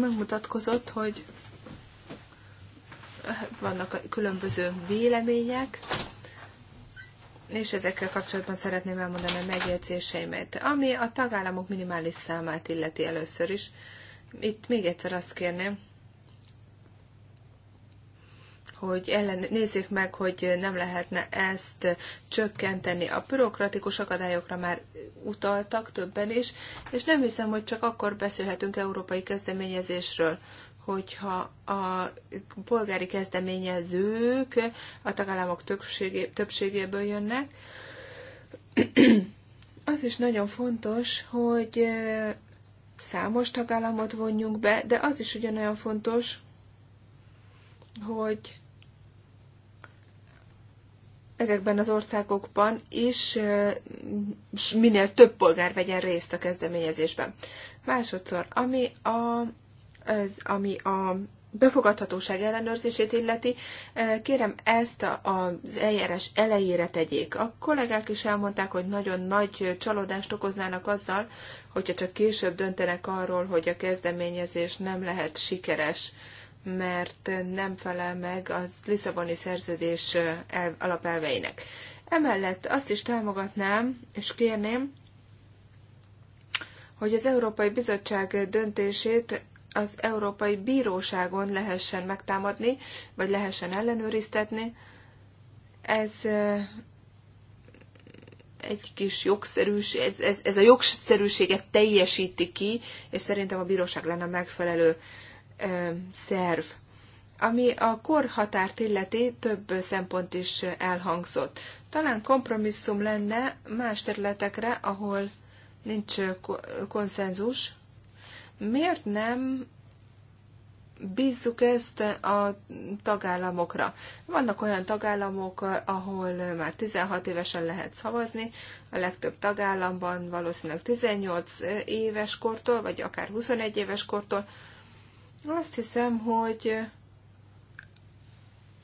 Megmutatkozott, hogy vannak különböző vélemények, és ezekkel kapcsolatban szeretném elmondani a megjegyzéseimet. Ami a tagállamok minimális számát illeti először is, itt még egyszer azt kérném, hogy ellen, nézzék meg, hogy nem lehetne ezt csökkenteni. A bürokratikus akadályokra már utaltak többen is, és nem hiszem, hogy csak akkor beszélhetünk európai kezdeményezésről, hogyha a polgári kezdeményezők a tagállamok többségé, többségéből jönnek. Az is nagyon fontos, hogy számos tagállamot vonjunk be, de az is ugyanolyan fontos, hogy ezekben az országokban is minél több polgár vegyen részt a kezdeményezésben. Másodszor, ami a, ez, ami a befogadhatóság ellenőrzését illeti, kérem ezt az eljárás elejére tegyék. A kollégák is elmondták, hogy nagyon nagy csalódást okoznának azzal, hogyha csak később döntenek arról, hogy a kezdeményezés nem lehet sikeres mert nem felel meg az Lisszaboni szerződés alapelveinek. Emellett azt is támogatnám és kérném, hogy az Európai Bizottság döntését az Európai Bíróságon lehessen megtámadni, vagy lehessen ellenőriztetni. Ez egy kis jogszerűség, ez, ez, ez a jogszerűséget teljesíti ki, és szerintem a bíróság lenne megfelelő szerv. Ami a korhatárt illeti, több szempont is elhangzott. Talán kompromisszum lenne más területekre, ahol nincs konszenzus. Miért nem bízzuk ezt a tagállamokra. Vannak olyan tagállamok, ahol már 16 évesen lehet szavazni, a legtöbb tagállamban valószínűleg 18 éves kortól, vagy akár 21 éves kortól, azt hiszem, hogy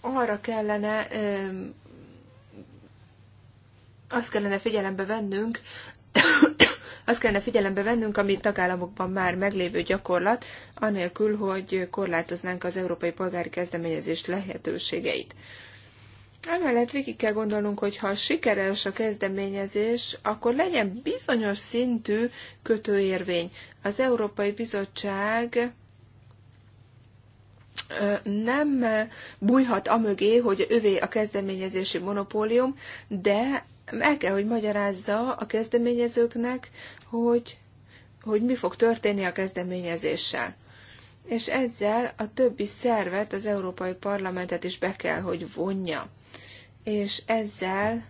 arra kellene, azt kellene figyelembe vennünk, azt kellene figyelembe vennünk, ami tagállamokban már meglévő gyakorlat, anélkül, hogy korlátoznánk az európai polgári kezdeményezés lehetőségeit. Emellett végig kell gondolnunk, hogy ha sikeres a kezdeményezés, akkor legyen bizonyos szintű kötőérvény. Az Európai Bizottság nem bújhat amögé, hogy övé a kezdeményezési monopólium, de el kell, hogy magyarázza a kezdeményezőknek, hogy, hogy mi fog történni a kezdeményezéssel. És ezzel a többi szervet, az Európai Parlamentet is be kell, hogy vonja. És ezzel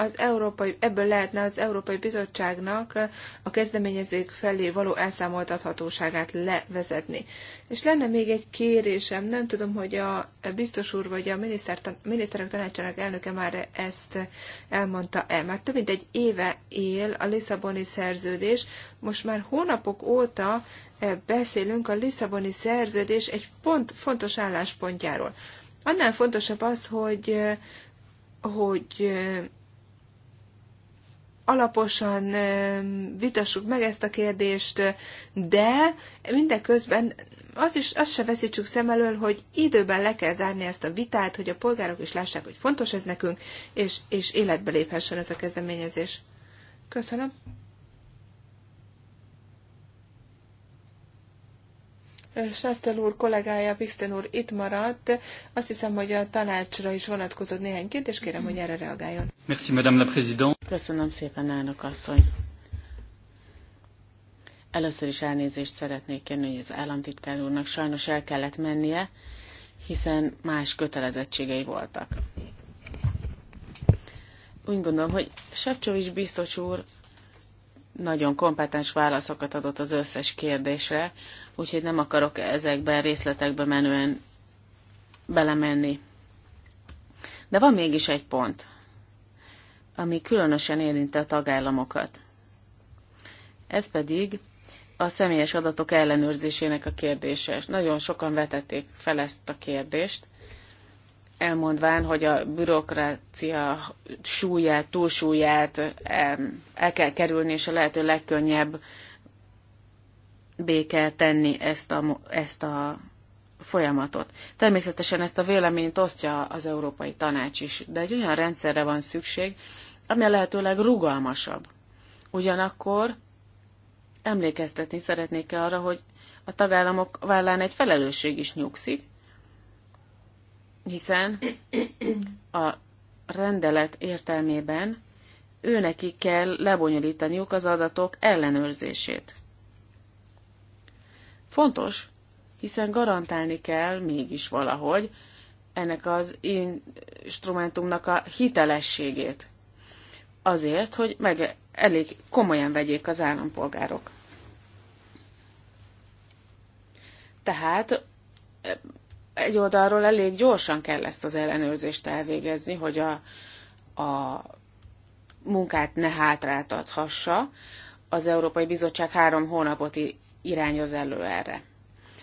az európai, ebből lehetne az Európai Bizottságnak a kezdeményezők felé való elszámoltathatóságát levezetni. És lenne még egy kérésem, nem tudom, hogy a biztos úr vagy a miniszter, miniszterek tanácsának elnöke már ezt elmondta-e. Már több mint egy éve él a Lisszaboni szerződés, most már hónapok óta eh, beszélünk a Lisszaboni szerződés egy pont fontos álláspontjáról. Annál fontosabb az, hogy eh, hogy eh, alaposan vitassuk meg ezt a kérdést, de mindeközben az is, azt se veszítsük szem elől, hogy időben le kell zárni ezt a vitát, hogy a polgárok is lássák, hogy fontos ez nekünk, és, és életbe léphessen ez a kezdeményezés. Köszönöm. Sastel úr kollégája, Pixten úr itt maradt. Azt hiszem, hogy a tanácsra is vonatkozott néhány kérdés, kérem, hogy erre reagáljon. Merci, Madame la Présidente. Köszönöm szépen, elnök asszony. Először is elnézést szeretnék kérni, hogy az államtitkár úrnak sajnos el kellett mennie, hiszen más kötelezettségei voltak. Úgy gondolom, hogy Sefcsovics biztos úr nagyon kompetens válaszokat adott az összes kérdésre, úgyhogy nem akarok ezekben részletekbe menően belemenni. De van mégis egy pont, ami különösen érinte a tagállamokat. Ez pedig a személyes adatok ellenőrzésének a kérdése. Nagyon sokan vetették fel ezt a kérdést, elmondván, hogy a bürokrácia súlyát, túlsúlyát el kell kerülni, és a lehető legkönnyebb béke tenni ezt a, ezt a folyamatot. Természetesen ezt a véleményt osztja az Európai Tanács is, de egy olyan rendszerre van szükség, ami a lehetőleg rugalmasabb. Ugyanakkor emlékeztetni szeretnék arra, hogy a tagállamok vállán egy felelősség is nyugszik, hiszen a rendelet értelmében őneki kell lebonyolítaniuk az adatok ellenőrzését. Fontos, hiszen garantálni kell mégis valahogy ennek az instrumentumnak a hitelességét. Azért, hogy meg elég komolyan vegyék az állampolgárok. Tehát egy oldalról elég gyorsan kell ezt az ellenőrzést elvégezni, hogy a, a munkát ne hátráltathassa. Az Európai Bizottság három hónapot irányoz elő erre.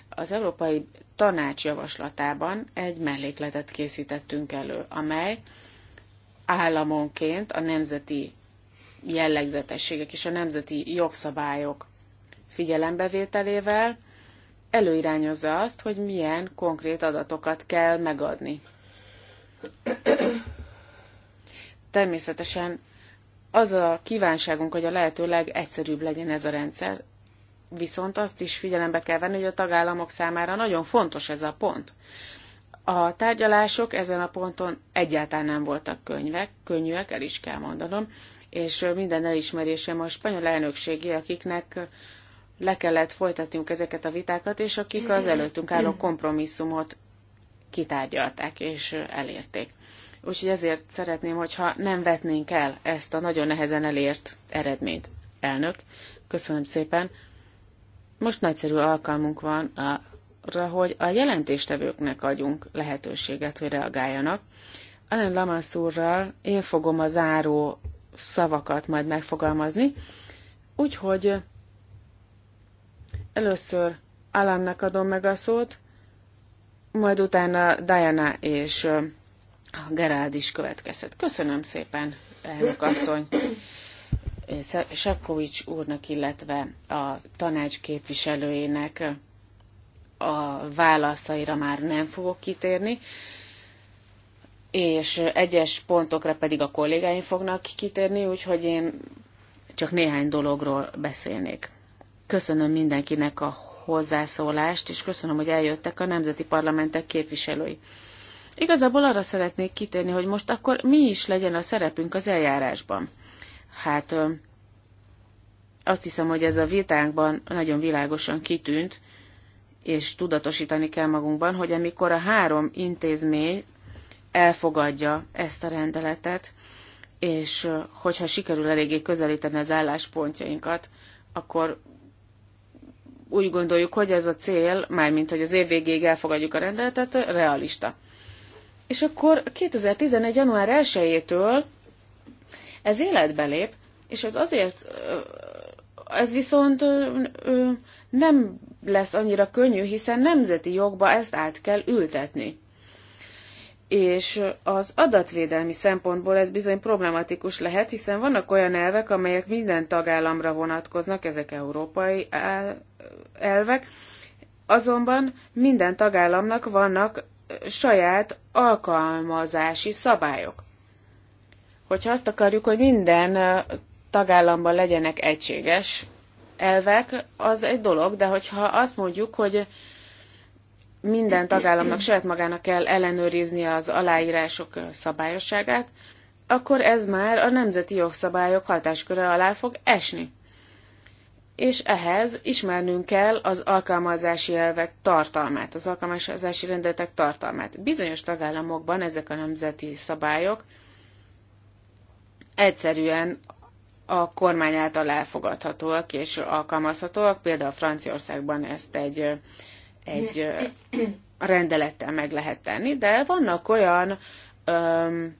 Az Európai Tanács javaslatában egy mellékletet készítettünk elő, amely államonként a nemzeti jellegzetességek és a nemzeti jogszabályok figyelembevételével előirányozza azt, hogy milyen konkrét adatokat kell megadni. Természetesen az a kívánságunk, hogy a lehető legegyszerűbb legyen ez a rendszer, viszont azt is figyelembe kell venni, hogy a tagállamok számára nagyon fontos ez a pont. A tárgyalások ezen a ponton egyáltalán nem voltak könyvek, könnyűek, el is kell mondanom, és minden elismerésem a spanyol elnökségé, akiknek le kellett folytatniuk ezeket a vitákat, és akik az előttünk álló kompromisszumot kitárgyalták és elérték. Úgyhogy ezért szeretném, hogyha nem vetnénk el ezt a nagyon nehezen elért eredményt. Elnök, köszönöm szépen. Most nagyszerű alkalmunk van arra, hogy a jelentéstevőknek adjunk lehetőséget, hogy reagáljanak. Alain Lamassurral én fogom a záró szavakat majd megfogalmazni, úgyhogy Először Alannak adom meg a szót, majd utána Diana és Gerád is következett. Köszönöm szépen, elnök asszony. Sepkovics úrnak, illetve a tanács képviselőjének a válaszaira már nem fogok kitérni, és egyes pontokra pedig a kollégáim fognak kitérni, úgyhogy én csak néhány dologról beszélnék. Köszönöm mindenkinek a hozzászólást, és köszönöm, hogy eljöttek a nemzeti parlamentek képviselői. Igazából arra szeretnék kitérni, hogy most akkor mi is legyen a szerepünk az eljárásban. Hát azt hiszem, hogy ez a vitánkban nagyon világosan kitűnt, és tudatosítani kell magunkban, hogy amikor a három intézmény elfogadja ezt a rendeletet, és hogyha sikerül eléggé közelíteni az álláspontjainkat, akkor úgy gondoljuk, hogy ez a cél, mármint hogy az év végéig elfogadjuk a rendeletet, realista. És akkor 2011. január 1-től ez életbe lép, és ez azért, ez viszont nem lesz annyira könnyű, hiszen nemzeti jogba ezt át kell ültetni és az adatvédelmi szempontból ez bizony problematikus lehet, hiszen vannak olyan elvek, amelyek minden tagállamra vonatkoznak, ezek európai elvek, azonban minden tagállamnak vannak saját alkalmazási szabályok. Hogyha azt akarjuk, hogy minden tagállamban legyenek egységes elvek, az egy dolog, de hogyha azt mondjuk, hogy minden tagállamnak saját magának kell ellenőriznie az aláírások szabályosságát, akkor ez már a nemzeti jogszabályok hatásköre alá fog esni. És ehhez ismernünk kell az alkalmazási elvek tartalmát, az alkalmazási rendeletek tartalmát. Bizonyos tagállamokban ezek a nemzeti szabályok egyszerűen a kormány által elfogadhatóak és alkalmazhatóak. Például Franciaországban ezt egy egy rendelettel meg lehet tenni, de vannak olyan öm,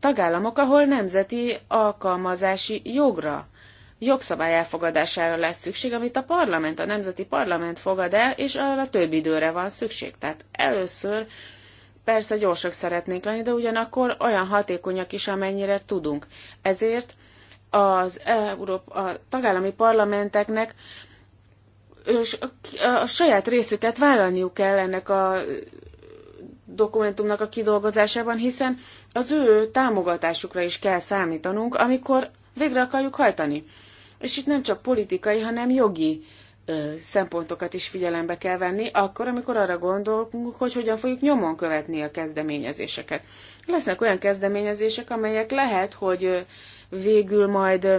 tagállamok, ahol nemzeti alkalmazási jogra, jogszabály elfogadására lesz szükség, amit a parlament, a nemzeti parlament fogad el, és arra több időre van szükség. Tehát először persze gyorsak szeretnénk lenni, de ugyanakkor olyan hatékonyak is, amennyire tudunk. Ezért az Európa, a tagállami parlamenteknek és a, a saját részüket vállalniuk kell ennek a dokumentumnak a kidolgozásában, hiszen az ő támogatásukra is kell számítanunk, amikor végre akarjuk hajtani. És itt nem csak politikai, hanem jogi ö, szempontokat is figyelembe kell venni, akkor, amikor arra gondolunk, hogy hogyan fogjuk nyomon követni a kezdeményezéseket. Lesznek olyan kezdeményezések, amelyek lehet, hogy végül majd ö,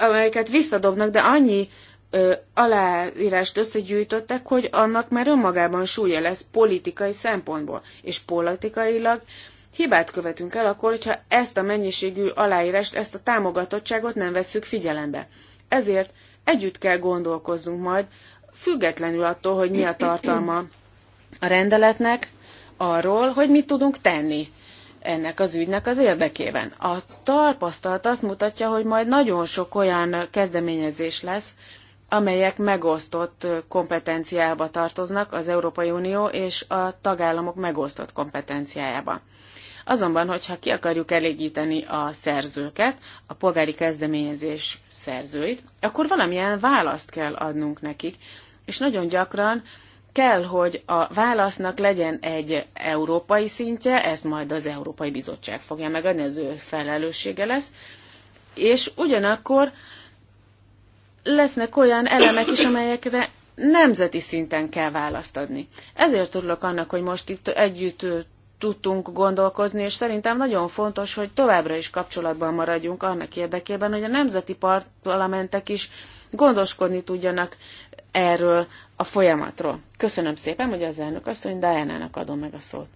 amelyeket visszadobnak, de annyi ö, aláírást összegyűjtöttek, hogy annak már önmagában súlya lesz politikai szempontból. És politikailag hibát követünk el akkor, hogyha ezt a mennyiségű aláírást, ezt a támogatottságot nem vesszük figyelembe. Ezért együtt kell gondolkozzunk majd, függetlenül attól, hogy mi a tartalma a rendeletnek, arról, hogy mit tudunk tenni ennek az ügynek az érdekében. A tapasztalat azt mutatja, hogy majd nagyon sok olyan kezdeményezés lesz, amelyek megosztott kompetenciába tartoznak az Európai Unió és a tagállamok megosztott kompetenciájába. Azonban, hogyha ki akarjuk elégíteni a szerzőket, a polgári kezdeményezés szerzőit, akkor valamilyen választ kell adnunk nekik, és nagyon gyakran kell, hogy a válasznak legyen egy európai szintje, ez majd az Európai Bizottság fogja megadni, az ő felelőssége lesz, és ugyanakkor lesznek olyan elemek is, amelyekre nemzeti szinten kell választ adni. Ezért örülök annak, hogy most itt együtt tudtunk gondolkozni, és szerintem nagyon fontos, hogy továbbra is kapcsolatban maradjunk annak érdekében, hogy a nemzeti parlamentek is gondoskodni tudjanak erről a folyamatról. Köszönöm szépen, hogy az elnök asszony Diana-nak adom meg a szót.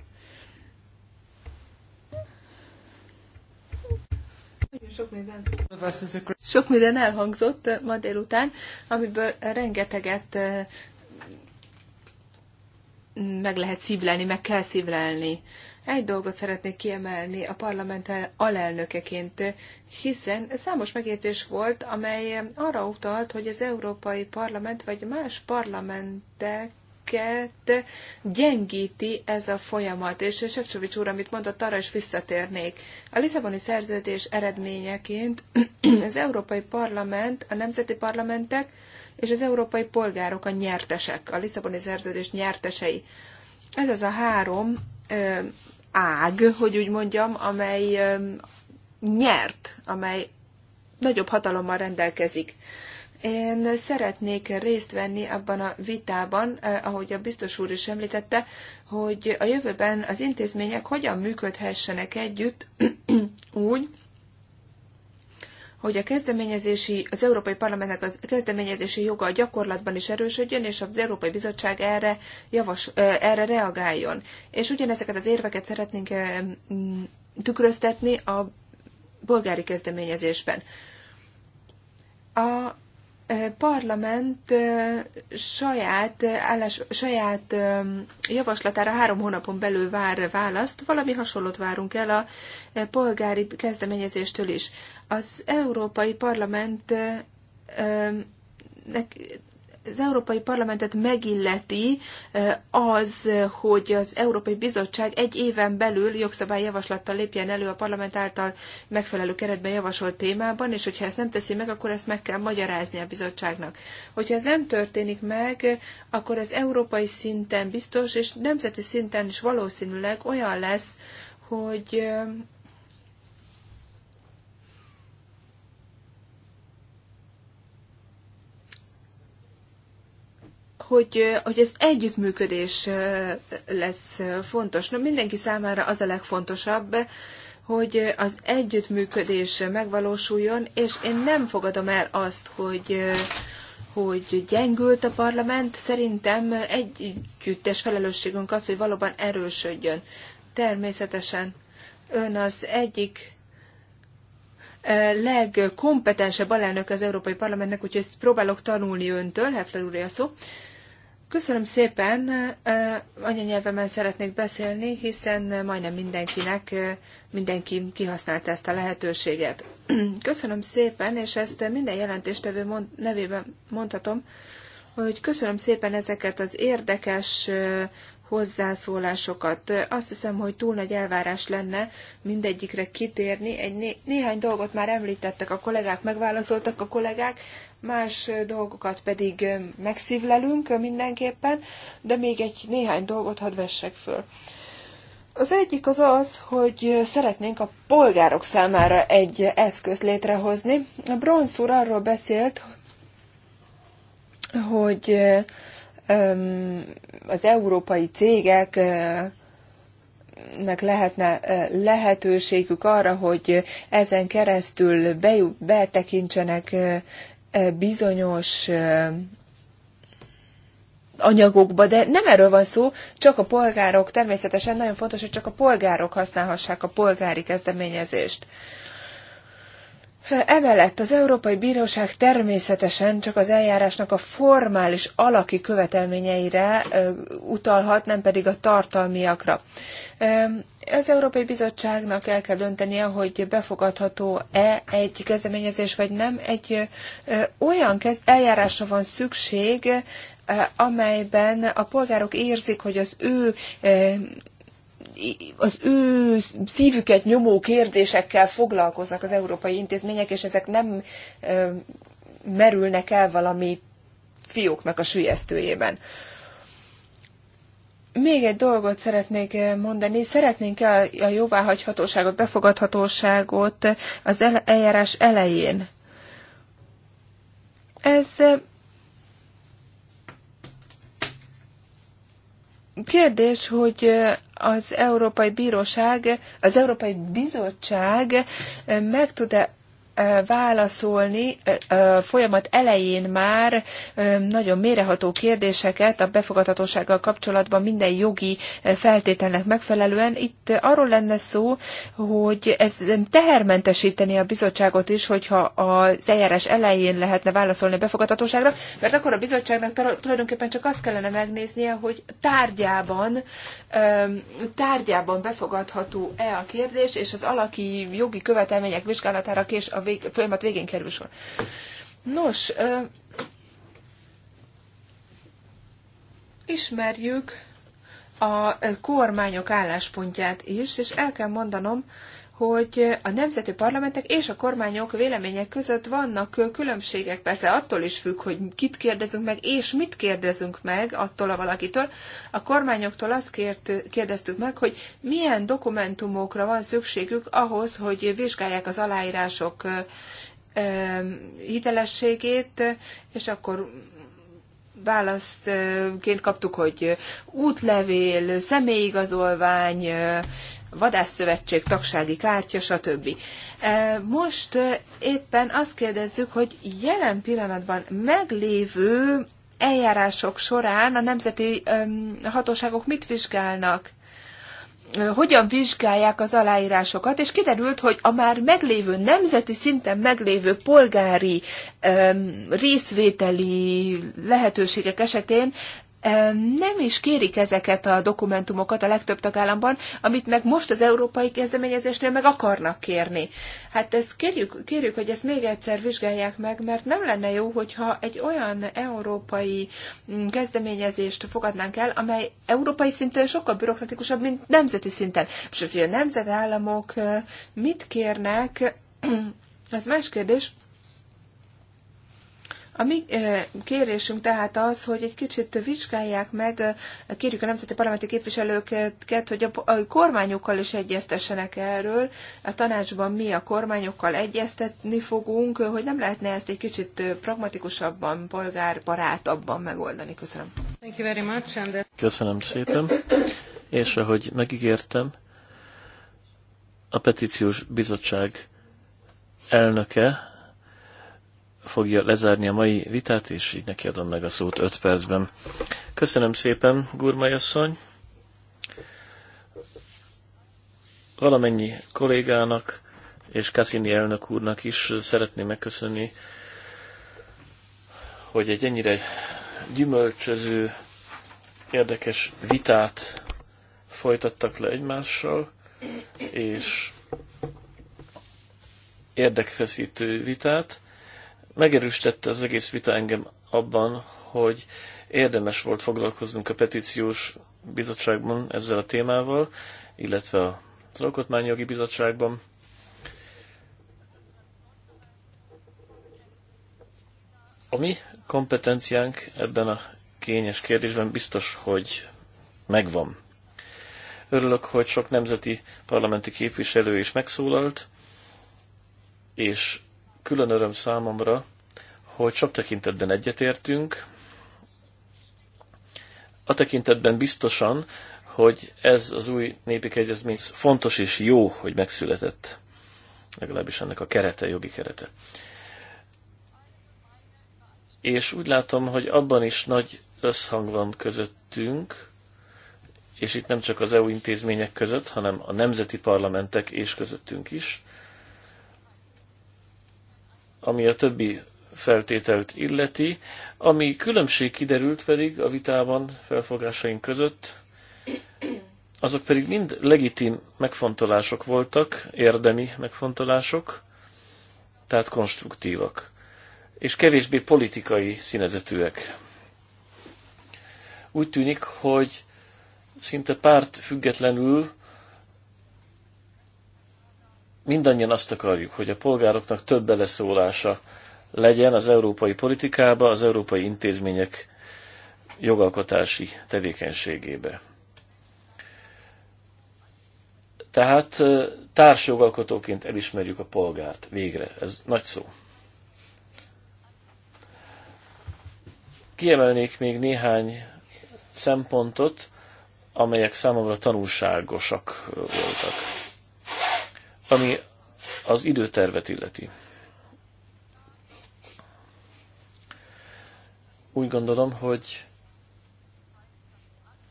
Sok minden. Sok minden elhangzott ma délután, amiből rengeteget eh, meg lehet szívlelni, meg kell szívlelni. Egy dolgot szeretnék kiemelni a parlament alelnökeként, hiszen számos megjegyzés volt, amely arra utalt, hogy az Európai Parlament vagy más parlamentek gyengíti ez a folyamat. És Sefcsovics úr, amit mondott, arra is visszatérnék. A Lisszaboni szerződés eredményeként az Európai Parlament, a nemzeti parlamentek és az európai polgárok a nyertesek, a Lisszaboni szerződés nyertesei. Ez az a három ág, hogy úgy mondjam, amely nyert, amely nagyobb hatalommal rendelkezik. Én szeretnék részt venni abban a vitában, ahogy a biztos úr is említette, hogy a jövőben az intézmények hogyan működhessenek együtt úgy, hogy a kezdeményezési, az Európai Parlamentnek az kezdeményezési joga a gyakorlatban is erősödjön, és az Európai Bizottság erre, javas, erre reagáljon. És ugyanezeket az érveket szeretnénk tükröztetni a bolgári kezdeményezésben. A parlament saját, állás, saját javaslatára három hónapon belül vár választ, valami hasonlót várunk el a polgári kezdeményezéstől is. Az Európai Parlament az Európai Parlamentet megilleti az, hogy az Európai Bizottság egy éven belül jogszabályjavaslattal lépjen elő a parlament által megfelelő keretben javasolt témában, és hogyha ezt nem teszi meg, akkor ezt meg kell magyarázni a bizottságnak. Hogyha ez nem történik meg, akkor ez európai szinten biztos, és nemzeti szinten is valószínűleg olyan lesz, hogy hogy, hogy az együttműködés lesz fontos. Na, mindenki számára az a legfontosabb, hogy az együttműködés megvalósuljon, és én nem fogadom el azt, hogy, hogy gyengült a parlament. Szerintem együttes felelősségünk az, hogy valóban erősödjön. Természetesen ön az egyik legkompetensebb alelnök az Európai Parlamentnek, úgyhogy ezt próbálok tanulni öntől, Hefler úr a szó. Köszönöm szépen, anyanyelvemen szeretnék beszélni, hiszen majdnem mindenkinek, mindenki kihasználta ezt a lehetőséget. Köszönöm szépen, és ezt minden jelentéstevő nevében mondhatom, hogy köszönöm szépen ezeket az érdekes hozzászólásokat. Azt hiszem, hogy túl nagy elvárás lenne mindegyikre kitérni. Egy né- néhány dolgot már említettek a kollégák, megválaszoltak a kollégák, más dolgokat pedig megszívlelünk mindenképpen, de még egy néhány dolgot hadd vessek föl. Az egyik az az, hogy szeretnénk a polgárok számára egy eszközt létrehozni. A Bronsz úr arról beszélt, hogy az európai cégek nek lehetne lehetőségük arra, hogy ezen keresztül betekintsenek bizonyos anyagokba, de nem erről van szó, csak a polgárok, természetesen nagyon fontos, hogy csak a polgárok használhassák a polgári kezdeményezést. Emellett az Európai Bíróság természetesen csak az eljárásnak a formális alaki követelményeire utalhat, nem pedig a tartalmiakra. Az Európai Bizottságnak el kell döntenie, hogy befogadható-e egy kezdeményezés, vagy nem. Egy olyan eljárásra van szükség, amelyben a polgárok érzik, hogy az ő az ő szívüket nyomó kérdésekkel foglalkoznak az európai intézmények, és ezek nem merülnek el valami fióknak a sülyeztőjében. Még egy dolgot szeretnék mondani. Szeretnénk a jóváhagyhatóságot, befogadhatóságot az eljárás elején. Ez kérdés, hogy az Európai Bíróság, az Európai Bizottság meg tud-e válaszolni folyamat elején már nagyon méreható kérdéseket a befogadhatósággal kapcsolatban minden jogi feltételnek megfelelően. Itt arról lenne szó, hogy ez tehermentesíteni a bizottságot is, hogyha az eljárás elején lehetne válaszolni a befogadhatóságra, mert akkor a bizottságnak tulajdonképpen csak azt kellene megnéznie, hogy tárgyában, tárgyában befogadható-e a kérdés, és az alaki jogi követelmények vizsgálatára kés, a vég, folyamat végén kerül sor. Nos, ismerjük a kormányok álláspontját is, és el kell mondanom, hogy a nemzeti parlamentek és a kormányok vélemények között vannak különbségek. Persze attól is függ, hogy kit kérdezünk meg, és mit kérdezünk meg attól a valakitől. A kormányoktól azt kért, kérdeztük meg, hogy milyen dokumentumokra van szükségük ahhoz, hogy vizsgálják az aláírások hitelességét, és akkor választként kaptuk, hogy útlevél, személyigazolvány, vadászszövetség, tagsági kártya, stb. E, most e, éppen azt kérdezzük, hogy jelen pillanatban meglévő eljárások során a nemzeti hatóságok mit vizsgálnak? hogyan vizsgálják az aláírásokat, és kiderült, hogy a már meglévő, nemzeti szinten meglévő polgári um, részvételi lehetőségek esetén nem is kérik ezeket a dokumentumokat a legtöbb tagállamban, amit meg most az európai kezdeményezésnél meg akarnak kérni. Hát ezt kérjük, kérjük, hogy ezt még egyszer vizsgálják meg, mert nem lenne jó, hogyha egy olyan európai mm, kezdeményezést fogadnánk el, amely európai szinten sokkal bürokratikusabb, mint nemzeti szinten. És az, hogy a nemzetállamok mit kérnek, az más kérdés, a mi kérésünk tehát az, hogy egy kicsit vizsgálják meg, kérjük a nemzeti parlamenti képviselőket, hogy a kormányokkal is egyeztessenek erről. A tanácsban mi a kormányokkal egyeztetni fogunk, hogy nem lehetne ezt egy kicsit pragmatikusabban, polgárbarátabban megoldani. Köszönöm. Thank you very much, and... Köszönöm szépen. És ahogy megígértem, a petíciós bizottság elnöke fogja lezárni a mai vitát, és így neki adom meg a szót 5 percben. Köszönöm szépen, Gurmai asszony. Valamennyi kollégának és Cassini elnök úrnak is szeretném megköszönni, hogy egy ennyire gyümölcsöző, érdekes vitát folytattak le egymással, és érdekfeszítő vitát megerősítette az egész vita engem abban, hogy érdemes volt foglalkoznunk a petíciós bizottságban ezzel a témával, illetve az Alkotmányjogi Bizottságban. A mi kompetenciánk ebben a kényes kérdésben biztos, hogy megvan. Örülök, hogy sok nemzeti parlamenti képviselő is megszólalt, és külön öröm számomra, hogy sok tekintetben egyetértünk, a tekintetben biztosan, hogy ez az új népi kegyezmény fontos és jó, hogy megszületett, legalábbis ennek a kerete, jogi kerete. És úgy látom, hogy abban is nagy összhang van közöttünk, és itt nem csak az EU intézmények között, hanem a nemzeti parlamentek és közöttünk is, ami a többi feltételt illeti. Ami különbség kiderült pedig a vitában felfogásaink között, azok pedig mind legitim megfontolások voltak, érdemi megfontolások, tehát konstruktívak, és kevésbé politikai színezetűek. Úgy tűnik, hogy szinte párt függetlenül mindannyian azt akarjuk, hogy a polgároknak több beleszólása legyen az európai politikába, az európai intézmények jogalkotási tevékenységébe. Tehát társjogalkotóként elismerjük a polgárt végre. Ez nagy szó. Kiemelnék még néhány szempontot, amelyek számomra tanulságosak voltak ami az időtervet illeti. Úgy gondolom, hogy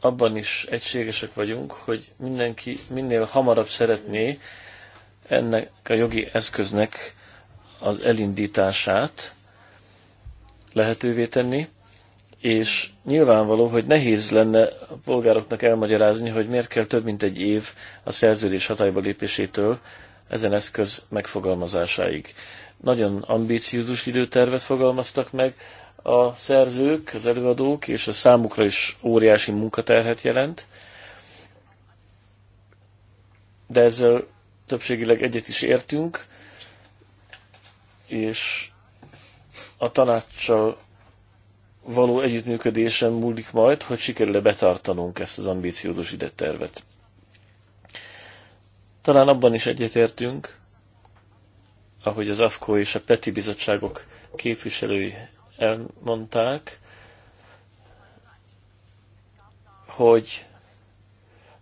abban is egységesek vagyunk, hogy mindenki minél hamarabb szeretné ennek a jogi eszköznek az elindítását lehetővé tenni, és nyilvánvaló, hogy nehéz lenne a polgároknak elmagyarázni, hogy miért kell több mint egy év a szerződés hatályba lépésétől ezen eszköz megfogalmazásáig. Nagyon ambíciózus időtervet fogalmaztak meg a szerzők, az előadók, és a számukra is óriási munkaterhet jelent, de ezzel többségileg egyet is értünk, és a tanácssal való együttműködésen múlik majd, hogy sikerül-e betartanunk ezt az ambíciózus időtervet. Talán abban is egyetértünk, ahogy az AFKO és a PETI bizottságok képviselői elmondták, hogy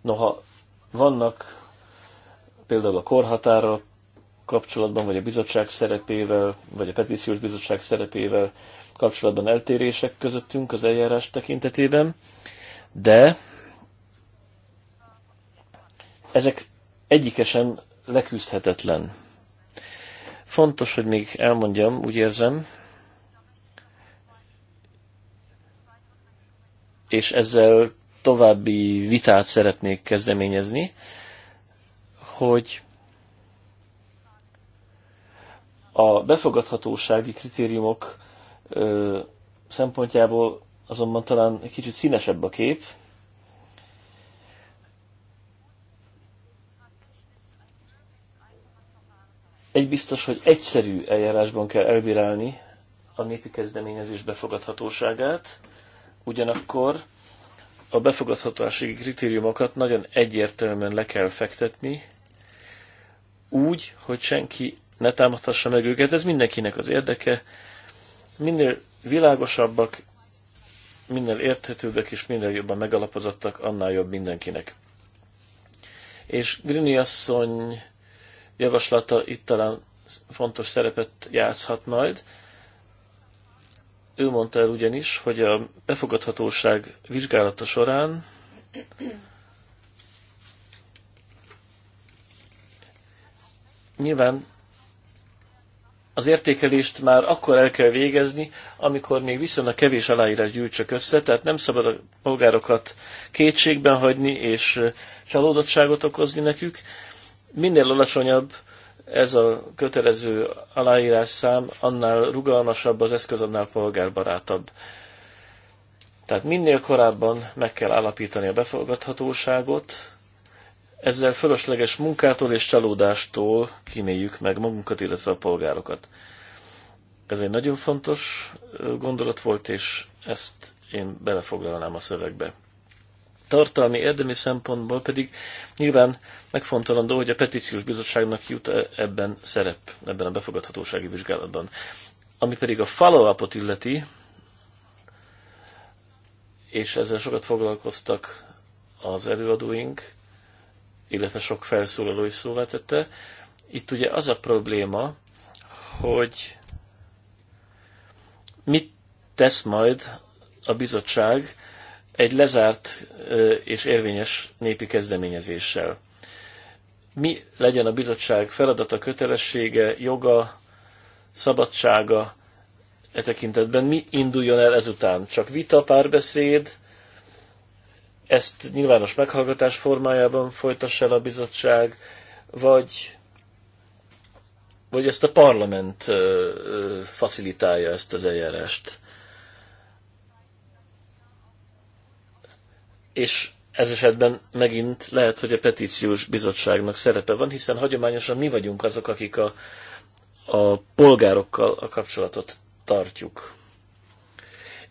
noha vannak például a korhatára kapcsolatban, vagy a bizottság szerepével, vagy a petíciós bizottság szerepével kapcsolatban eltérések közöttünk az eljárás tekintetében, de ezek egyike sem leküzdhetetlen. Fontos, hogy még elmondjam, úgy érzem, és ezzel további vitát szeretnék kezdeményezni, hogy a befogadhatósági kritériumok ö, szempontjából azonban talán egy kicsit színesebb a kép, Egy biztos, hogy egyszerű eljárásban kell elbírálni a népi kezdeményezés befogadhatóságát, ugyanakkor a befogadhatósági kritériumokat nagyon egyértelműen le kell fektetni, úgy, hogy senki ne támadhassa meg őket, ez mindenkinek az érdeke. Minél világosabbak, minél érthetőbbek és minél jobban megalapozottak, annál jobb mindenkinek. És Grini asszony javaslata itt talán fontos szerepet játszhat majd. Ő mondta el ugyanis, hogy a befogadhatóság vizsgálata során nyilván az értékelést már akkor el kell végezni, amikor még viszonylag kevés aláírás gyűjtsök össze, tehát nem szabad a polgárokat kétségben hagyni és csalódottságot okozni nekük, minél alacsonyabb ez a kötelező aláírás szám, annál rugalmasabb az eszköz, annál polgárbarátabb. Tehát minél korábban meg kell állapítani a befogadhatóságot, ezzel fölösleges munkától és csalódástól kíméljük meg magunkat, illetve a polgárokat. Ez egy nagyon fontos gondolat volt, és ezt én belefoglalnám a szövegbe tartalmi érdemi szempontból pedig nyilván megfontolandó, hogy a petíciós bizottságnak jut e ebben szerep, ebben a befogadhatósági vizsgálatban. Ami pedig a follow-upot illeti, és ezzel sokat foglalkoztak az előadóink, illetve sok felszólaló is szóvá tette. Itt ugye az a probléma, hogy mit tesz majd a bizottság egy lezárt és érvényes népi kezdeményezéssel. Mi legyen a bizottság feladata, kötelessége, joga, szabadsága e tekintetben? Mi induljon el ezután? Csak vita, párbeszéd, ezt nyilvános meghallgatás formájában folytassa el a bizottság, vagy, vagy ezt a parlament facilitálja ezt az eljárást. és ez esetben megint lehet, hogy a petíciós bizottságnak szerepe van, hiszen hagyományosan mi vagyunk azok, akik a, a polgárokkal a kapcsolatot tartjuk.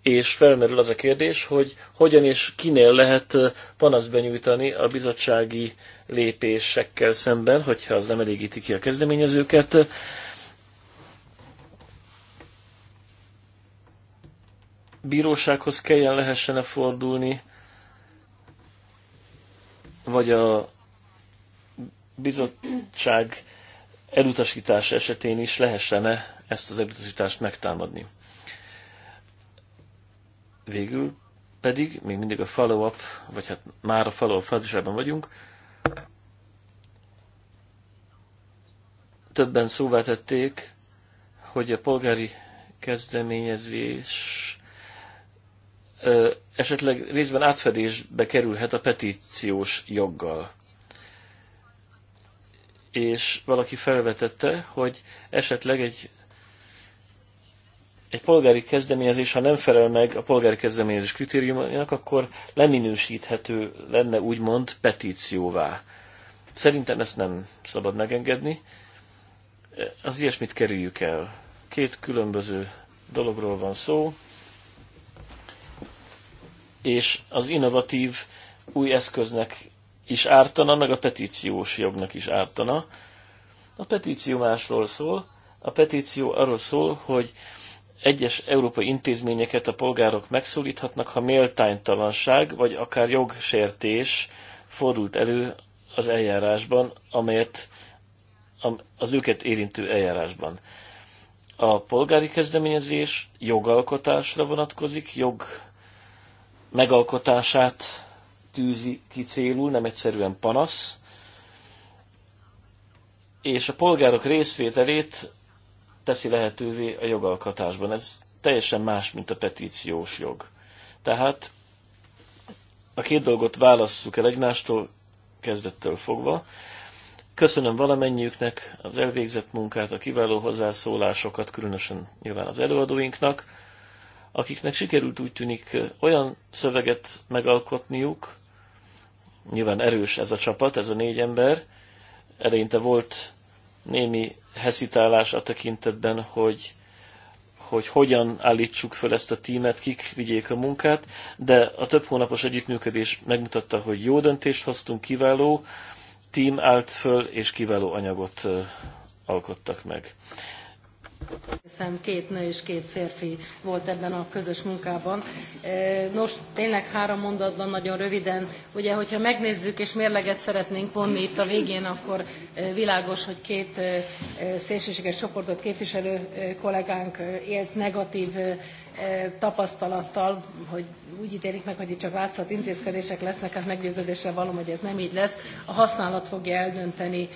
És felmerül az a kérdés, hogy hogyan és kinél lehet panaszt benyújtani a bizottsági lépésekkel szemben, hogyha az nem elégíti ki a kezdeményezőket. Bírósághoz kelljen lehessen -e fordulni, vagy a bizottság elutasítása esetén is lehessen-e ezt az elutasítást megtámadni. Végül pedig, még mindig a follow-up, vagy hát már a follow-up fázisában vagyunk, többen szóvá tették, hogy a polgári kezdeményezés esetleg részben átfedésbe kerülhet a petíciós joggal. És valaki felvetette, hogy esetleg egy, egy polgári kezdeményezés, ha nem felel meg a polgári kezdeményezés kritériumának, akkor leminősíthető lenne úgymond petícióvá. Szerintem ezt nem szabad megengedni. Az ilyesmit kerüljük el. Két különböző dologról van szó és az innovatív új eszköznek is ártana, meg a petíciós jognak is ártana. A petíció másról szól. A petíció arról szól, hogy egyes európai intézményeket a polgárok megszólíthatnak, ha méltánytalanság vagy akár jogsértés fordult elő az eljárásban, amelyet az őket érintő eljárásban. A polgári kezdeményezés jogalkotásra vonatkozik, jog megalkotását tűzi ki célul, nem egyszerűen panasz, és a polgárok részvételét teszi lehetővé a jogalkotásban. Ez teljesen más, mint a petíciós jog. Tehát a két dolgot válasszuk el egymástól, kezdettől fogva. Köszönöm valamennyiüknek az elvégzett munkát, a kiváló hozzászólásokat, különösen nyilván az előadóinknak akiknek sikerült úgy tűnik olyan szöveget megalkotniuk, nyilván erős ez a csapat, ez a négy ember, eleinte volt némi heszitálás a tekintetben, hogy, hogy hogyan állítsuk fel ezt a tímet, kik vigyék a munkát, de a több hónapos együttműködés megmutatta, hogy jó döntést hoztunk, kiváló tím állt föl, és kiváló anyagot alkottak meg. Hiszen két nő és két férfi volt ebben a közös munkában. Nos, tényleg három mondatban nagyon röviden. Ugye, hogyha megnézzük és mérleget szeretnénk vonni itt a végén, akkor világos, hogy két szélsőséges csoportot képviselő kollégánk élt negatív tapasztalattal, hogy úgy ítélik meg, hogy itt csak látszat intézkedések lesznek, hát meggyőződéssel való, hogy ez nem így lesz. A használat fogja eldönteni,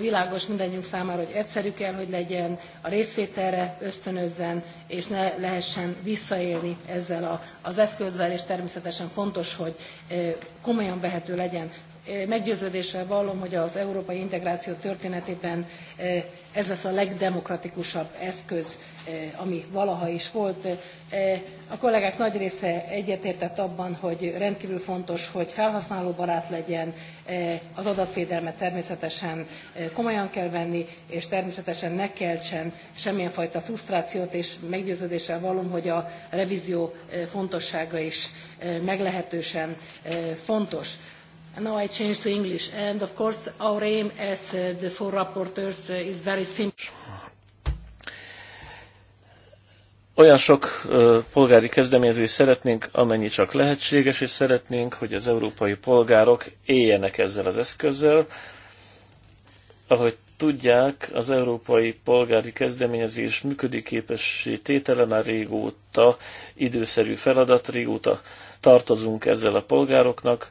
világos mindannyiunk számára, hogy egyszerű kell, hogy legyen, a részvételre ösztönözzen, és ne lehessen visszaélni ezzel a, az eszközzel, és természetesen fontos, hogy komolyan vehető legyen meggyőződéssel vallom, hogy az európai integráció történetében ez lesz a legdemokratikusabb eszköz, ami valaha is volt. A kollégák nagy része egyetértett abban, hogy rendkívül fontos, hogy felhasználóbarát legyen, az adatvédelmet természetesen komolyan kell venni, és természetesen ne keltsen semmilyen fajta frusztrációt, és meggyőződéssel vallom, hogy a revízió fontossága is meglehetősen fontos. And now I change to English. And of course, our aim as uh, the four rapporteurs uh, is very simple. Olyan sok uh, polgári kezdeményezést szeretnénk, amennyi csak lehetséges, és szeretnénk, hogy az európai polgárok éljenek ezzel az eszközzel. Ahogy tudják, az európai polgári kezdeményezés működőképessé tétele már régóta időszerű feladat, régóta tartozunk ezzel a polgároknak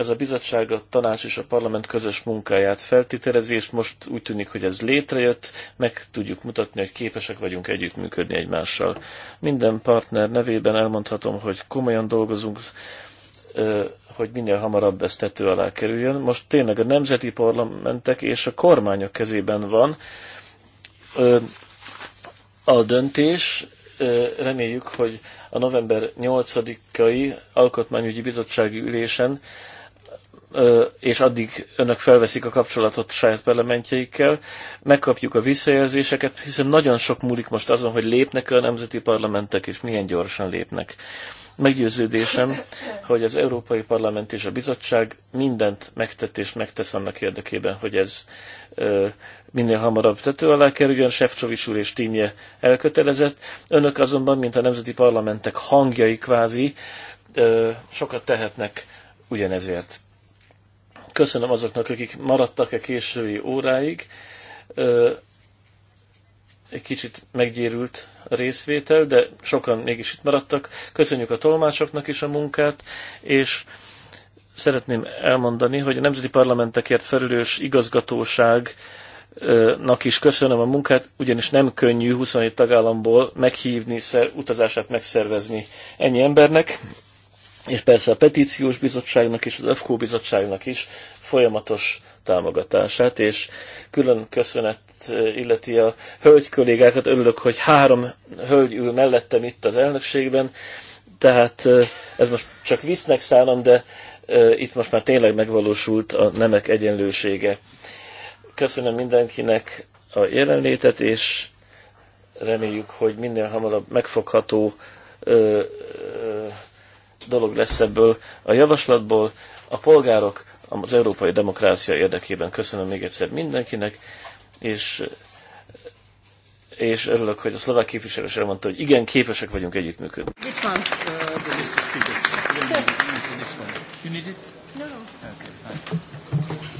ez a bizottság, a tanács és a parlament közös munkáját feltételezi, és most úgy tűnik, hogy ez létrejött, meg tudjuk mutatni, hogy képesek vagyunk együttműködni egymással. Minden partner nevében elmondhatom, hogy komolyan dolgozunk, hogy minél hamarabb ez tető alá kerüljön. Most tényleg a nemzeti parlamentek és a kormányok kezében van a döntés. Reméljük, hogy a november 8-ai alkotmányügyi bizottsági ülésen és addig önök felveszik a kapcsolatot saját parlamentjeikkel, megkapjuk a visszajelzéseket, hiszen nagyon sok múlik most azon, hogy lépnek -e a nemzeti parlamentek, és milyen gyorsan lépnek. Meggyőződésem, hogy az Európai Parlament és a Bizottság mindent megtett és megtesz annak érdekében, hogy ez minél hamarabb tető alá kerüljön, Sefcsovics úr és tímje elkötelezett. Önök azonban, mint a nemzeti parlamentek hangjai kvázi, sokat tehetnek ugyanezért Köszönöm azoknak, akik maradtak a késői óráig. Egy kicsit meggyérült a részvétel, de sokan mégis itt maradtak. Köszönjük a tolmácsoknak is a munkát, és szeretném elmondani, hogy a Nemzeti Parlamentekért felelős igazgatóság nak is köszönöm a munkát, ugyanis nem könnyű 27 tagállamból meghívni, utazását megszervezni ennyi embernek és persze a petíciós bizottságnak és az EFKO bizottságnak is folyamatos támogatását, és külön köszönet eh, illeti a hölgy kollégákat. Örülök, hogy három hölgy ül mellettem itt az elnökségben, tehát eh, ez most csak visznek szállom, de eh, itt most már tényleg megvalósult a nemek egyenlősége. Köszönöm mindenkinek a jelenlétet, és reméljük, hogy minél hamarabb megfogható ö, ö, dolog lesz ebből a javaslatból. A polgárok az európai demokrácia érdekében köszönöm még egyszer mindenkinek, és, és örülök, hogy a szlovák képviselő is elmondta, hogy igen, képesek vagyunk együttműködni. Which one? Uh, this is